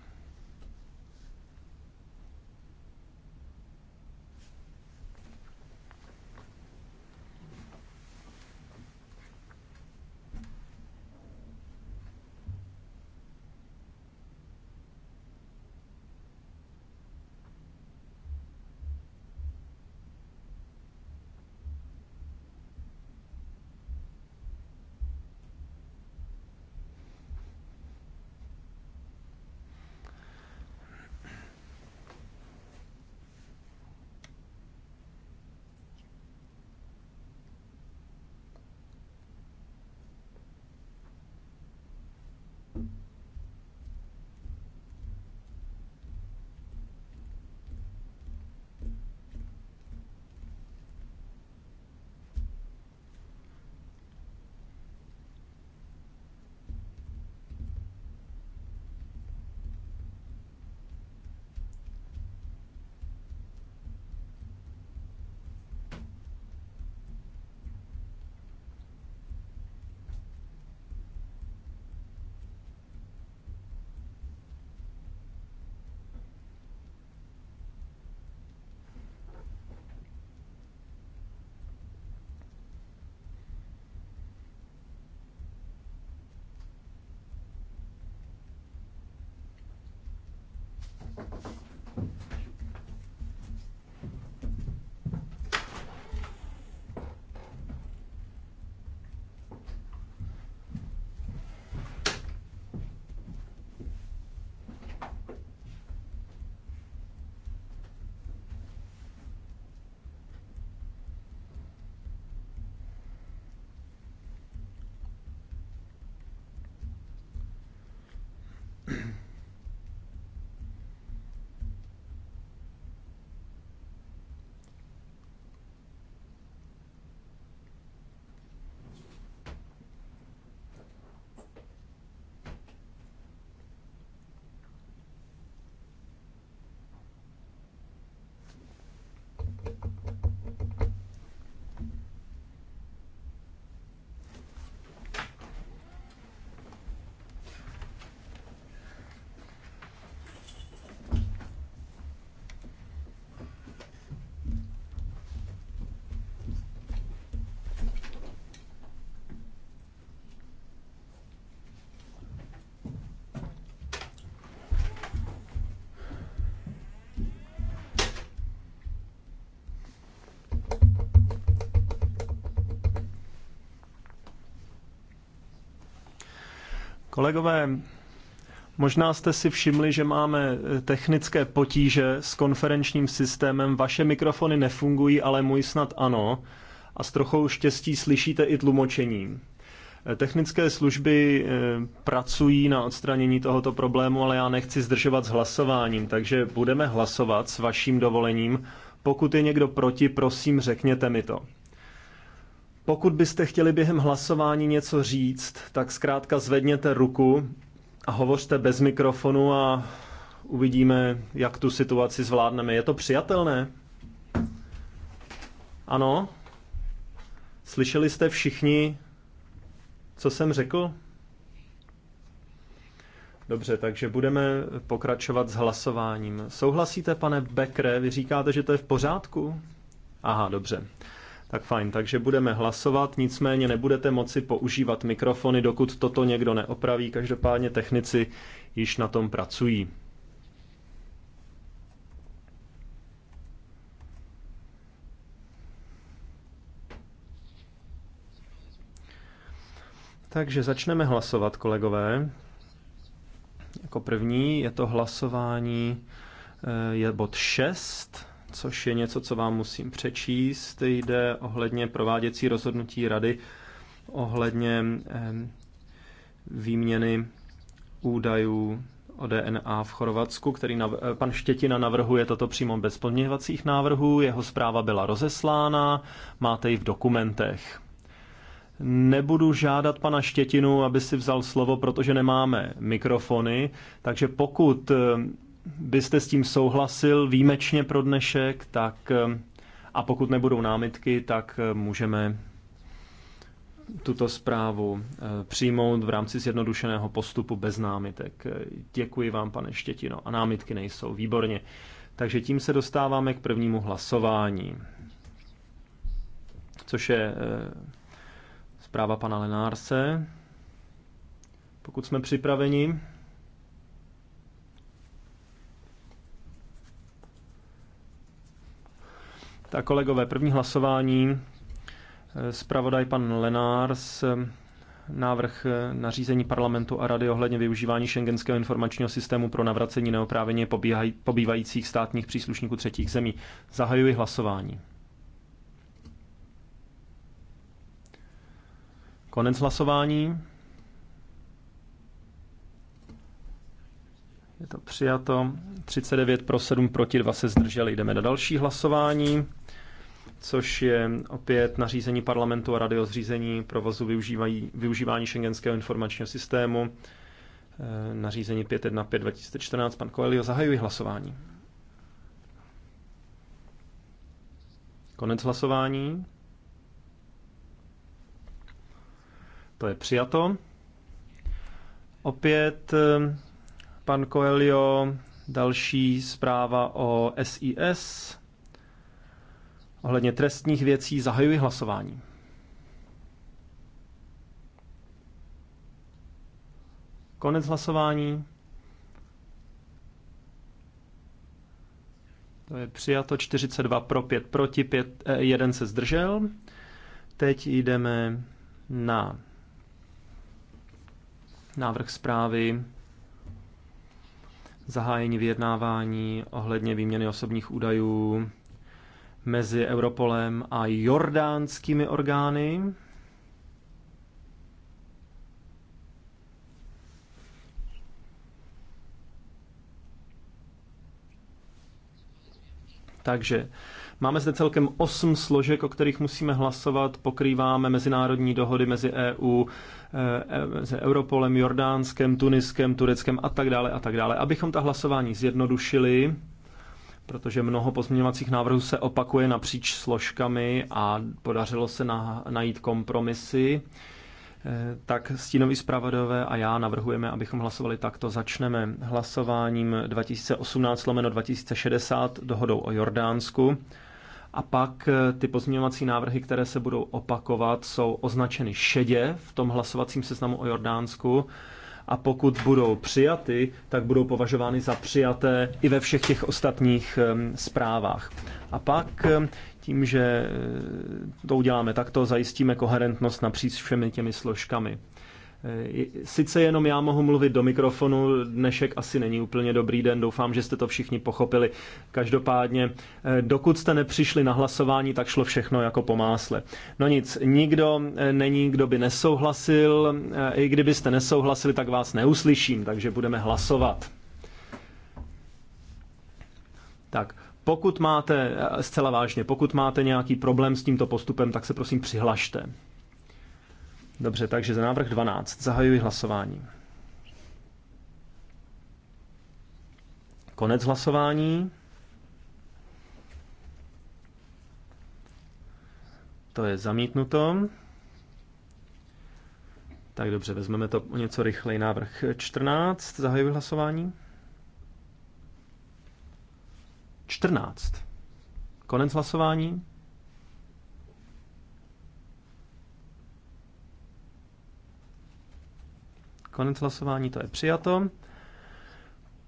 Kolegové, možná jste si všimli, že máme eh, technické potíže s konferenčním systémem. Vaše mikrofony nefungují, ale můj snad ano. A s trochou štěstí slyšíte i tlumočení. Eh, technické služby eh, pracují na odstranění tohoto problému, ale já nechci zdržovat s hlasováním, takže budeme hlasovat s vaším dovolením. Pokud je někdo proti, prosím, řekněte mi to. Pokud byste chtěli během hlasování něco říct, tak zkrátka zvedněte ruku a hovořte bez mikrofonu a uvidíme, jak tu situaci zvládneme. Je to přijatelné? Ano? Slyšeli jste všichni, co jsem řekl? Dobře, takže budeme pokračovat s hlasováním. Souhlasíte, pane Bekre? Vy říkáte, že to je v pořádku? Aha, dobře. Tak fajn, takže budeme hlasovat, nicméně nebudete moci používat mikrofony, dokud toto někdo neopraví. Každopádně technici již na tom pracují. Takže začneme hlasovat, kolegové. Jako první je to hlasování, eh, je bod 6 což je něco, co vám musím přečíst. Jde ohledně prováděcí rozhodnutí rady, ohledně výměny údajů o DNA v Chorvatsku, který nav- eh, pan Štětina navrhuje toto přímo bez podměvacích návrhů. Jeho zpráva byla rozeslána, máte ji v dokumentech. Nebudu žádat pana Štětinu, aby si vzal slovo, protože nemáme mikrofony, takže pokud byste s tím souhlasil výjimečně pro dnešek, tak eh, a pokud nebudou námitky, tak eh, můžeme tuto zprávu eh, přijmout v rámci zjednodušeného postupu bez námitek. Děkuji vám, pane Štětino. A námitky nejsou. Výborně. Takže tím se dostáváme k prvnímu hlasování, což je zpráva pana Lenárse. Pokud jsme připraveni, Tak kolegové, první hlasování. Spravodaj pan Lenárs, návrh nařízení parlamentu a rady ohledně využívání šengenského informačního systému pro navracení neoprávněně pobývajících státních příslušníků třetích zemí. Zahajuji hlasování. Konec hlasování. Je to přijato. 39 pro 7 proti 2 se zdrželi. Jdeme na další hlasování což je opět nařízení parlamentu a rady o zřízení provozu využívají, využívání šengenského informačního systému, eh, nařízení 515 2014. Pan Coelho, zahajuji hlasování. Konec hlasování. To je přijato. Opět eh, pan Coelho, další zpráva o SIS ohledně trestních věcí zahajuji hlasování. Konec hlasování. To je přijato 42 pro 5 proti, 5, 1 eh, se zdržel. Teď jdeme na návrh zprávy zahájení vyjednávání ohledně výměny osobních údajů mezi Europolem a jordánskými orgány. Takže máme zde celkem osm složek, o kterých musíme hlasovat. Pokrýváme mezinárodní dohody mezi EU, eh, eh, mezi Europolem, Jordánskem, Tuniskem, Tureckem a tak dále a tak dále. Abychom ta hlasování zjednodušili, protože mnoho pozměňovacích návrhů se opakuje napříč složkami a podařilo se na, najít kompromisy, eh, tak stínoví zpravodové a já navrhujeme, abychom hlasovali takto. Začneme hlasováním 2018 lomeno 2060 dohodou o Jordánsku. A pak eh, ty pozměňovací návrhy, které se budou opakovat, jsou označeny šedě v tom hlasovacím seznamu o Jordánsku a pokud budou přijaty, tak budou považovány za přijaté i ve všech těch ostatních zprávách. A pak tím, že eh, to uděláme takto, zajistíme koherentnost napříč všemi těmi složkami. Eh, sice jenom já mohu mluvit do mikrofonu, dnešek asi není úplně dobrý den, doufám, že jste to všichni pochopili. Každopádně, eh, dokud jste nepřišli na hlasování, tak šlo všechno jako po másle. No nic, nikdo eh, není, kdo by nesouhlasil, i kdybyste nesouhlasili, tak vás neuslyším, takže budeme hlasovat. Tak, pokud máte, zcela vážně, pokud máte nějaký problém s tímto postupem, tak se prosím přihlašte. Dobře, takže za návrh 12 zahajuji hlasování. Konec hlasování. To je zamítnuto. Tak dobře, vezmeme to o něco rychleji. Návrh 14, zahajuji hlasování. 14. Konec hlasování. Konec hlasování, to je přijato.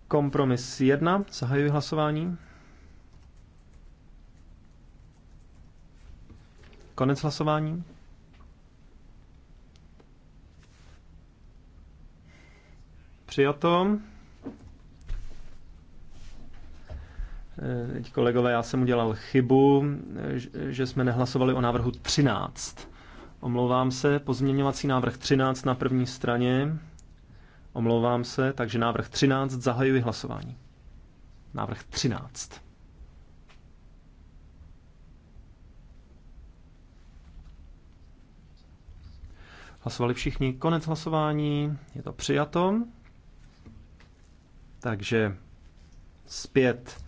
Kompromis 1, zahajuji hlasování. Konec hlasování. Přijato. Eh, teď kolegové, já jsem udělal chybu, eh, že jsme nehlasovali o návrhu 13. Omlouvám se, pozměňovací návrh 13 na první straně. Omlouvám se, takže návrh 13 zahajuji hlasování. Návrh 13. Hlasovali všichni. Konec hlasování. Je to přijato. Takže zpět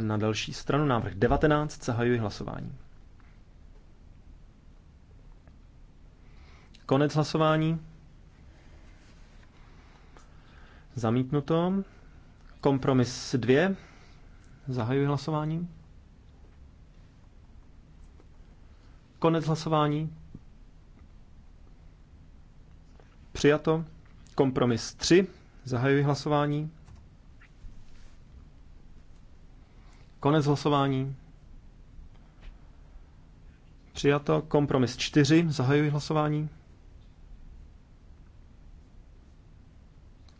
na další stranu. Návrh 19. Zahajuji hlasování. Konec hlasování. Zamítnuto. Kompromis 2. Zahajuji hlasování. Konec hlasování. Přijato. Kompromis 3. Zahajuji hlasování. Konec hlasování. Přijato. Kompromis 4. Zahajuji hlasování.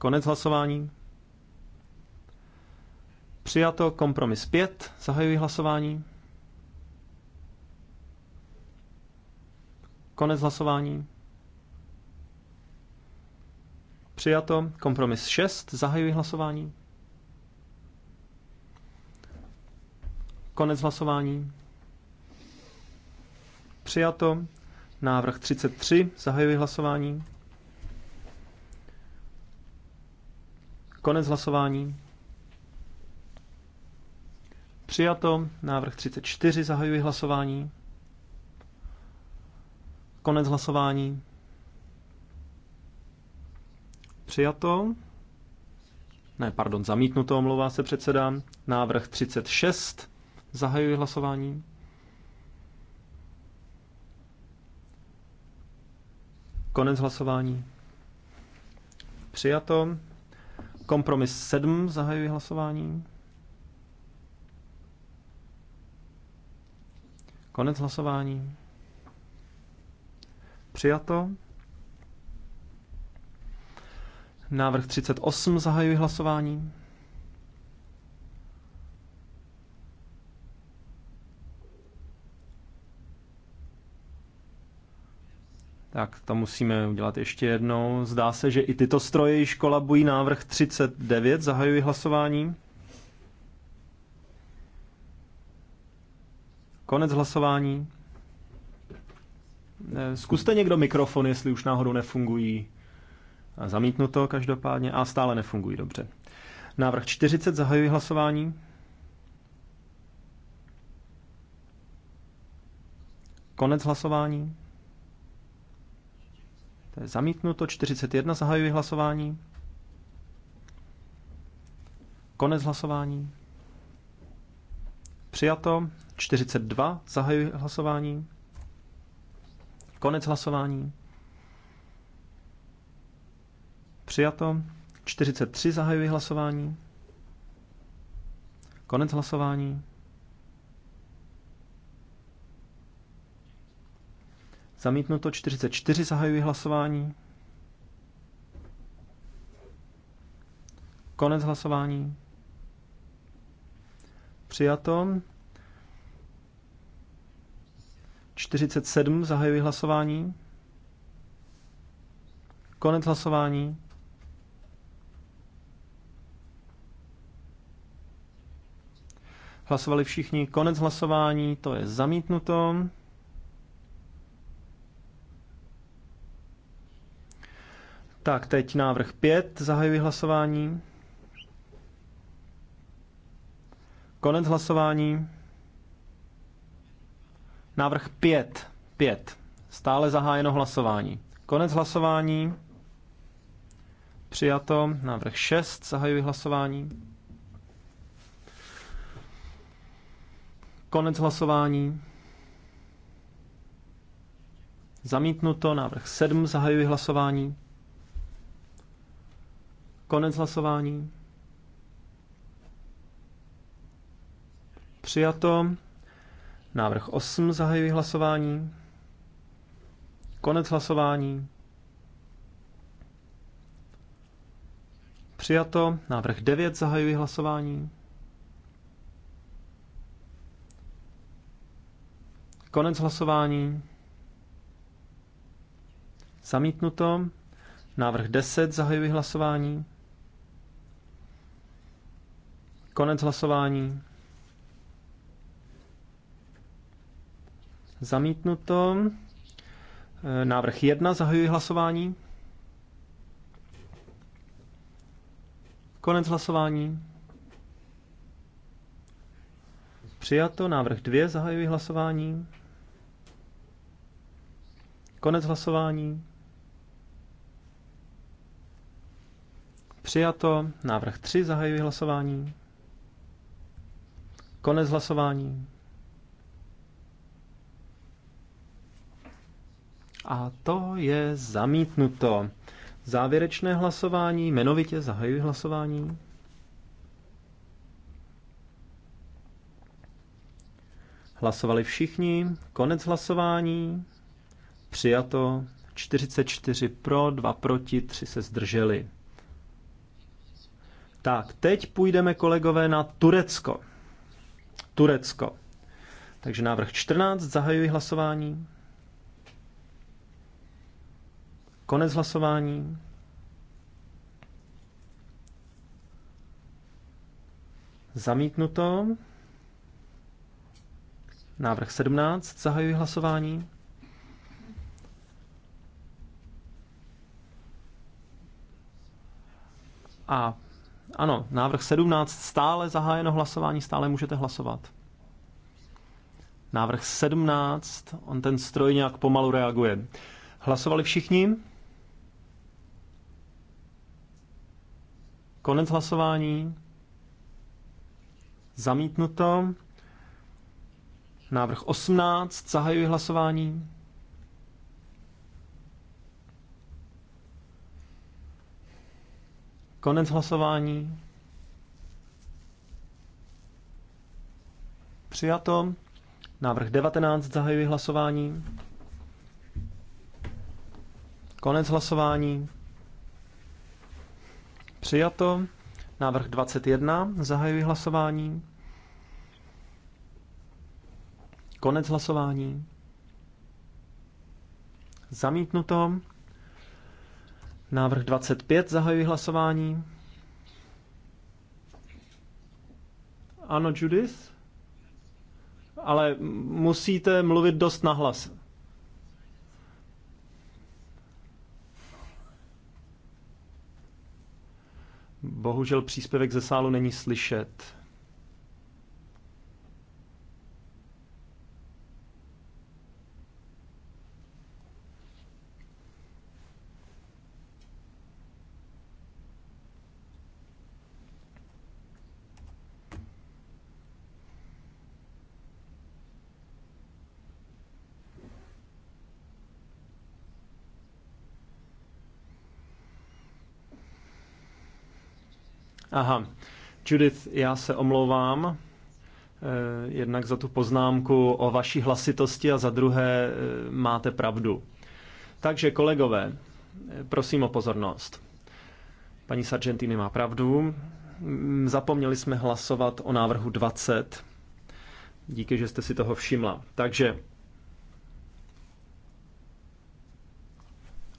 Konec hlasování. Přijato kompromis 5. Zahajuji hlasování. Konec hlasování. Přijato kompromis 6. Zahajuji hlasování. Konec hlasování. Přijato návrh 33. Zahajuji hlasování. Konec hlasování. Přijato. Návrh 34. Zahajuji hlasování. Konec hlasování. Přijato. Ne, pardon, zamítnuto, omlouvá se předseda. Návrh 36. Zahajuji hlasování. Konec hlasování. Přijato. Kompromis 7, zahajuji hlasování. Konec hlasování. Přijato. Návrh 38, zahajuji hlasování. Tak to musíme udělat ještě jednou. Zdá se, že i tyto stroje již kolabují návrh 39. Zahajuji hlasování. Konec hlasování. Eh, zkuste někdo mikrofon, jestli už náhodou nefungují. Eh, zamítnu to každopádně. A stále nefungují dobře. Návrh 40. Zahajuji hlasování. Konec hlasování je zamítnuto. 41 zahajuji hlasování. Konec hlasování. Přijato. 42 zahajuji hlasování. Konec hlasování. Přijato. 43 zahajuji hlasování. Konec hlasování. Zamítnuto 44, zahajuji hlasování. Konec hlasování. Přijato. 47, zahajuji hlasování. Konec hlasování. Hlasovali všichni. Konec hlasování, to je zamítnuto. Tak, teď návrh 5, zahajuji hlasování. Konec hlasování. Návrh 5. 5. Stále zahájeno hlasování. Konec hlasování. Přijato. Návrh 6. Zahajuji hlasování. Konec hlasování. Zamítnuto. Návrh 7. Zahajuji hlasování. Konec hlasování. Přijato. Návrh 8 zahajuji hlasování. Konec hlasování. Přijato. Návrh 9 zahajuji hlasování. Konec hlasování. Zamítnuto. Návrh 10 zahajuji hlasování. Konec hlasování. Zamítnuto. E, návrh 1. Zahajuji hlasování. Konec hlasování. Přijato. Návrh 2. Zahajuji hlasování. Konec hlasování. Přijato. Návrh 3. Zahajuji hlasování. Konec hlasování. A to je zamítnuto. Závěrečné hlasování, jmenovitě zahajuji hlasování. Hlasovali všichni, konec hlasování, přijato 44 pro, 2 proti, 3 se zdrželi. Tak, teď půjdeme kolegové na Turecko. Turecko. Takže návrh 14, zahajuji hlasování. Konec hlasování. Zamítnuto. Návrh 17, zahajuji hlasování. A ano, návrh 17 stále zahájeno hlasování, stále můžete hlasovat. Návrh 17, on ten stroj nějak pomalu reaguje. Hlasovali všichni? Konec hlasování. Zamítnuto. Návrh 18, zahajuji hlasování. Konec hlasování. Přijato. Návrh 19 zahajuji hlasování. Konec hlasování. Přijato. Návrh 21 zahajuji hlasování. Konec hlasování. Zamítnuto. Návrh 25, zahajuji hlasování. Ano, Judith? Ale musíte mluvit dost nahlas. Bohužel příspěvek ze sálu není slyšet. Aha, Judith, já se omlouvám eh, jednak za tu poznámku o vaší hlasitosti a za druhé eh, máte pravdu. Takže kolegové, eh, prosím o pozornost. Paní Sargentini má pravdu. Mm, zapomněli jsme hlasovat o návrhu 20. Díky, že jste si toho všimla. Takže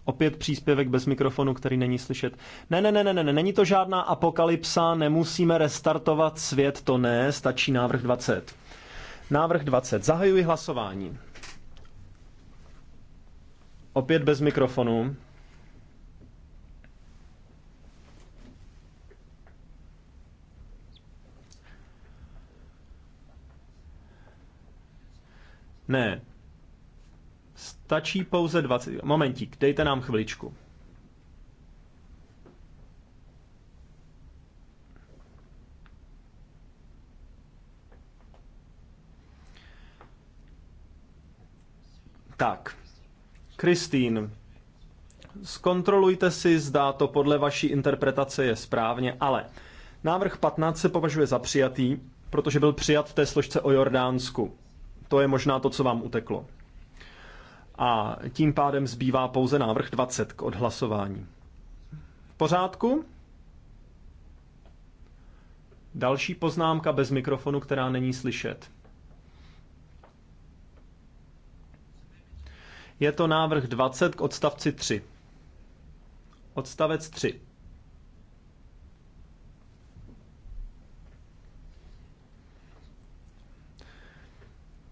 Opět příspěvek bez mikrofonu, který není slyšet. Ne, ne, ne, ne, ne, není to žádná apokalypsa, nemusíme restartovat svět, to ne, stačí návrh 20. Návrh 20. Zahajuji hlasování. Opět bez mikrofonu. Ne, Stačí pouze 20... Momentík, dejte nám chviličku. Tak, Kristýn, zkontrolujte si, zda to podle vaší interpretace je správně, ale návrh 15 se považuje za přijatý, protože byl přijat v té složce o Jordánsku. To je možná to, co vám uteklo. A tím pádem zbývá pouze návrh 20 k odhlasování. V pořádku? Další poznámka bez mikrofonu, která není slyšet. Je to návrh 20 k odstavci 3. Odstavec 3.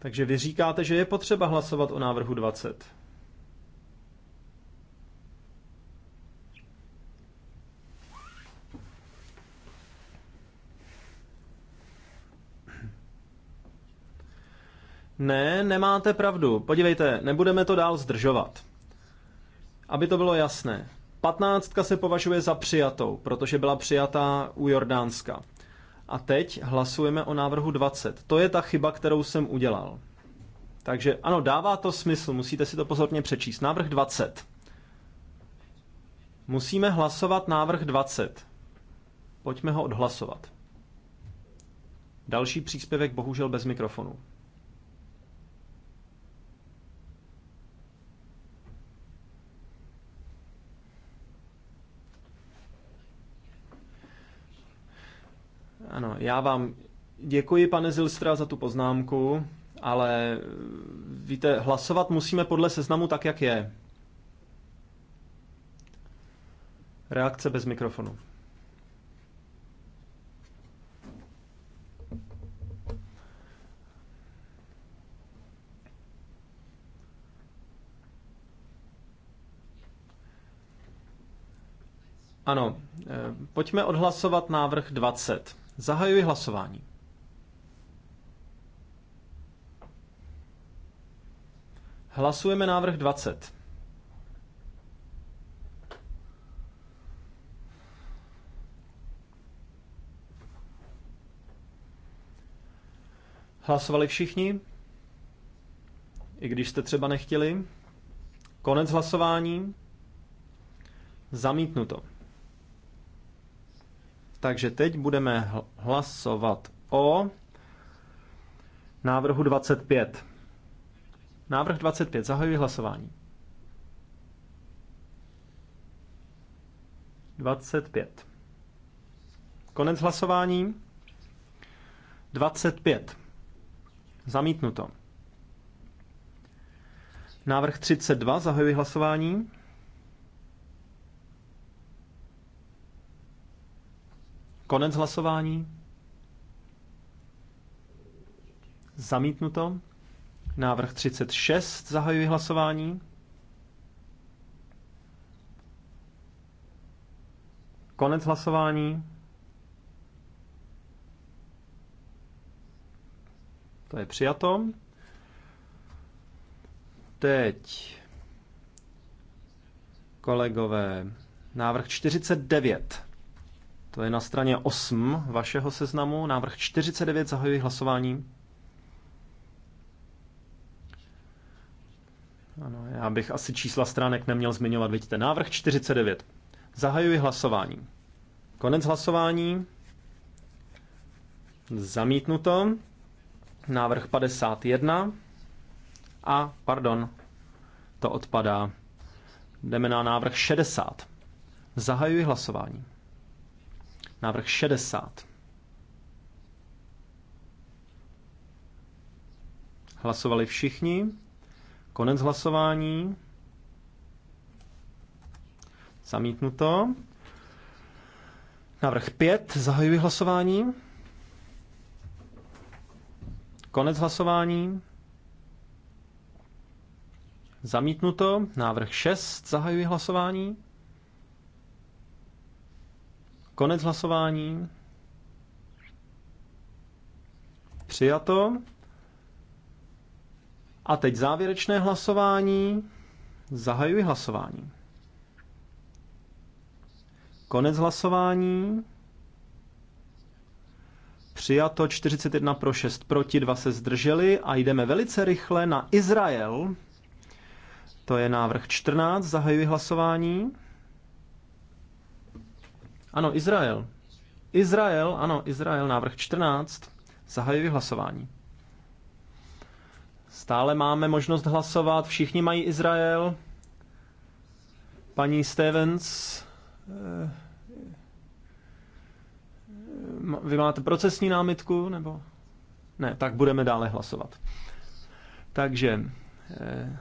Takže vy říkáte, že je potřeba hlasovat o návrhu 20. Ne, nemáte pravdu. Podívejte, nebudeme to dál zdržovat. Aby to bylo jasné. Patnáctka se považuje za přijatou, protože byla přijatá u Jordánska. A teď hlasujeme o návrhu 20. To je ta chyba, kterou jsem udělal. Takže ano, dává to smysl, musíte si to pozorně přečíst. Návrh 20. Musíme hlasovat návrh 20. Pojďme ho odhlasovat. Další příspěvek bohužel bez mikrofonu. Ano, já vám děkuji, pane Zilstra, za tu poznámku, ale eh, víte, hlasovat musíme podle seznamu tak, jak je. Reakce bez mikrofonu. Ano, eh, pojďme odhlasovat návrh 20. Zahajuji hlasování. Hlasujeme návrh 20. Hlasovali všichni? I když jste třeba nechtěli? Konec hlasování? Zamítnuto. Takže teď budeme hlasovat o návrhu 25. Návrh 25. Zahajuji hlasování. 25. Konec hlasování. 25. Zamítnuto. Návrh 32. Zahajuji hlasování. Konec hlasování. Zamítnuto. Návrh 36. Zahajuji hlasování. Konec hlasování. To je přijato. Teď, kolegové, návrh 49. To je na straně 8 vašeho seznamu, návrh 49, zahajuji hlasování. Ano, já bych asi čísla stránek neměl zmiňovat, vidíte. Návrh 49. Zahajuji hlasování. Konec hlasování. Zamítnuto. Návrh 51. A, pardon, to odpadá. Jdeme na návrh 60. Zahajuji hlasování. Návrh 60. Hlasovali všichni. Konec hlasování. Zamítnuto. Návrh 5. Zahajuji hlasování. Konec hlasování. Zamítnuto. Návrh 6. Zahajuji hlasování. Konec hlasování. Přijato. A teď závěrečné hlasování. Zahajuji hlasování. Konec hlasování. Přijato 41 pro 6 proti, 2 se zdrželi a jdeme velice rychle na Izrael. To je návrh 14, zahajuji hlasování. Ano, Izrael. Izrael, ano, Izrael, návrh 14. Zahajuji hlasování. Stále máme možnost hlasovat, všichni mají Izrael. Paní Stevens, eh, eh, vy máte procesní námitku, nebo? Ne, tak budeme dále hlasovat. Takže eh,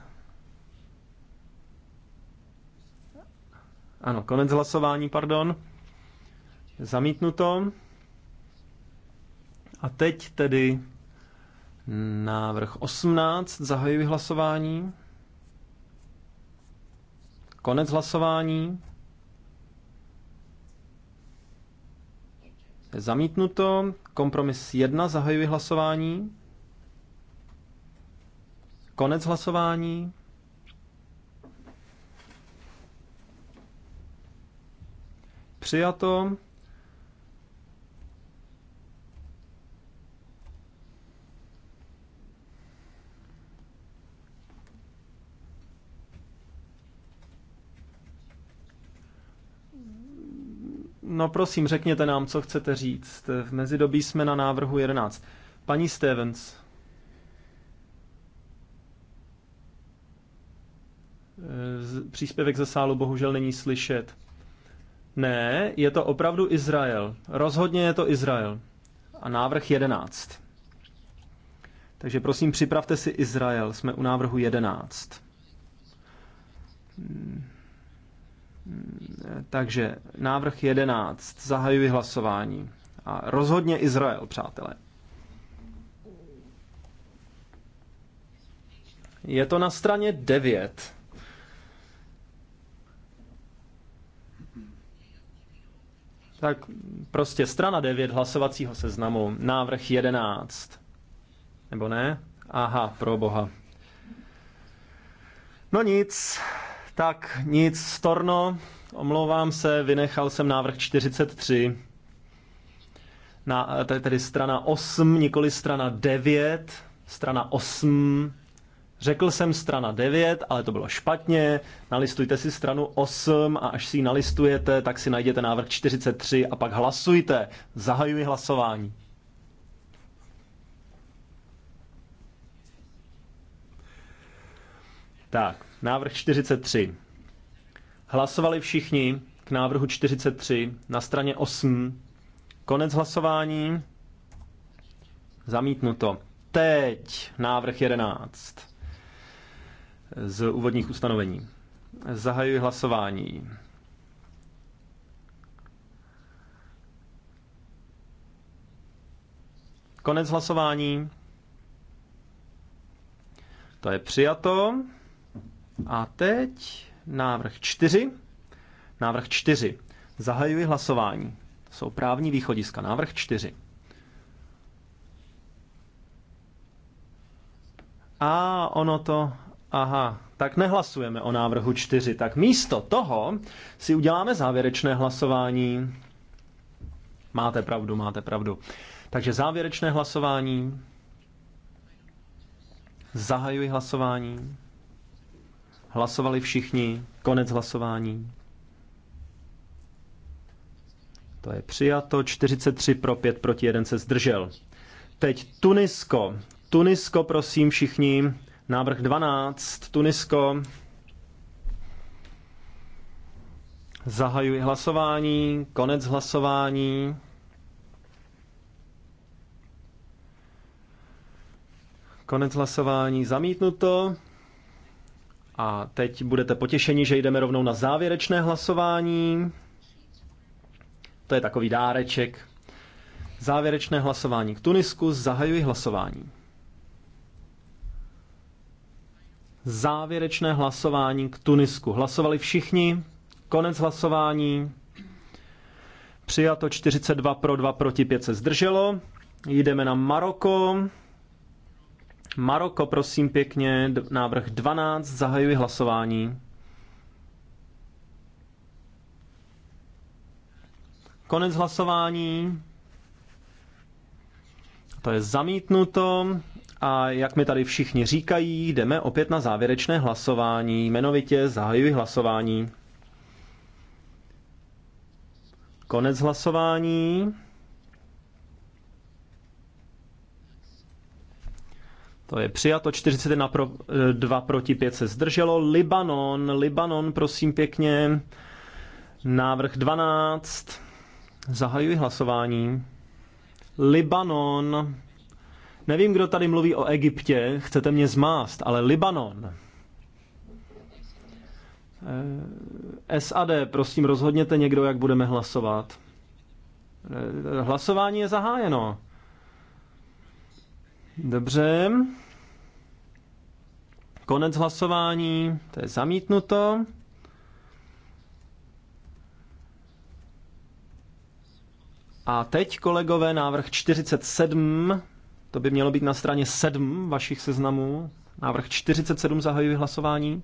ano, konec hlasování, pardon. Zamítnuto. A teď tedy návrh 18. Zahajuji hlasování. Konec hlasování. Zamítnuto. Kompromis 1. Zahajuji hlasování. Konec hlasování. Přijato. No prosím, řekněte nám, co chcete říct. V mezidobí jsme na návrhu 11. Paní Stevens. Příspěvek ze sálu bohužel není slyšet. Ne, je to opravdu Izrael. Rozhodně je to Izrael. A návrh 11. Takže prosím, připravte si Izrael. Jsme u návrhu 11. Takže návrh 11. Zahajuji hlasování. A rozhodně Izrael, přátelé. Je to na straně 9. Tak prostě strana 9 hlasovacího seznamu, návrh 11. Nebo ne? Aha, pro boha. No nic, tak nic, Storno, omlouvám se, vynechal jsem návrh 43. Na, tady, tady strana 8, nikoli strana 9, strana 8. Řekl jsem strana 9, ale to bylo špatně. Nalistujte si stranu 8 a až si ji nalistujete, tak si najděte návrh 43 a pak hlasujte. Zahajuji hlasování. Tak, Návrh 43. Hlasovali všichni k návrhu 43 na straně 8. Konec hlasování. Zamítnuto. Teď návrh 11 z úvodních ustanovení. Zahajuji hlasování. Konec hlasování. To je přijato. A teď návrh 4. Návrh 4. Zahajuji hlasování. Jsou právní východiska. Návrh 4. A ono to... Aha, tak nehlasujeme o návrhu 4. Tak místo toho si uděláme závěrečné hlasování. Máte pravdu, máte pravdu. Takže závěrečné hlasování. Zahajuji hlasování. Hlasovali všichni. Konec hlasování. To je přijato. 43 pro 5 proti 1 se zdržel. Teď Tunisko. Tunisko, prosím všichni. Návrh 12. Tunisko. Zahajuji hlasování. Konec hlasování. Konec hlasování zamítnuto. A teď budete potěšeni, že jdeme rovnou na závěrečné hlasování. To je takový dáreček. Závěrečné hlasování k Tunisku. Zahajuji hlasování. Závěrečné hlasování k Tunisku. Hlasovali všichni. Konec hlasování. Přijato 42 pro 2 proti 5 se zdrželo. Jdeme na Maroko. Maroko, prosím pěkně, návrh 12, zahajuji hlasování. Konec hlasování. To je zamítnuto. A jak mi tady všichni říkají, jdeme opět na závěrečné hlasování. Jmenovitě zahajuji hlasování. Konec hlasování. To je přijato 41 pro, 2 eh, proti 5 se zdrželo. Libanon, Libanon, prosím pěkně. Návrh 12. Zahajuji hlasování. Libanon. Nevím, kdo tady mluví o Egyptě, chcete mě zmást, ale Libanon. Eh, SAD, prosím, rozhodněte někdo, jak budeme hlasovat. Eh, hlasování je zahájeno. Dobře. Konec hlasování, to je zamítnuto. A teď, kolegové, návrh 47, to by mělo být na straně 7 vašich seznamů. Návrh 47 zahajuje hlasování.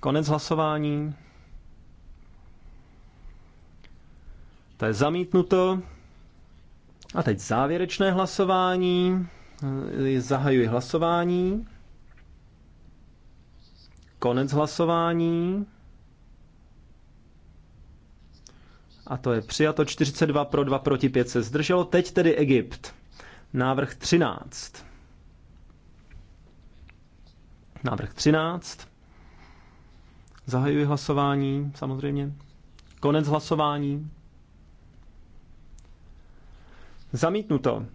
Konec hlasování. To je zamítnuto. A teď závěrečné hlasování. Eh, zahajuji hlasování. Konec hlasování. A to je přijato 42 pro 2 proti 5 se zdrželo. Teď tedy Egypt. Návrh 13. Návrh 13. Zahajuji hlasování, samozřejmě. Konec hlasování. Zamítnuto.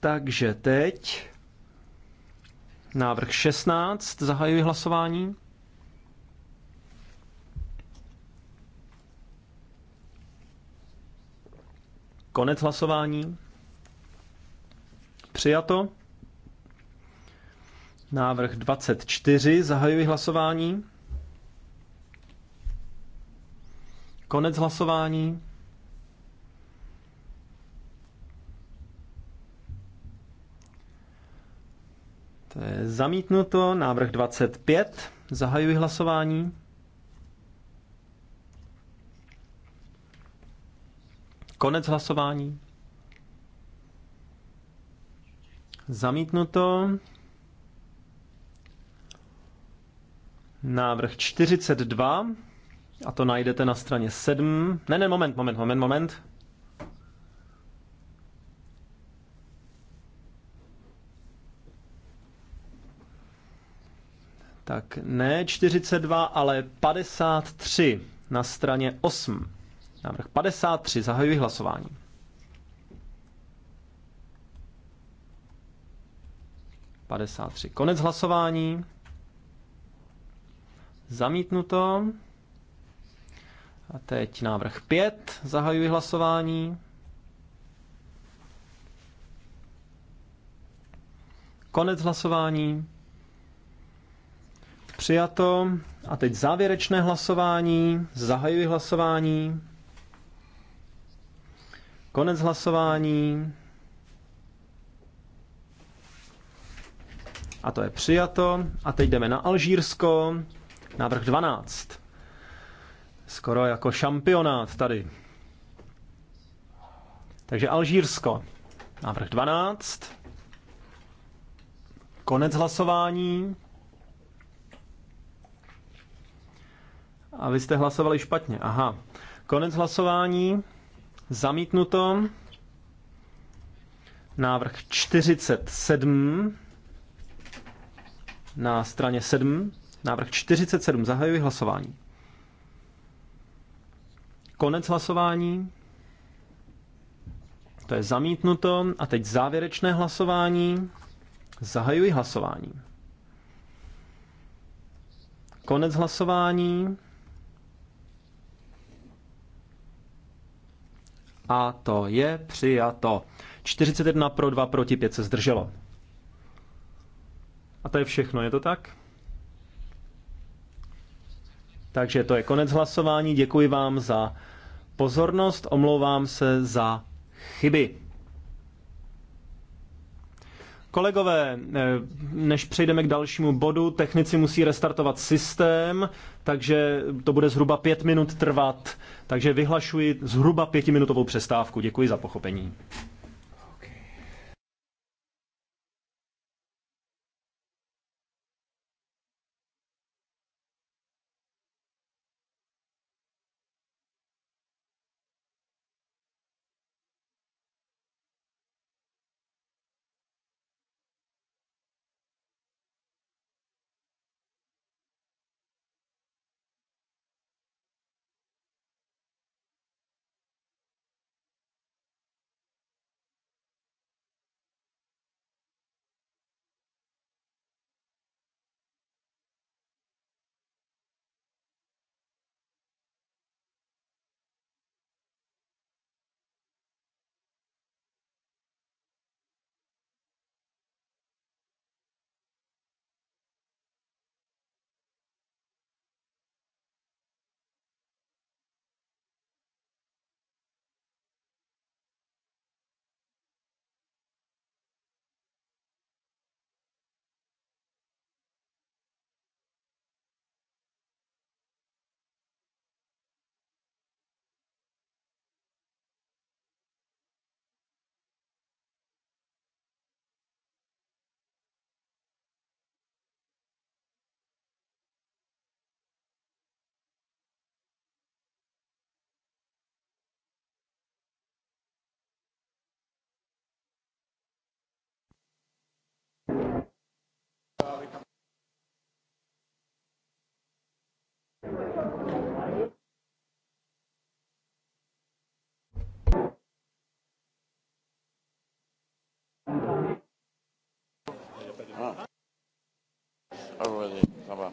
Takže teď návrh 16, zahajuji hlasování. Konec hlasování. Přijato. Návrh 24, zahajuji hlasování. Konec hlasování. To je zamítnuto. Návrh 25. Zahajuji hlasování. Konec hlasování. Zamítnuto. Návrh 42. A to najdete na straně 7. Ne, ne, moment, moment, moment, moment. Tak ne 42, ale 53 na straně 8. Návrh 53, zahajuji hlasování. Konec hlasování. Zamítnuto. A teď návrh 5. Zahajuji hlasování. Konec hlasování. Přijato. A teď závěrečné hlasování. Zahajuji hlasování. Konec hlasování. A to je přijato. A teď jdeme na Alžírsko. Návrh 12. Skoro jako šampionát tady. Takže Alžírsko. Návrh 12. Konec hlasování. A vy jste hlasovali špatně. Aha. Konec hlasování. Zamítnuto. Návrh 47 na straně 7. Návrh 47. Zahajuji hlasování. Konec hlasování. To je zamítnuto. A teď závěrečné hlasování. Zahajuji hlasování. Konec hlasování. a to je přijato. 41 pro, 2 proti, 5 se zdrželo. A to je všechno, je to tak? Takže to je konec hlasování. Děkuji vám za pozornost. Omlouvám se za chyby. Kolegové, eh, než přejdeme k dalšímu bodu, technici musí restartovat systém, takže to bude zhruba pět minut trvat. Takže vyhlašuji zhruba pětiminutovou přestávku. Děkuji za pochopení. Ah. Already. Ça va.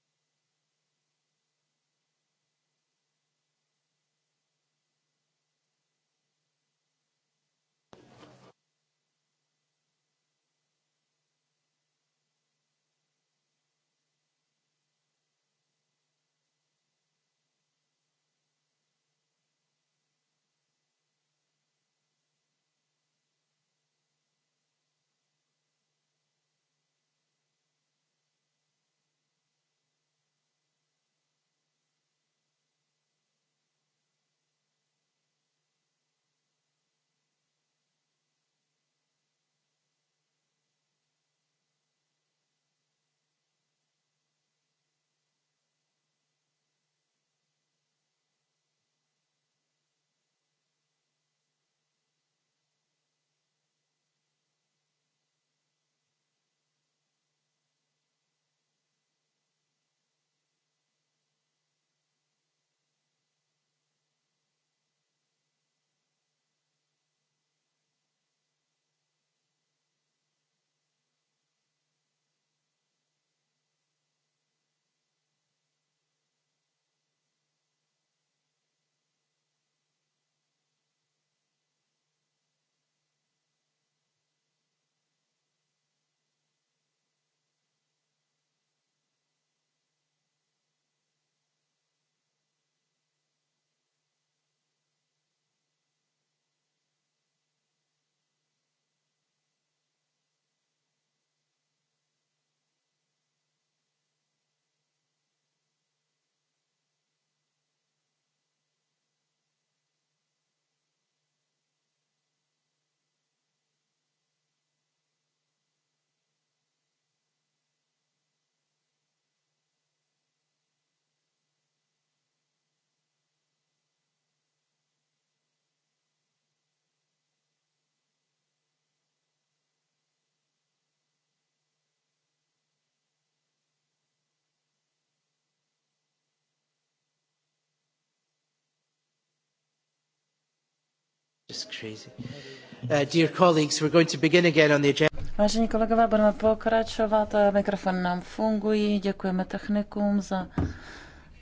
Vážení kolegové, budeme pokračovat. Eh, mikrofon nám fungují. Děkujeme technikům za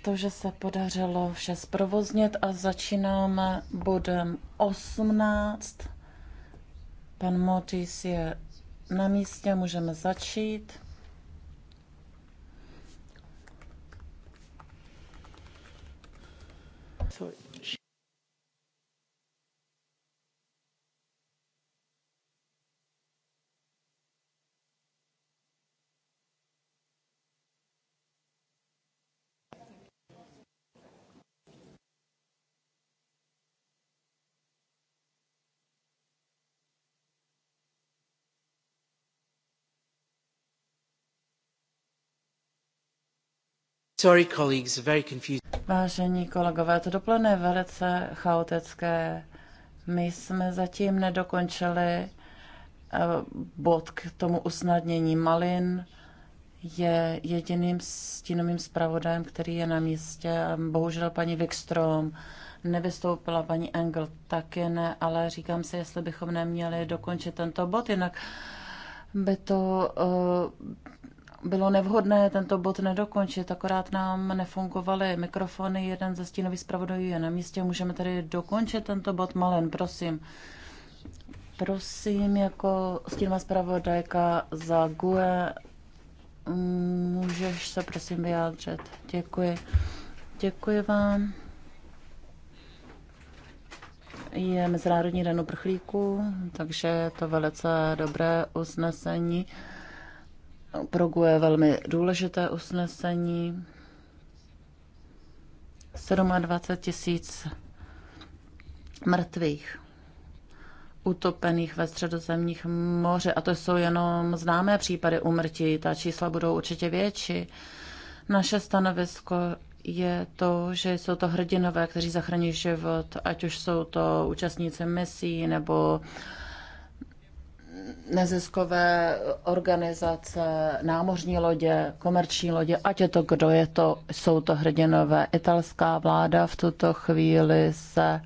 to, že se podařilo vše zprovoznit a začínáme bodem 18. Pan Motis je na místě, můžeme začít. Sorry, colleagues, very confused. Vážení kolegové, to dopoledne je velice chaotické. My jsme zatím nedokončili eh, bod k tomu usnadnění malin. Je jediným stínovým zpravodajem, který je na místě. Bohužel paní Wikström, nevystoupila, paní Engel taky ne, ale říkám si, jestli bychom neměli dokončit tento bod, jinak by to uh, bylo nevhodné tento bod nedokončit, akorát nám nefungovaly mikrofony, jeden ze stínových zpravodajů je na místě, můžeme tedy dokončit tento bod. Malen, prosím. Prosím, jako stínová zpravodajka za GUE, můžeš se prosím vyjádřit. Děkuji. Děkuji vám. Je Mezinárodní den uprchlíků, takže je to velice dobré usnesení. Proguje velmi důležité usnesení. 27 tisíc mrtvých utopených ve středozemních moře. A to jsou jenom známé případy umrtí. Ta čísla budou určitě větší. Naše stanovisko je to, že jsou to hrdinové, kteří zachrání život, ať už jsou to účastníci misí nebo uh, neziskové organizace, námořní lodě, komerční lodě, ať je to kdo je to, jsou to hrdinové. Italská vláda v tuto chvíli se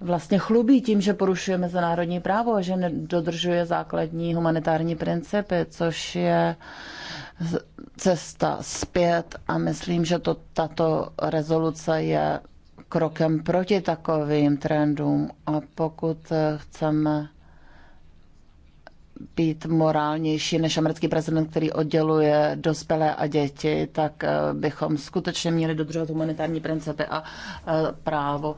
vlastně chlubí tím, že porušuje mezinárodní právo a že nedodržuje základní humanitární principy, což je cesta zpět a myslím, že to, tato rezoluce je krokem proti takovým trendům a pokud chceme být morálnější než americký prezident, který odděluje dospělé a děti, tak eh, bychom skutečně měli dodržovat humanitární principy a eh, právo.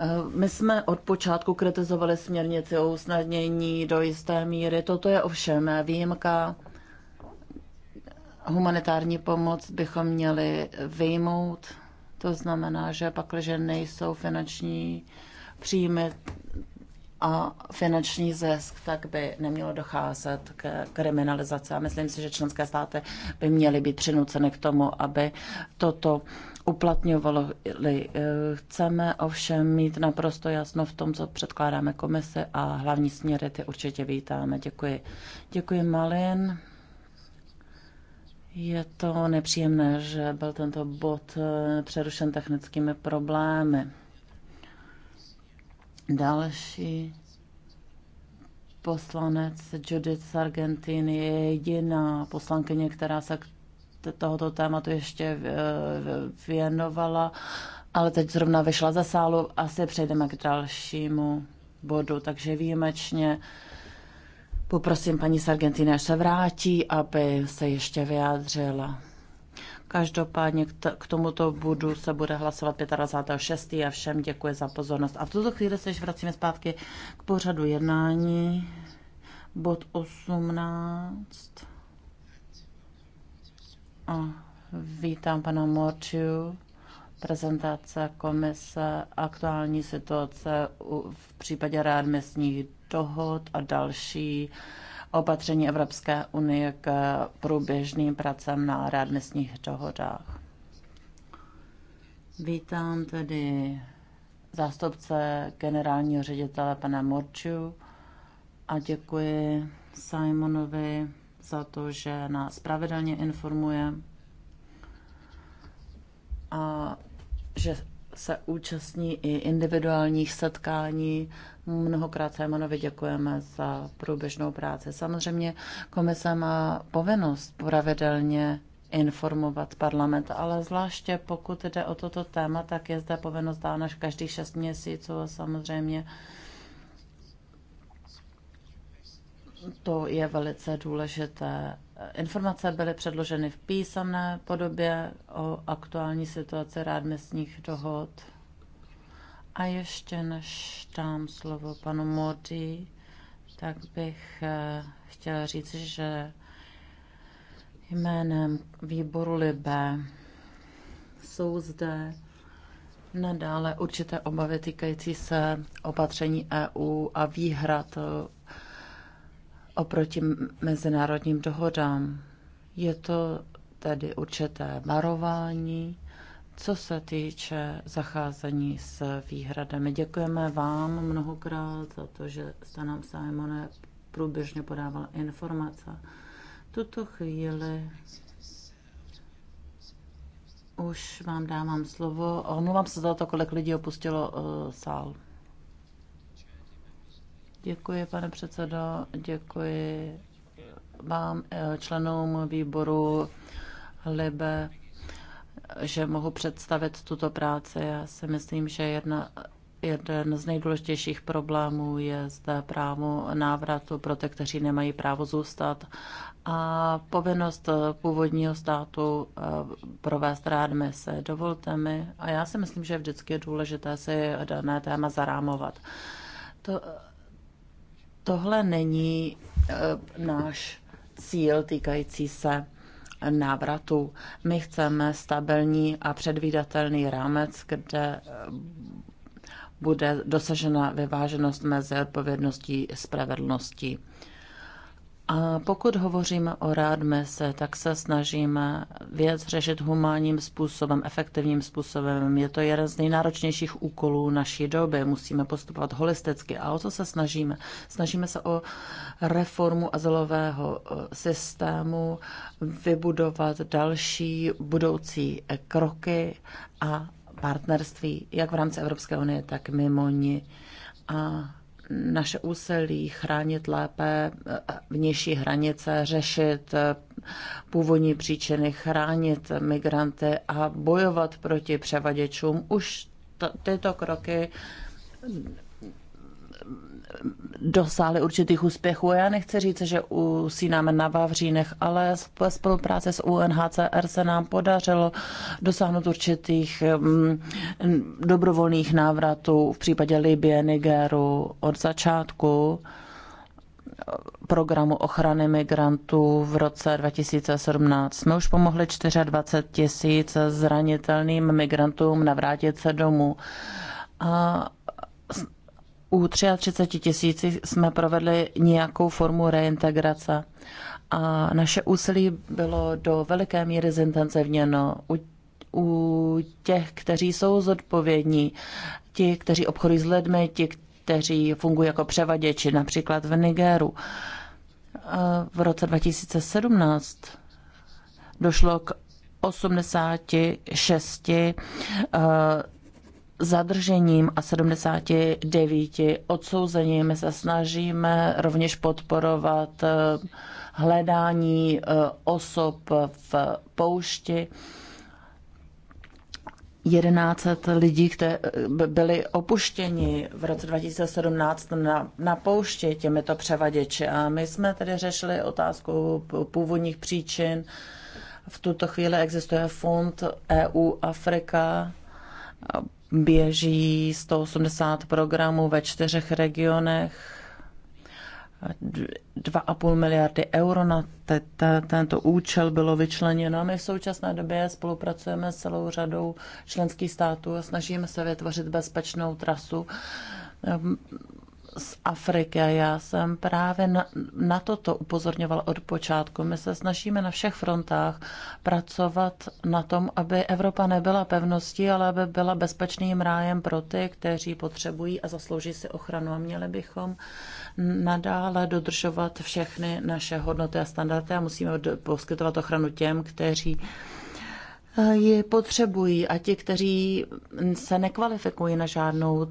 Eh, my jsme od počátku kritizovali směrnici o usnadnění do jisté míry. Toto je ovšem výjimka. Humanitární pomoc bychom měli vyjmout. To znamená, že pak, že nejsou finanční příjmy, a finanční zisk, tak by nemělo docházet k kriminalizaci. A myslím si, že členské státy by měly být přinuceny k tomu, aby toto uplatňovalo. Eh, chceme ovšem mít naprosto jasno v tom, co předkládáme komisi a hlavní směry ty určitě vítáme. Děkuji. Děkuji, Malin. Je to nepříjemné, že byl tento bod eh, přerušen technickými problémy. Další poslanec Judith z Argentiny je jediná poslankyně, která se k tohoto tématu ještě eh, věnovala, ale teď zrovna vyšla ze sálu. Asi přejdeme k dalšímu bodu, takže výjimečně poprosím paní z Argentiny, až se vrátí, aby se ještě vyjádřila. Každopádně k tomuto budu se bude hlasovat 25.6. a všem děkuji za pozornost. A v tuto chvíli se již vracíme zpátky k pořadu jednání. Bod 18. A vítám pana Morčiu. Prezentace komise aktuální situace v případě readmisních dohod a další opatření Evropské unie k průběžným pracem na readmisních dohodách. Vítám tedy zástupce generálního ředitele pana Morču a děkuji Simonovi za to, že nás pravidelně informuje a že se účastní i individuálních setkání. No, mnohokrát Simonovi děkujeme za průběžnou práci. Samozřejmě komise má povinnost pravidelně informovat parlament, ale zvláště pokud jde o toto téma, tak je zde povinnost dána každých šest měsíců a samozřejmě to je velice důležité. Informace byly předloženy v písané podobě o aktuální situaci rádmesních dohod. A ještě než dám slovo panu Modi, tak bych eh, chtěla říct, že jménem výboru Libe jsou zde nadále určité obavy týkající se opatření EU a výhrad oproti mezinárodním dohodám. Je to tedy určité varování, co se týče zacházení s výhradami. Děkujeme vám mnohokrát za to, že jste nám, Simone, průběžně podával informace. Tuto chvíli už vám dávám slovo. Omlouvám se za to, kolik lidí opustilo uh, sál. Děkuji, pane předsedo, děkuji vám, eh, členům výboru Libe, že mohu představit tuto práci. Já si myslím, že jedna, jeden z nejdůležitějších problémů je zde právo návratu pro ty, kteří nemají právo zůstat a povinnost původního státu eh, provést readmise. Dovolte mi, a já si myslím, že vždycky je důležité si dané téma zarámovat. To, tohle není e, náš cíl týkající se návratu. My chceme stabilní a předvídatelný rámec, kde e, bude dosažena vyváženost mezi odpovědností a spravedlností. A pokud hovoříme o rádmese, tak se snažíme věc řešit humánním způsobem, efektivním způsobem. Je to jeden z nejnáročnějších úkolů naší doby. Musíme postupovat holisticky. A o co se snažíme? Snažíme se o reformu azylového eh, systému, vybudovat další budoucí eh, kroky a partnerství, jak v rámci Evropské unie, tak mimo ní. A naše úsilí chránit lépe eh, vnější hranice, řešit eh, původní příčiny, chránit migranty a bojovat proti převaděčům. Už tyto kroky dosáhli určitých úspěchů. Já nechci říct, že usínáme na Vavřínech, ale ve spolupráci s UNHCR se nám podařilo dosáhnout určitých mm, dobrovolných návratů v případě Libie, Nigeru od začátku programu ochrany migrantů v roce 2017. Jsme už pomohli 24 tisíc zranitelným migrantům navrátit se domů. A u 33 tisíc jsme provedli nějakou formu reintegrace a naše úsilí bylo do veliké míry zintenzivněno. U, u těch, kteří jsou zodpovědní, ti, kteří obchodují s lidmi, ti, kteří fungují jako převaděči, například v Nigeru. V roce 2017 došlo k 86 zadržením a 79 odsouzením se snažíme rovněž podporovat eh, hledání eh, osob v poušti. 11 lidí, které byli opuštěni v roce 2017 na, na poušti těmito převaděči. A my jsme tedy řešili otázku původních příčin. V tuto chvíli existuje fond EU Afrika Běží 180 programů ve čtyřech regionech. 2,5 miliardy euro na te, te, tento účel bylo vyčleněno a my v současné době spolupracujeme s celou řadou členských států a snažíme se vytvořit bezpečnou trasu z Afriky. Já jsem právě na, na toto upozorňoval od počátku. My se snažíme na všech frontách pracovat na tom, aby Evropa nebyla pevností, ale aby byla bezpečným rájem pro ty, kteří potřebují a zaslouží si ochranu. A měli bychom nadále dodržovat všechny naše hodnoty a standardy a musíme poskytovat ochranu těm, kteří Eh, ji potřebují a ti, kteří se nekvalifikují na žádnou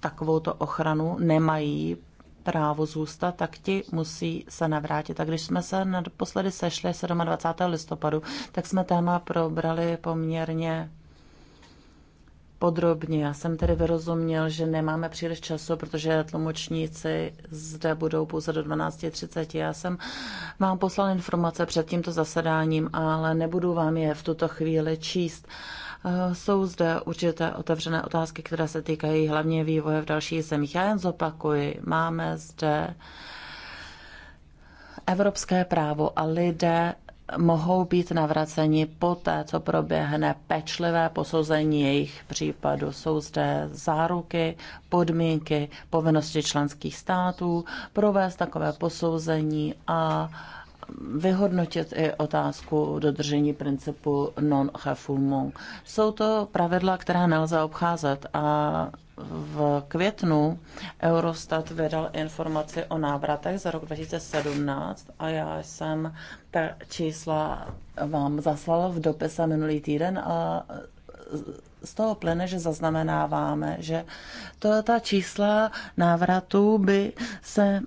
takovouto ochranu, nemají právo zůstat, tak ti musí se navrátit. A když jsme se naposledy sešli 27. listopadu, tak jsme téma probrali poměrně podrobně. Já jsem tedy vyrozuměl, že nemáme příliš času, protože tlumočníci zde budou pouze do 12.30. Já jsem vám poslal informace před tímto zasedáním, ale nebudu vám je v tuto chvíli číst. Eh, jsou zde určité otevřené otázky, které se týkají hlavně vývoje v dalších zemích. Já jen zopakuji, máme zde evropské právo a lidé mohou být navraceni poté, co proběhne pečlivé posouzení jejich případu. Jsou zde záruky, podmínky, povinnosti členských států provést takové posouzení a vyhodnotit i otázku dodržení principu non-refoulement. Jsou to pravidla, která nelze obcházet a v květnu Eurostat vydal informaci o návratech za rok 2017 a já jsem ta čísla vám zaslala v dopise minulý týden a z toho plyne, že zaznamenáváme, že to, ta čísla návratů by se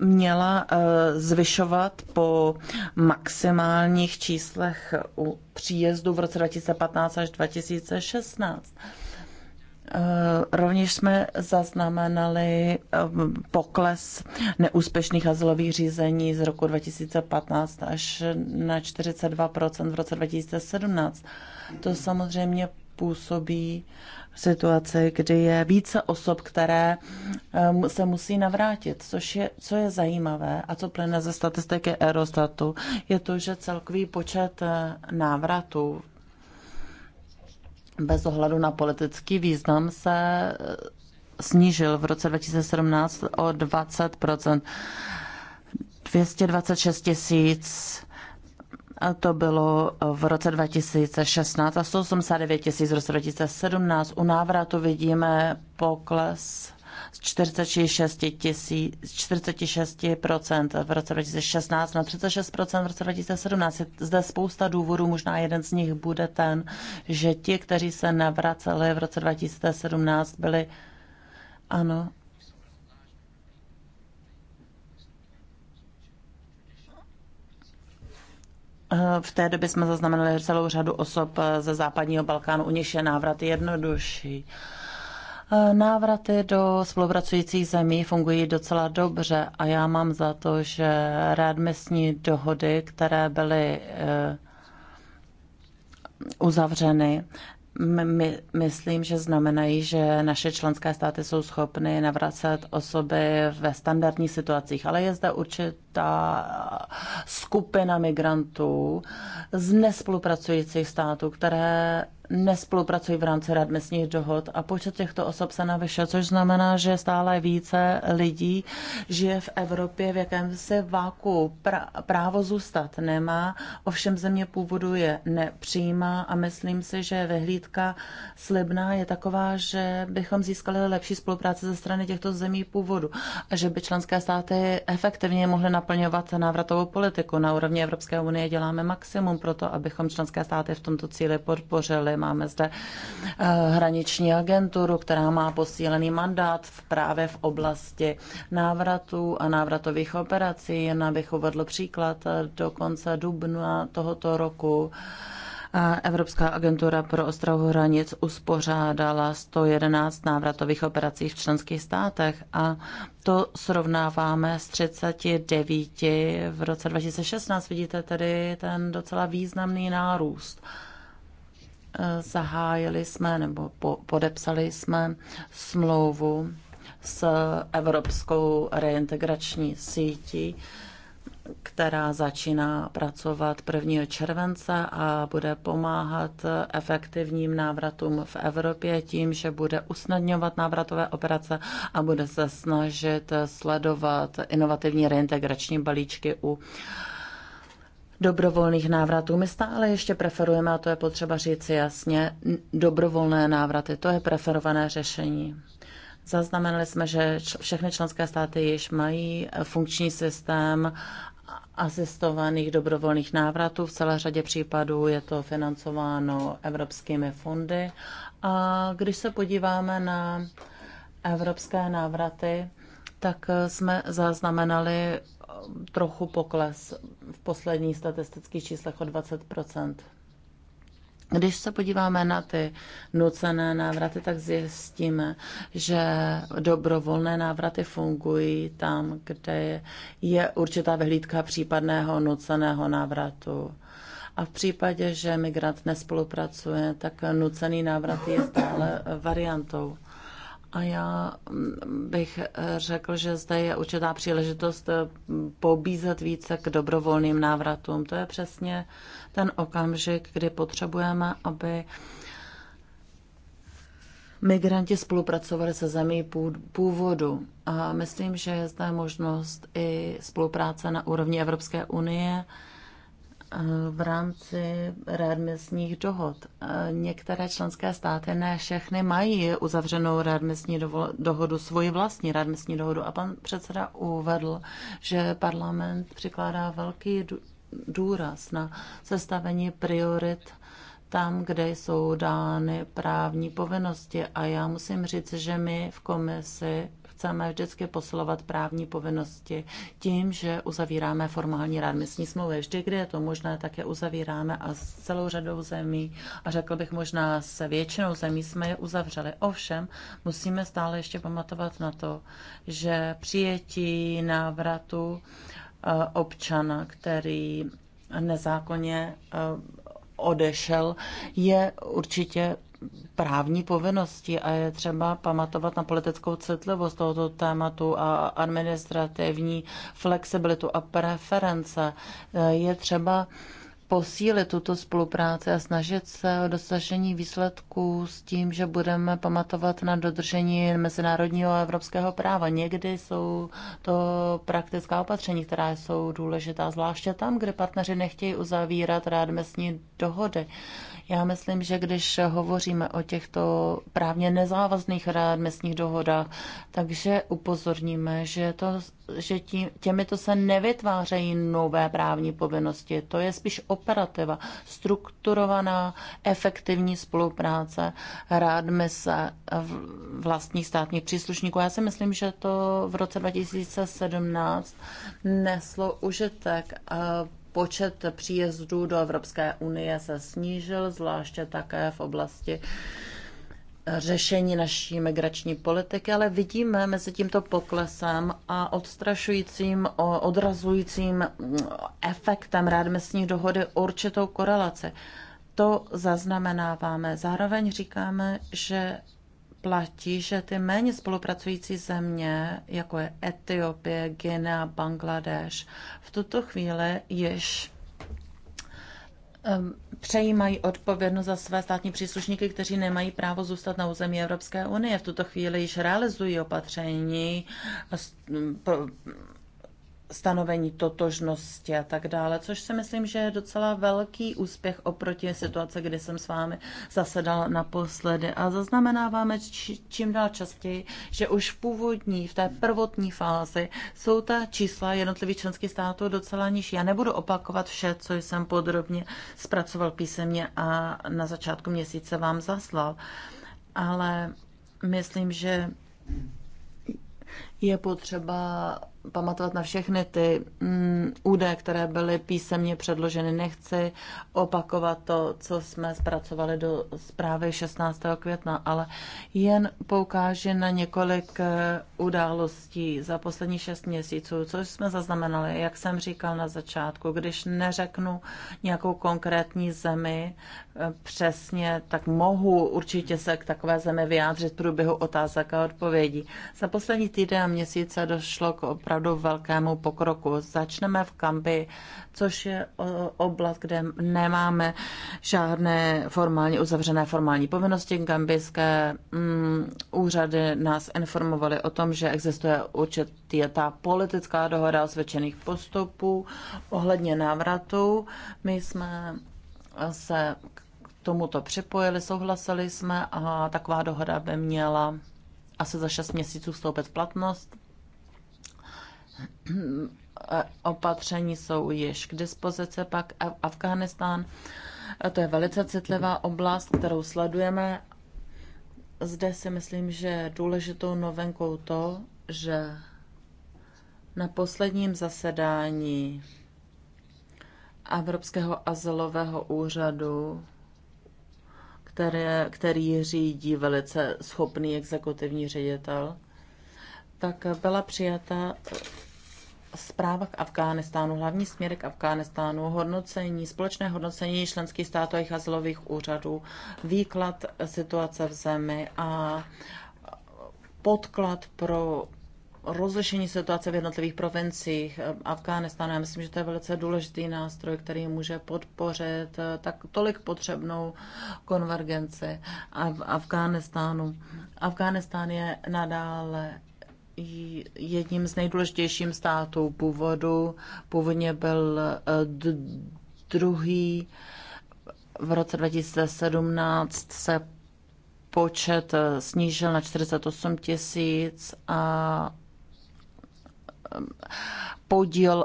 měla e, zvyšovat po maximálních číslech u příjezdu v roce 2015 až 2016. Eh, rovněž jsme zaznamenali eh, pokles neúspěšných azylových řízení z roku 2015 až na 42% v roce 2017. To samozřejmě působí situaci, kdy je více osob, které eh, se musí navrátit. Což je, co je zajímavé a co plyne ze statistiky Eurostatu, je to, že celkový počet návratů bez ohledu na politický význam se eh, snížil v roce 2017 o 20%. 226 tisíc to bylo v roce 2016 a 189 tisíc v roce 2017. U návratu vidíme pokles z 46, tisí, z 46 v roce 2016 na 36 v roce 2017. Je zde spousta důvodů, možná jeden z nich bude ten, že ti, kteří se navraceli v roce 2017, byli ano, eh, V té době jsme zaznamenali celou řadu osob eh, ze západního Balkánu, u nich je návrat jednodušší. Uh, Eh, návraty do spolupracujících zemí fungují docela dobře a já mám za to, že readmisní dohody, které byly eh, uzavřeny, my, myslím, že znamenají, že naše členské státy jsou schopny navracet osoby ve standardních situacích, ale je zde určitá skupina migrantů z nespolupracujících států, které nespolupracují v rámci místních dohod a počet těchto osob se navyšuje, což znamená, že stále více lidí žije v Evropě v se váku. Právo zůstat nemá, ovšem země původu je nepřijímá a myslím si, že vyhlídka slibná je taková, že bychom získali lepší spolupráci ze strany těchto zemí původu a že by členské státy efektivně mohly naplňovat návratovou politiku. Na úrovni Evropské unie děláme maximum pro to, abychom členské státy v tomto cíli podpořili Máme zde eh, hraniční agenturu, která má posílený mandát v právě v oblasti návratů a návratových operací. Jen abych uvedl příklad, eh, do konce dubna tohoto roku eh, Evropská agentura pro ostrahu hranic uspořádala 111 návratových operací v členských státech a to srovnáváme s 39 v roce 2016. Vidíte tedy ten docela významný nárůst. Eh, zahájili jsme nebo podepsali jsme smlouvu s Evropskou reintegrační sítí, která začíná pracovat 1. července a bude pomáhat efektivním návratům v Evropě tím, že bude usnadňovat návratové operace a bude se snažit sledovat inovativní reintegrační balíčky u dobrovolných návratů. My stále ještě preferujeme, a to je potřeba říci jasně, dobrovolné návraty. To je preferované řešení. Zaznamenali jsme, že všechny členské státy již mají eh, funkční systém asistovaných dobrovolných návratů. V celé řadě případů je to financováno evropskými fondy. A když se podíváme na evropské návraty, tak eh, jsme zaznamenali trochu pokles v posledních statistických číslech o 20 když se podíváme na ty nucené návraty, tak zjistíme, že dobrovolné návraty fungují tam, kde je určitá vyhlídka případného nuceného návratu. A v případě, že migrant nespolupracuje, tak nucený návrat je stále variantou. A já mm, bych eh, řekl, že zde je určitá příležitost eh, pobízet více k dobrovolným návratům. To je přesně ten okamžik, kdy potřebujeme, aby migranti spolupracovali se zemí původu. A myslím, že je zde možnost i spolupráce na úrovni Evropské unie, Eh, v rámci readmisních dohod. Eh, některé členské státy, ne všechny, mají uzavřenou readmisní dohodu, svoji vlastní readmisní dohodu. A pan předseda uvedl, že parlament přikládá velký důraz na sestavení priorit tam, kde jsou dány právní povinnosti. A já musím říct, že my v komisi chceme vždycky posilovat právní povinnosti tím, že uzavíráme formální readmisní smlouvy. Vždy, kde je to možné, tak je uzavíráme a s celou řadou zemí a řekl bych možná se většinou zemí jsme je uzavřeli. Ovšem, musíme stále ještě pamatovat na to, že přijetí návratu eh, občana, který nezákonně eh, odešel, je určitě právní povinnosti a je třeba pamatovat na politickou citlivost tohoto tématu a administrativní flexibilitu a preference. Je třeba posílit tuto spolupráci a snažit se o dosažení výsledků s tím, že budeme pamatovat na dodržení mezinárodního a evropského práva. Někdy jsou to praktická opatření, která jsou důležitá, zvláště tam, kde partneři nechtějí uzavírat rádmesní dohody. Já myslím, že když hovoříme o těchto právně nezávazných readmisních dohodách, takže upozorníme, že, to, že tí, těmito se nevytvářejí nové právní povinnosti. To je spíš operativa, strukturovaná, efektivní spolupráce readmise vlastních státních příslušníků. Já si myslím, že to v roce 2017 neslo užitek. Eh, počet příjezdů do Evropské unie se snížil, zvláště také v oblasti řešení naší migrační politiky, ale vidíme mezi tímto poklesem a odstrašujícím, odrazujícím efektem readmisní dohody určitou korelaci. To zaznamenáváme. Zároveň říkáme, že platí, že ty méně spolupracující země, jako je Etiopie, Guinea, Bangladeš, v tuto chvíli již přejímají odpovědnost za své státní příslušníky, kteří nemají právo zůstat na území Evropské unie. V tuto chvíli již realizují opatření stanovení totožnosti a tak dále, což si myslím, že je docela velký úspěch oproti situaci, kdy jsem s vámi zasedal naposledy. A zaznamenáváme čím dál častěji, že už v původní, v té prvotní fázi jsou ta čísla jednotlivých členských států docela nižší. Já nebudu opakovat vše, co jsem podrobně zpracoval písemně a na začátku měsíce vám zaslal, ale myslím, že je potřeba pamatovat na všechny ty mm, údaje, které byly písemně předloženy. Nechci opakovat to, co jsme zpracovali do zprávy 16. května, ale jen poukáže na několik eh, událostí za poslední šest měsíců, což jsme zaznamenali, jak jsem říkal na začátku. Když neřeknu nějakou konkrétní zemi eh, přesně, tak mohu určitě se k takové zemi vyjádřit v průběhu otázek a odpovědí. Za poslední týden měsíce došlo k opravdu velkému pokroku. Začneme v Kambi, což je oblast, kde nemáme žádné formální, uzavřené formální povinnosti. Gambijské mm, úřady nás informovaly o tom, že existuje určitě ta politická dohoda osvědčených postupů ohledně návratu. My jsme se k tomuto připojili, souhlasili jsme a taková dohoda by měla asi za 6 měsíců vstoupit v platnost. E, opatření jsou již k dispozici, pak Afghánistán. E, to je velice citlivá oblast, kterou sledujeme. Zde si myslím, že důležitou novenkou to, že na posledním zasedání Evropského azylového úřadu které, který řídí velice schopný exekutivní ředitel, tak byla přijata zpráva k Afghánistánu, hlavní směr k Afghánistánu, hodnocení, společné hodnocení členských států a jejich azylových úřadů, výklad situace v zemi a podklad pro rozlišení situace v jednotlivých provinciích eh, Afghánistánu. Já myslím, že to je velice důležitý nástroj, který může podpořit eh, tak tolik potřebnou konvergenci v Afghánistánu. Afghánistán je nadále jedním z nejdůležitějších států původu. Původně byl eh, druhý. V roce 2017 se počet snížil na 48 tisíc a podíl eh,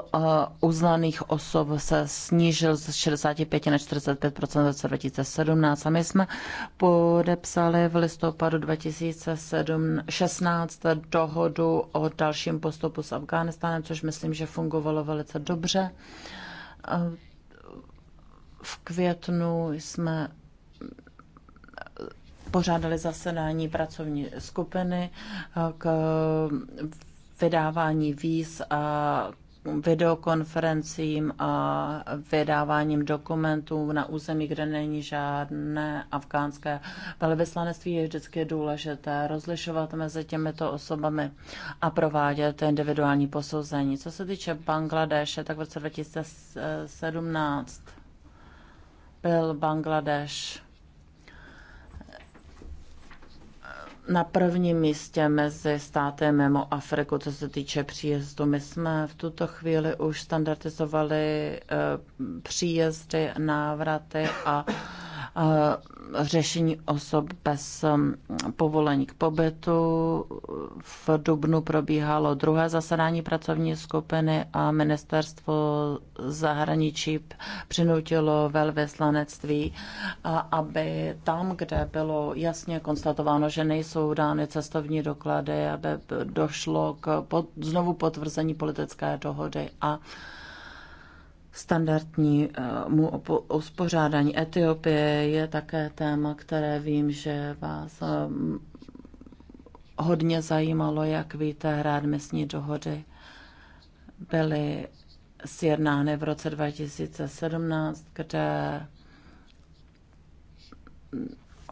uznaných osob se snížil z 65 na 45 v roce 2017. A my jsme podepsali v listopadu 2016 dohodu o dalším postupu s Afghánistánem, což myslím, že fungovalo velice dobře. Eh, v květnu jsme pořádali zasedání pracovní skupiny eh, k vydávání víz a videokonferencím a vydáváním dokumentů na území, kde není žádné afgánské velvyslanectví, je vždycky důležité rozlišovat mezi těmito osobami a provádět individuální posouzení. Co se týče Bangladeše, tak v roce 2017 byl Bangladeš na prvním místě mezi státy mimo Afriku, co se týče příjezdu. My jsme v tuto chvíli už standardizovali eh, příjezdy, návraty a Eh, řešení osob bez eh, povolení k pobytu. V dubnu probíhalo druhé zasedání pracovní skupiny a ministerstvo zahraničí přinutilo velvyslanectví, eh, aby tam, kde bylo jasně konstatováno, že nejsou dány cestovní doklady, aby došlo k znovu potvrzení politické dohody a standardnímu eh, uspořádání Etiopie je také téma, které vím, že vás eh, hodně zajímalo, jak víte, mesní dohody byly sjednány v roce 2017, kde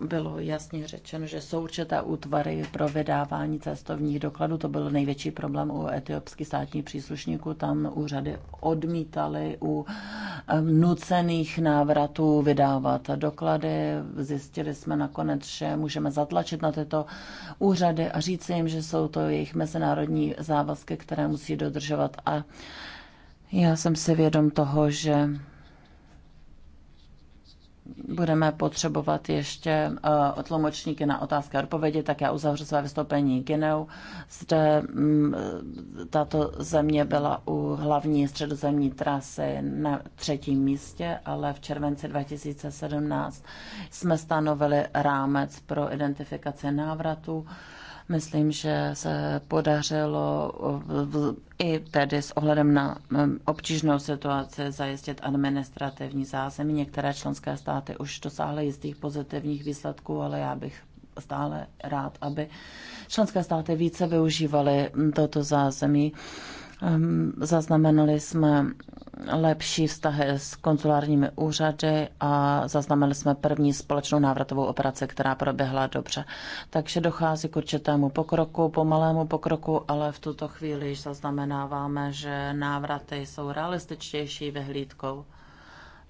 bylo jasně řečeno, že jsou určité útvary pro vydávání cestovních dokladů. To byl největší problém u etiopských státních příslušníků. Tam úřady odmítaly u nucených návratů vydávat doklady. Zjistili jsme nakonec, že můžeme zatlačit na tyto úřady a říci jim, že jsou to jejich mezinárodní závazky, které musí dodržovat. A já jsem si vědom toho, že budeme potřebovat ještě uh, eh, tlumočníky na otázky a odpovědi, tak já uzavřu své vystoupení Gineu. Zde um, tato země byla u hlavní středozemní trasy na třetím místě, ale v červenci 2017 jsme stanovili rámec pro identifikaci návratu. Uh, Myslím, že se podařilo i tedy s ohledem na obtížnou situaci zajistit administrativní zázemí. Některé členské státy už dosáhly jistých pozitivních výsledků, ale já bych stále rád, aby členské státy více využívaly toto zázemí Ehm, zaznamenali jsme lepší vztahy s konzulárními úřady a zaznamenali jsme první společnou návratovou operaci, která proběhla dobře. Takže dochází k určitému pokroku, pomalému pokroku, ale v tuto chvíli již zaznamenáváme, že návraty jsou realističtější vyhlídkou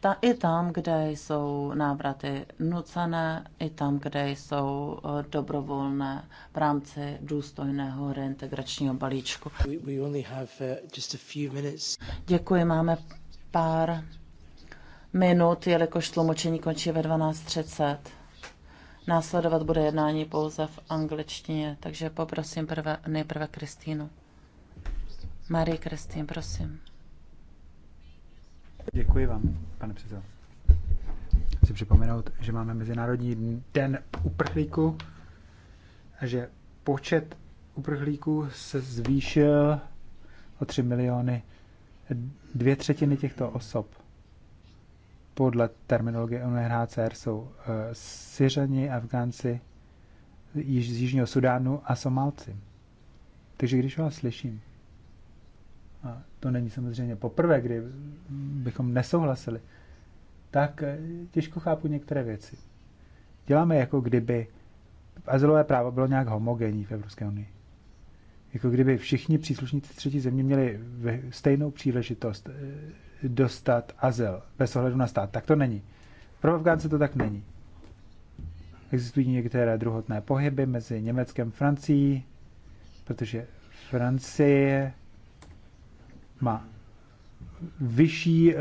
ta, i tam, kde jsou návraty nucené, i tam, kde jsou eh, dobrovolné v rámci důstojného reintegračního balíčku. We, we have, uh, Děkuji, máme pár minut, jelikož tlumočení končí ve 12.30. Následovat bude jednání pouze v angličtině, takže poprosím prve, nejprve Kristýnu. Marie Kristýn, prosím. Děkuji vám, pane předsedo. Chci připomenout, že máme Mezinárodní den uprchlíku a že počet uprchlíků se zvýšil o 3 miliony. Dvě třetiny těchto osob podle terminologie UNHCR jsou eh, Syřani, Afgánci již z Jižního Sudánu a Somálci. Takže když vás slyším, a to není samozřejmě poprvé, kdy bychom nesouhlasili, tak eh, těžko chápu některé věci. Děláme jako kdyby azylové právo bylo nějak homogenní v Evropské unii. Jako kdyby všichni příslušníci třetí země měli stejnou příležitost eh, dostat azyl bez ohledu na stát. Tak to není. Pro Afgánce to tak není. Existují některé druhotné pohyby mezi Německem a Francií, protože Francie má vyšší eh,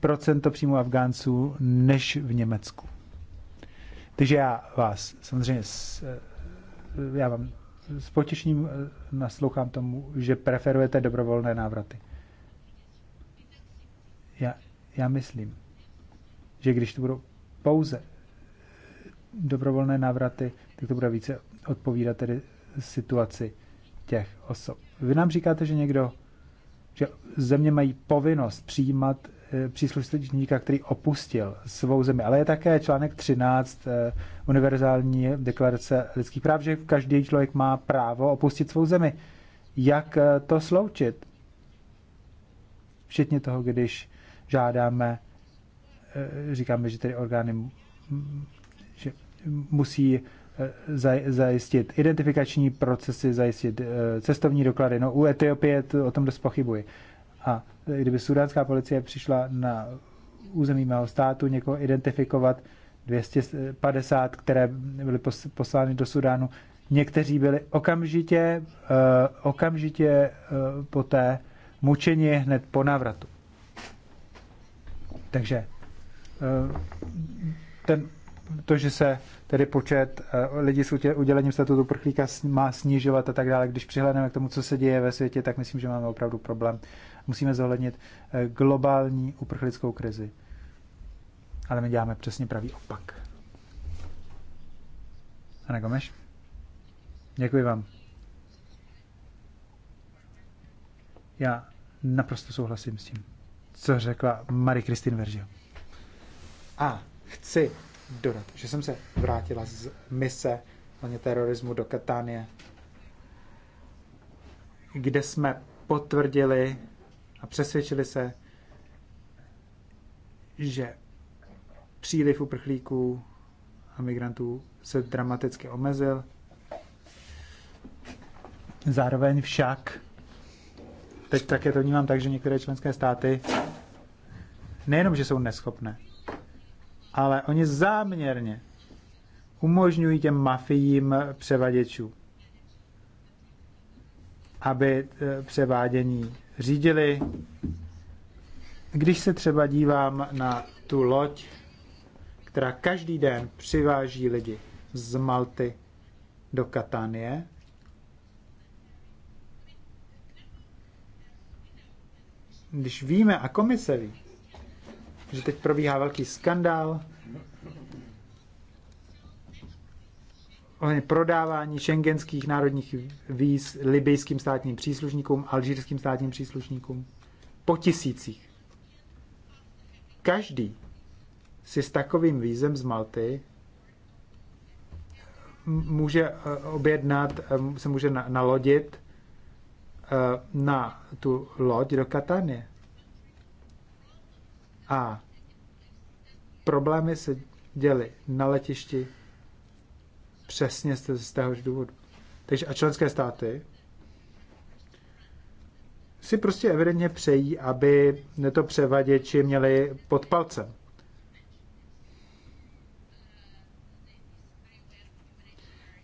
procento příjmu Afgánců než v Německu. Takže já vás samozřejmě s, eh, já vám s potěšením eh, naslouchám tomu, že preferujete dobrovolné návraty. Já, já myslím, že když to budou pouze dobrovolné návraty, tak to bude více odpovídat tedy situaci těch osob. Vy nám říkáte, že někdo že země mají povinnost přijímat eh, příslušníka, který opustil svou zemi. Ale je také článek 13 eh, Univerzální deklarace lidských práv, že každý člověk má právo opustit svou zemi. Jak eh, to sloučit? Včetně toho, když žádáme, říkáme, že tedy orgány že musí zajistit identifikační procesy, zajistit eh, cestovní doklady. No u Etiopie to, o tom dost pochybuji. A kdyby sudánská policie přišla na území mého státu někoho identifikovat, 250, které byly poslány do Sudánu, někteří byli okamžitě, eh, okamžitě eh, poté mučeni hned po návratu. Takže ten to, že se tedy počet eh, lidí s udělením statutu prchlíka má snižovat a tak dále. Když přihledneme k tomu, co se děje ve světě, tak myslím, že máme opravdu problém. Musíme zohlednit eh, globální uprchlickou krizi. Ale my děláme přesně pravý opak. Ana Gomeš? Děkuji vám. Já naprosto souhlasím s tím, co řekla Marie Christine Veržio. A chci dodat, že jsem se vrátila z mise hlavně terorismu do Katánie, kde jsme potvrdili a přesvědčili se, že příliv uprchlíků a migrantů se dramaticky omezil. Zároveň však, teď také to vnímám tak, že některé členské státy nejenom, že jsou neschopné, ale oni záměrně umožňují těm mafiím převaděčů, aby e, převádění řídili. Když se třeba dívám na tu loď, která každý den přiváží lidi z Malty do Katánie, když víme a komise ví, že teď probíhá velký skandál ohledně prodávání šengenských národních víz libijským státním příslušníkům, alžírským státním příslušníkům. Po tisících. Každý si s takovým vízem z Malty může eh, objednat, eh, se může nalodit eh, na tu loď do Katanie. A problémy se děly na letišti přesně z téhož důvodu. Takže a členské státy si prostě evidentně přejí, aby to převaděči měli pod palcem.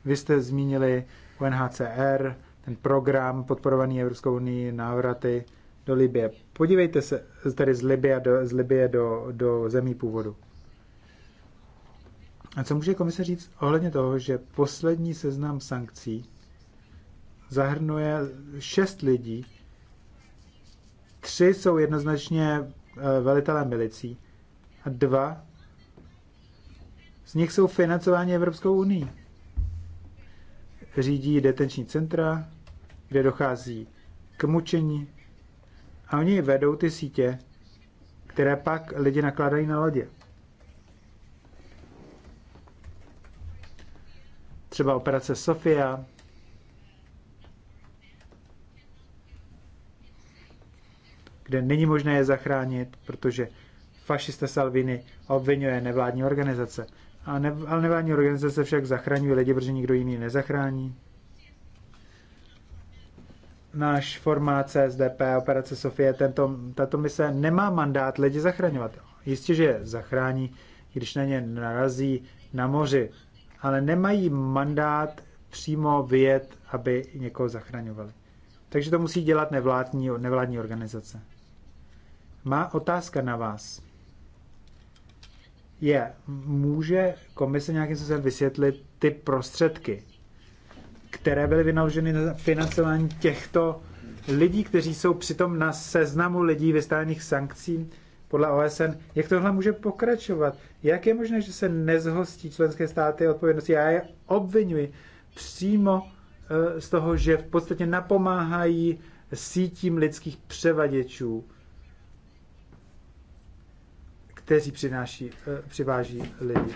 Vy jste zmínili UNHCR, ten program podporovaný Evropskou unii, návraty do Libie. Podívejte se tady z Libie do, z Libie do, do zemí původu. A co může komise říct ohledně toho, že poslední seznam sankcí zahrnuje šest lidí, tři jsou jednoznačně eh, velitelé milicí a dva z nich jsou financováni Evropskou unii. Řídí detenční centra, kde dochází k mučení, a oni vedou ty sítě, které pak lidi nakládají na lodě. Třeba operace Sofia, kde není možné je zachránit, protože fašista Salvini obvinuje nevládní organizace. A nevládní organizace však zachraňují lidi, protože nikdo jiný nezachrání náš formát CSDP, operace Sofie, tento, tato mise nemá mandát lidi zachraňovat. Jistě, že je zachrání, když na ně narazí na moři, ale nemají mandát přímo vyjet, aby někoho zachraňovali. Takže to musí dělat nevládní, nevládní organizace. Má otázka na vás. Je, může komise nějakým způsobem vysvětlit ty prostředky, které byly vynaloženy na financování těchto lidí, kteří jsou přitom na seznamu lidí vystavených sankcím podle OSN. Jak tohle může pokračovat? Jak je možné, že se nezhostí členské státy odpovědnosti? Já je obvinuji přímo eh, z toho, že v podstatě napomáhají sítím lidských převaděčů, kteří přináší, eh, přiváží lidi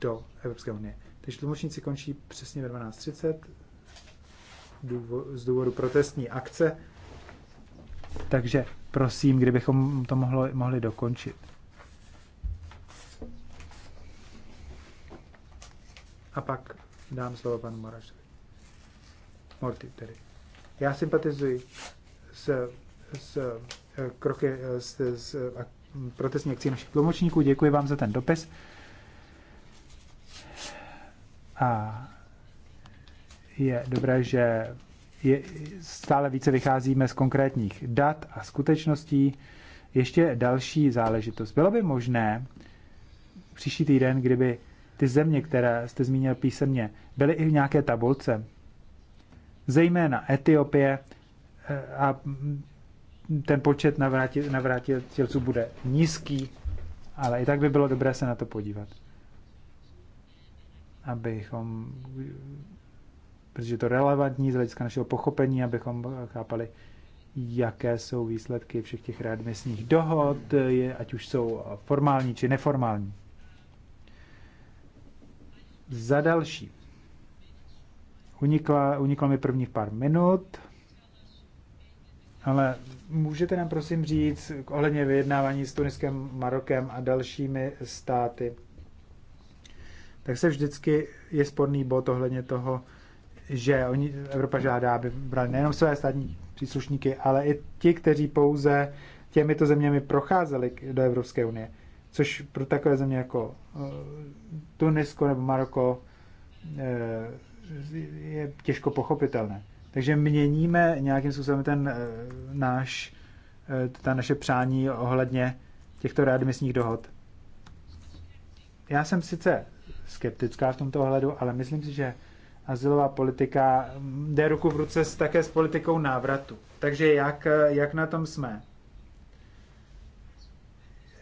do Evropské unie. Takže tlumočníci končí přesně ve 12.30 z důvodu protestní akce. Takže prosím, kdybychom to mohlo, mohli dokončit. A pak dám slovo panu Morašovi. Morty tedy. Já sympatizuji s, s eh, kroky eh, s, s eh, protestní akcí našich tlumočníků. Děkuji vám za ten dopis. A je dobré, že je, stále více vycházíme z konkrétních dat a skutečností. Ještě další záležitost. Bylo by možné příští týden, kdyby ty země, které jste zmínil písemně, byly i v nějaké tabulce, zejména Etiopie eh, a ten počet navrátil, navrátilců bude nízký, ale i tak by bylo dobré se na to podívat abychom, protože to relevantní z hlediska našeho pochopení, abychom chápali, jaké jsou výsledky všech těch readmisních dohod, je, ať už jsou formální či neformální. Za další. Unikla, uniklo mi prvních pár minut, ale můžete nám prosím říct ohledně vyjednávání s Tuniskem, Marokem a dalšími státy, tak se vždycky je sporný bod ohledně toho, že oni, Evropa žádá, aby brali nejenom své státní příslušníky, ale i ti, kteří pouze těmito zeměmi procházeli do Evropské unie. Což pro takové země jako eh, Tunisko nebo Maroko eh, je těžko pochopitelné. Takže měníme nějakým způsobem ten eh, náš, ta naše přání ohledně těchto readmisních dohod. Já jsem sice skeptická v tomto ohledu, ale myslím si, že azylová politika mm, jde ruku v ruce s, také s politikou návratu. Takže jak, jak na tom jsme?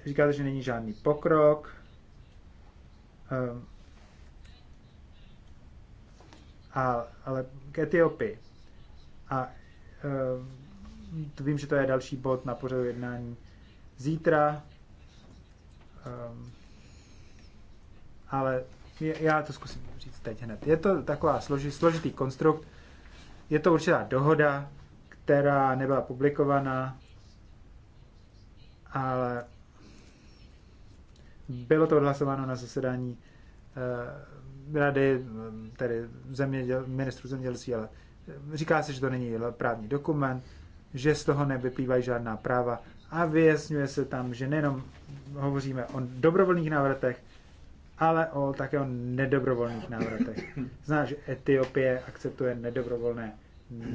Říkáte, že není žádný pokrok. Ehm. A, ale k Etiopii. A ehm, vím, že to je další bod na pořadu jednání zítra. Um, ale já to zkusím říct teď hned. Je to taková složi, složitý konstrukt, je to určitá dohoda, která nebyla publikovaná, ale bylo to odhlasováno na zasedání uh, rady, tedy zeměděl, ministru zemědělství, ale říká se, že to není právní dokument, že z toho nevyplývají žádná práva a vyjasňuje se tam, že nejenom hovoříme o dobrovolných návratech, ale o, také o nedobrovolných návratech. Znáš, že Etiopie akceptuje nedobrovolné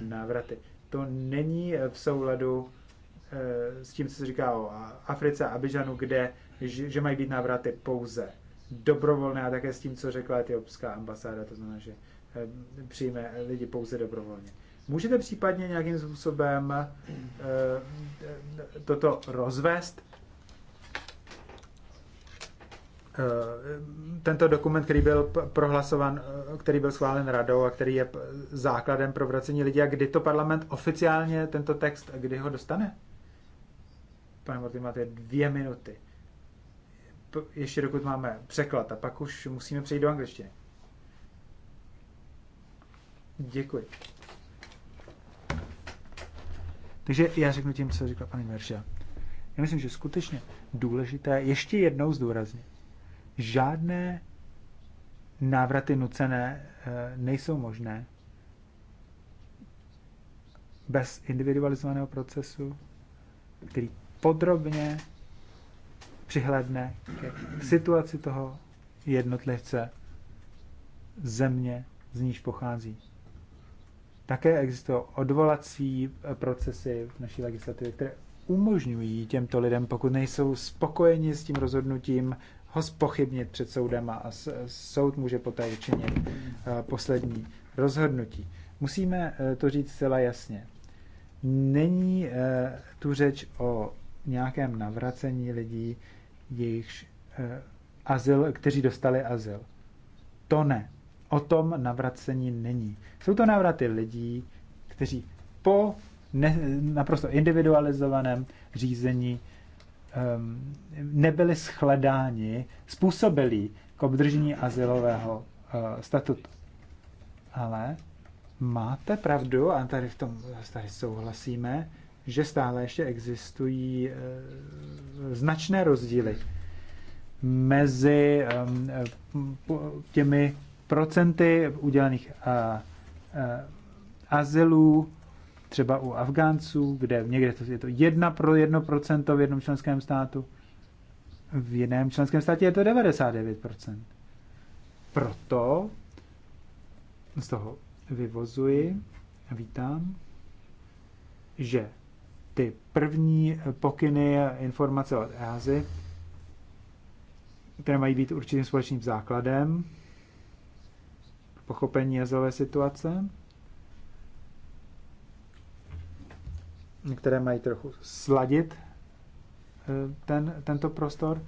návraty. To není v souladu e, s tím, co se říká o Africe a Abidžanu, kde že mají být návraty pouze dobrovolné a také s tím, co řekla etiopská ambasáda, to znamená, že eh, přijme lidi pouze dobrovolně. Můžete případně nějakým způsobem eh, toto rozvést? Eh, tento dokument, který byl prohlasovan, eh, který byl schválen radou a který je základem pro vracení lidí. A kdy to parlament oficiálně tento text, kdy ho dostane? Pane Morty, máte dvě minuty. Ještě dokud máme překlad a pak už musíme přejít do angličtiny. Děkuji. Takže já řeknu tím, co říkala paní Verša. Já myslím, že skutečně důležité ještě jednou zdůraznit, žádné návraty nucené eh, nejsou možné bez individualizovaného procesu, který podrobně přihledne k situaci toho jednotlivce země, z níž pochází. Také existují odvolací eh, procesy v naší legislativě, které umožňují těmto lidem, pokud nejsou spokojeni s tím rozhodnutím ho spochybnit před soudem a soud může poté učinit eh, poslední rozhodnutí. Musíme eh, to říct zcela jasně. Není eh, tu řeč o nějakém navracení lidí, jejichž azyl, kteří dostali azyl. To ne. O tom navracení není. Jsou to návraty lidí, kteří po ne, naprosto individualizovaném řízení Ehm, nebyli shledáni způsobilí k obdržení azylového eh, statutu. Ale máte pravdu, a tady v tom tady souhlasíme, že stále ještě existují eh, značné rozdíly mezi ehm, těmi procenty udělených eh, azylů třeba u Afgánců, kde někde to je to jedna pro jedno procento v jednom členském státu, v jiném členském státě je to 99%. Proto z toho vyvozuji a vítám, že ty první pokyny a informace od EASY, které mají být určitým společným základem pochopení jazové situace, které mají trochu sladit eh, ten, tento prostor,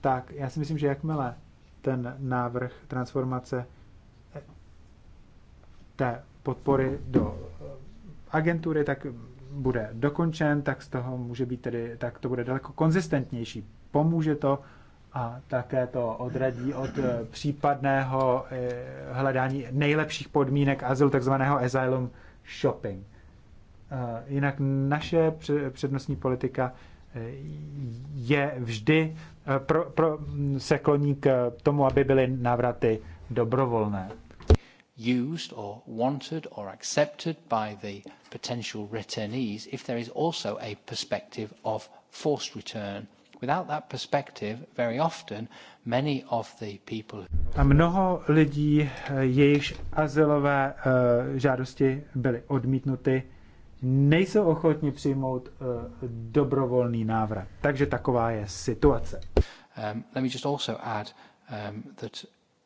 tak já si myslím, že jakmile ten návrh transformace eh, té podpory do eh, agentury, tak bude dokončen, tak z toho může být tedy, tak to bude daleko konzistentnější. Pomůže to a také to odradí od případného hledání nejlepších podmínek azylu, takzvaného asylum shopping. Eh, jinak naše přednostní politika eh, je vždy eh, pro, pro, hm, se kloní k tomu, aby byly návraty dobrovolné. Used or wanted or accepted by the potential returnees if there is also a perspective of forced return. Without that perspective, very often many of the people. A mnoho lidí, jejichž azylové uh, žádosti byly odmítnuty, nejsou ochotni přijmout eh, dobrovolný návrat. Takže taková je situace. Um, let me just also add um, that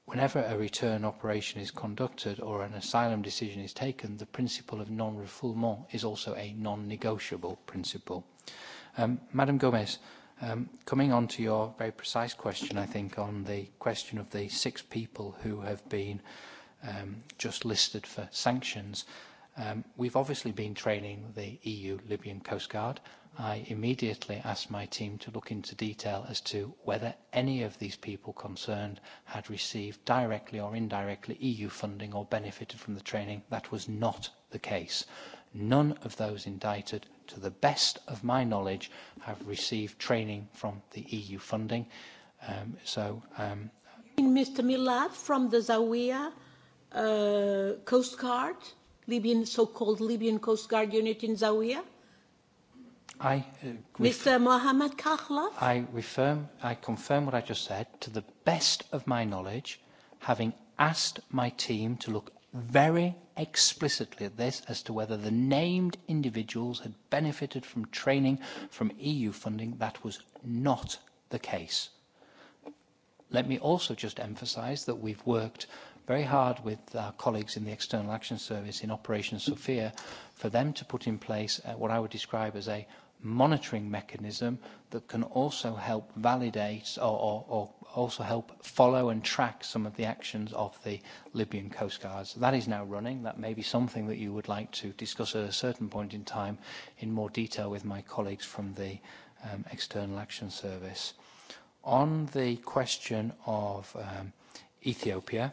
whenever a return operation is conducted or an asylum decision is taken, the principle of non-refoulement is also a non-negotiable principle. Um, Madam Gomez, um, coming on to your very precise question, I think, on the question of the six people who have been um, just listed for sanctions, Um, we've obviously been training the EU Libyan Coast Guard. I immediately asked my team to look into detail as to whether any of these people concerned had received directly or indirectly EU funding or benefited from the training. That was not the case. None of those indicted, to the best of my knowledge, have received training from the EU funding. Um, so, um, Mr. Milad from the Zawiya uh, Coast Guard Libyan, so-called Libyan Coast Guard unit in Zawiya? I, uh, Mr. Mohammed Kahla? I, refirm, I confirm what I just said. To the best of my knowledge, having asked my team to look very explicitly at this as to whether the named individuals had benefited from training from EU funding, that was not the case. Let me also just emphasise that we've worked very hard with our uh, colleagues in the External Action Service in Operation Sophia for them to put in place uh, what I would describe as a monitoring mechanism that can also help validate or, or, or also help follow and track some of the actions of the Libyan Coast Guards. That is now running. That may be something that you would like to discuss at a certain point in time in more detail with my colleagues from the um, External Action Service. On the question of um, Ethiopia,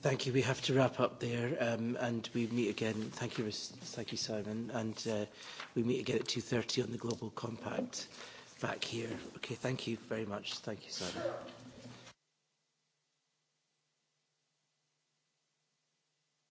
Thank you. We have to wrap up there, um, and we meet again. Thank you, thank you, Simon, and uh, we meet again at 2:30 on the Global Compact back here. Okay, thank you very much. Thank you, Simon.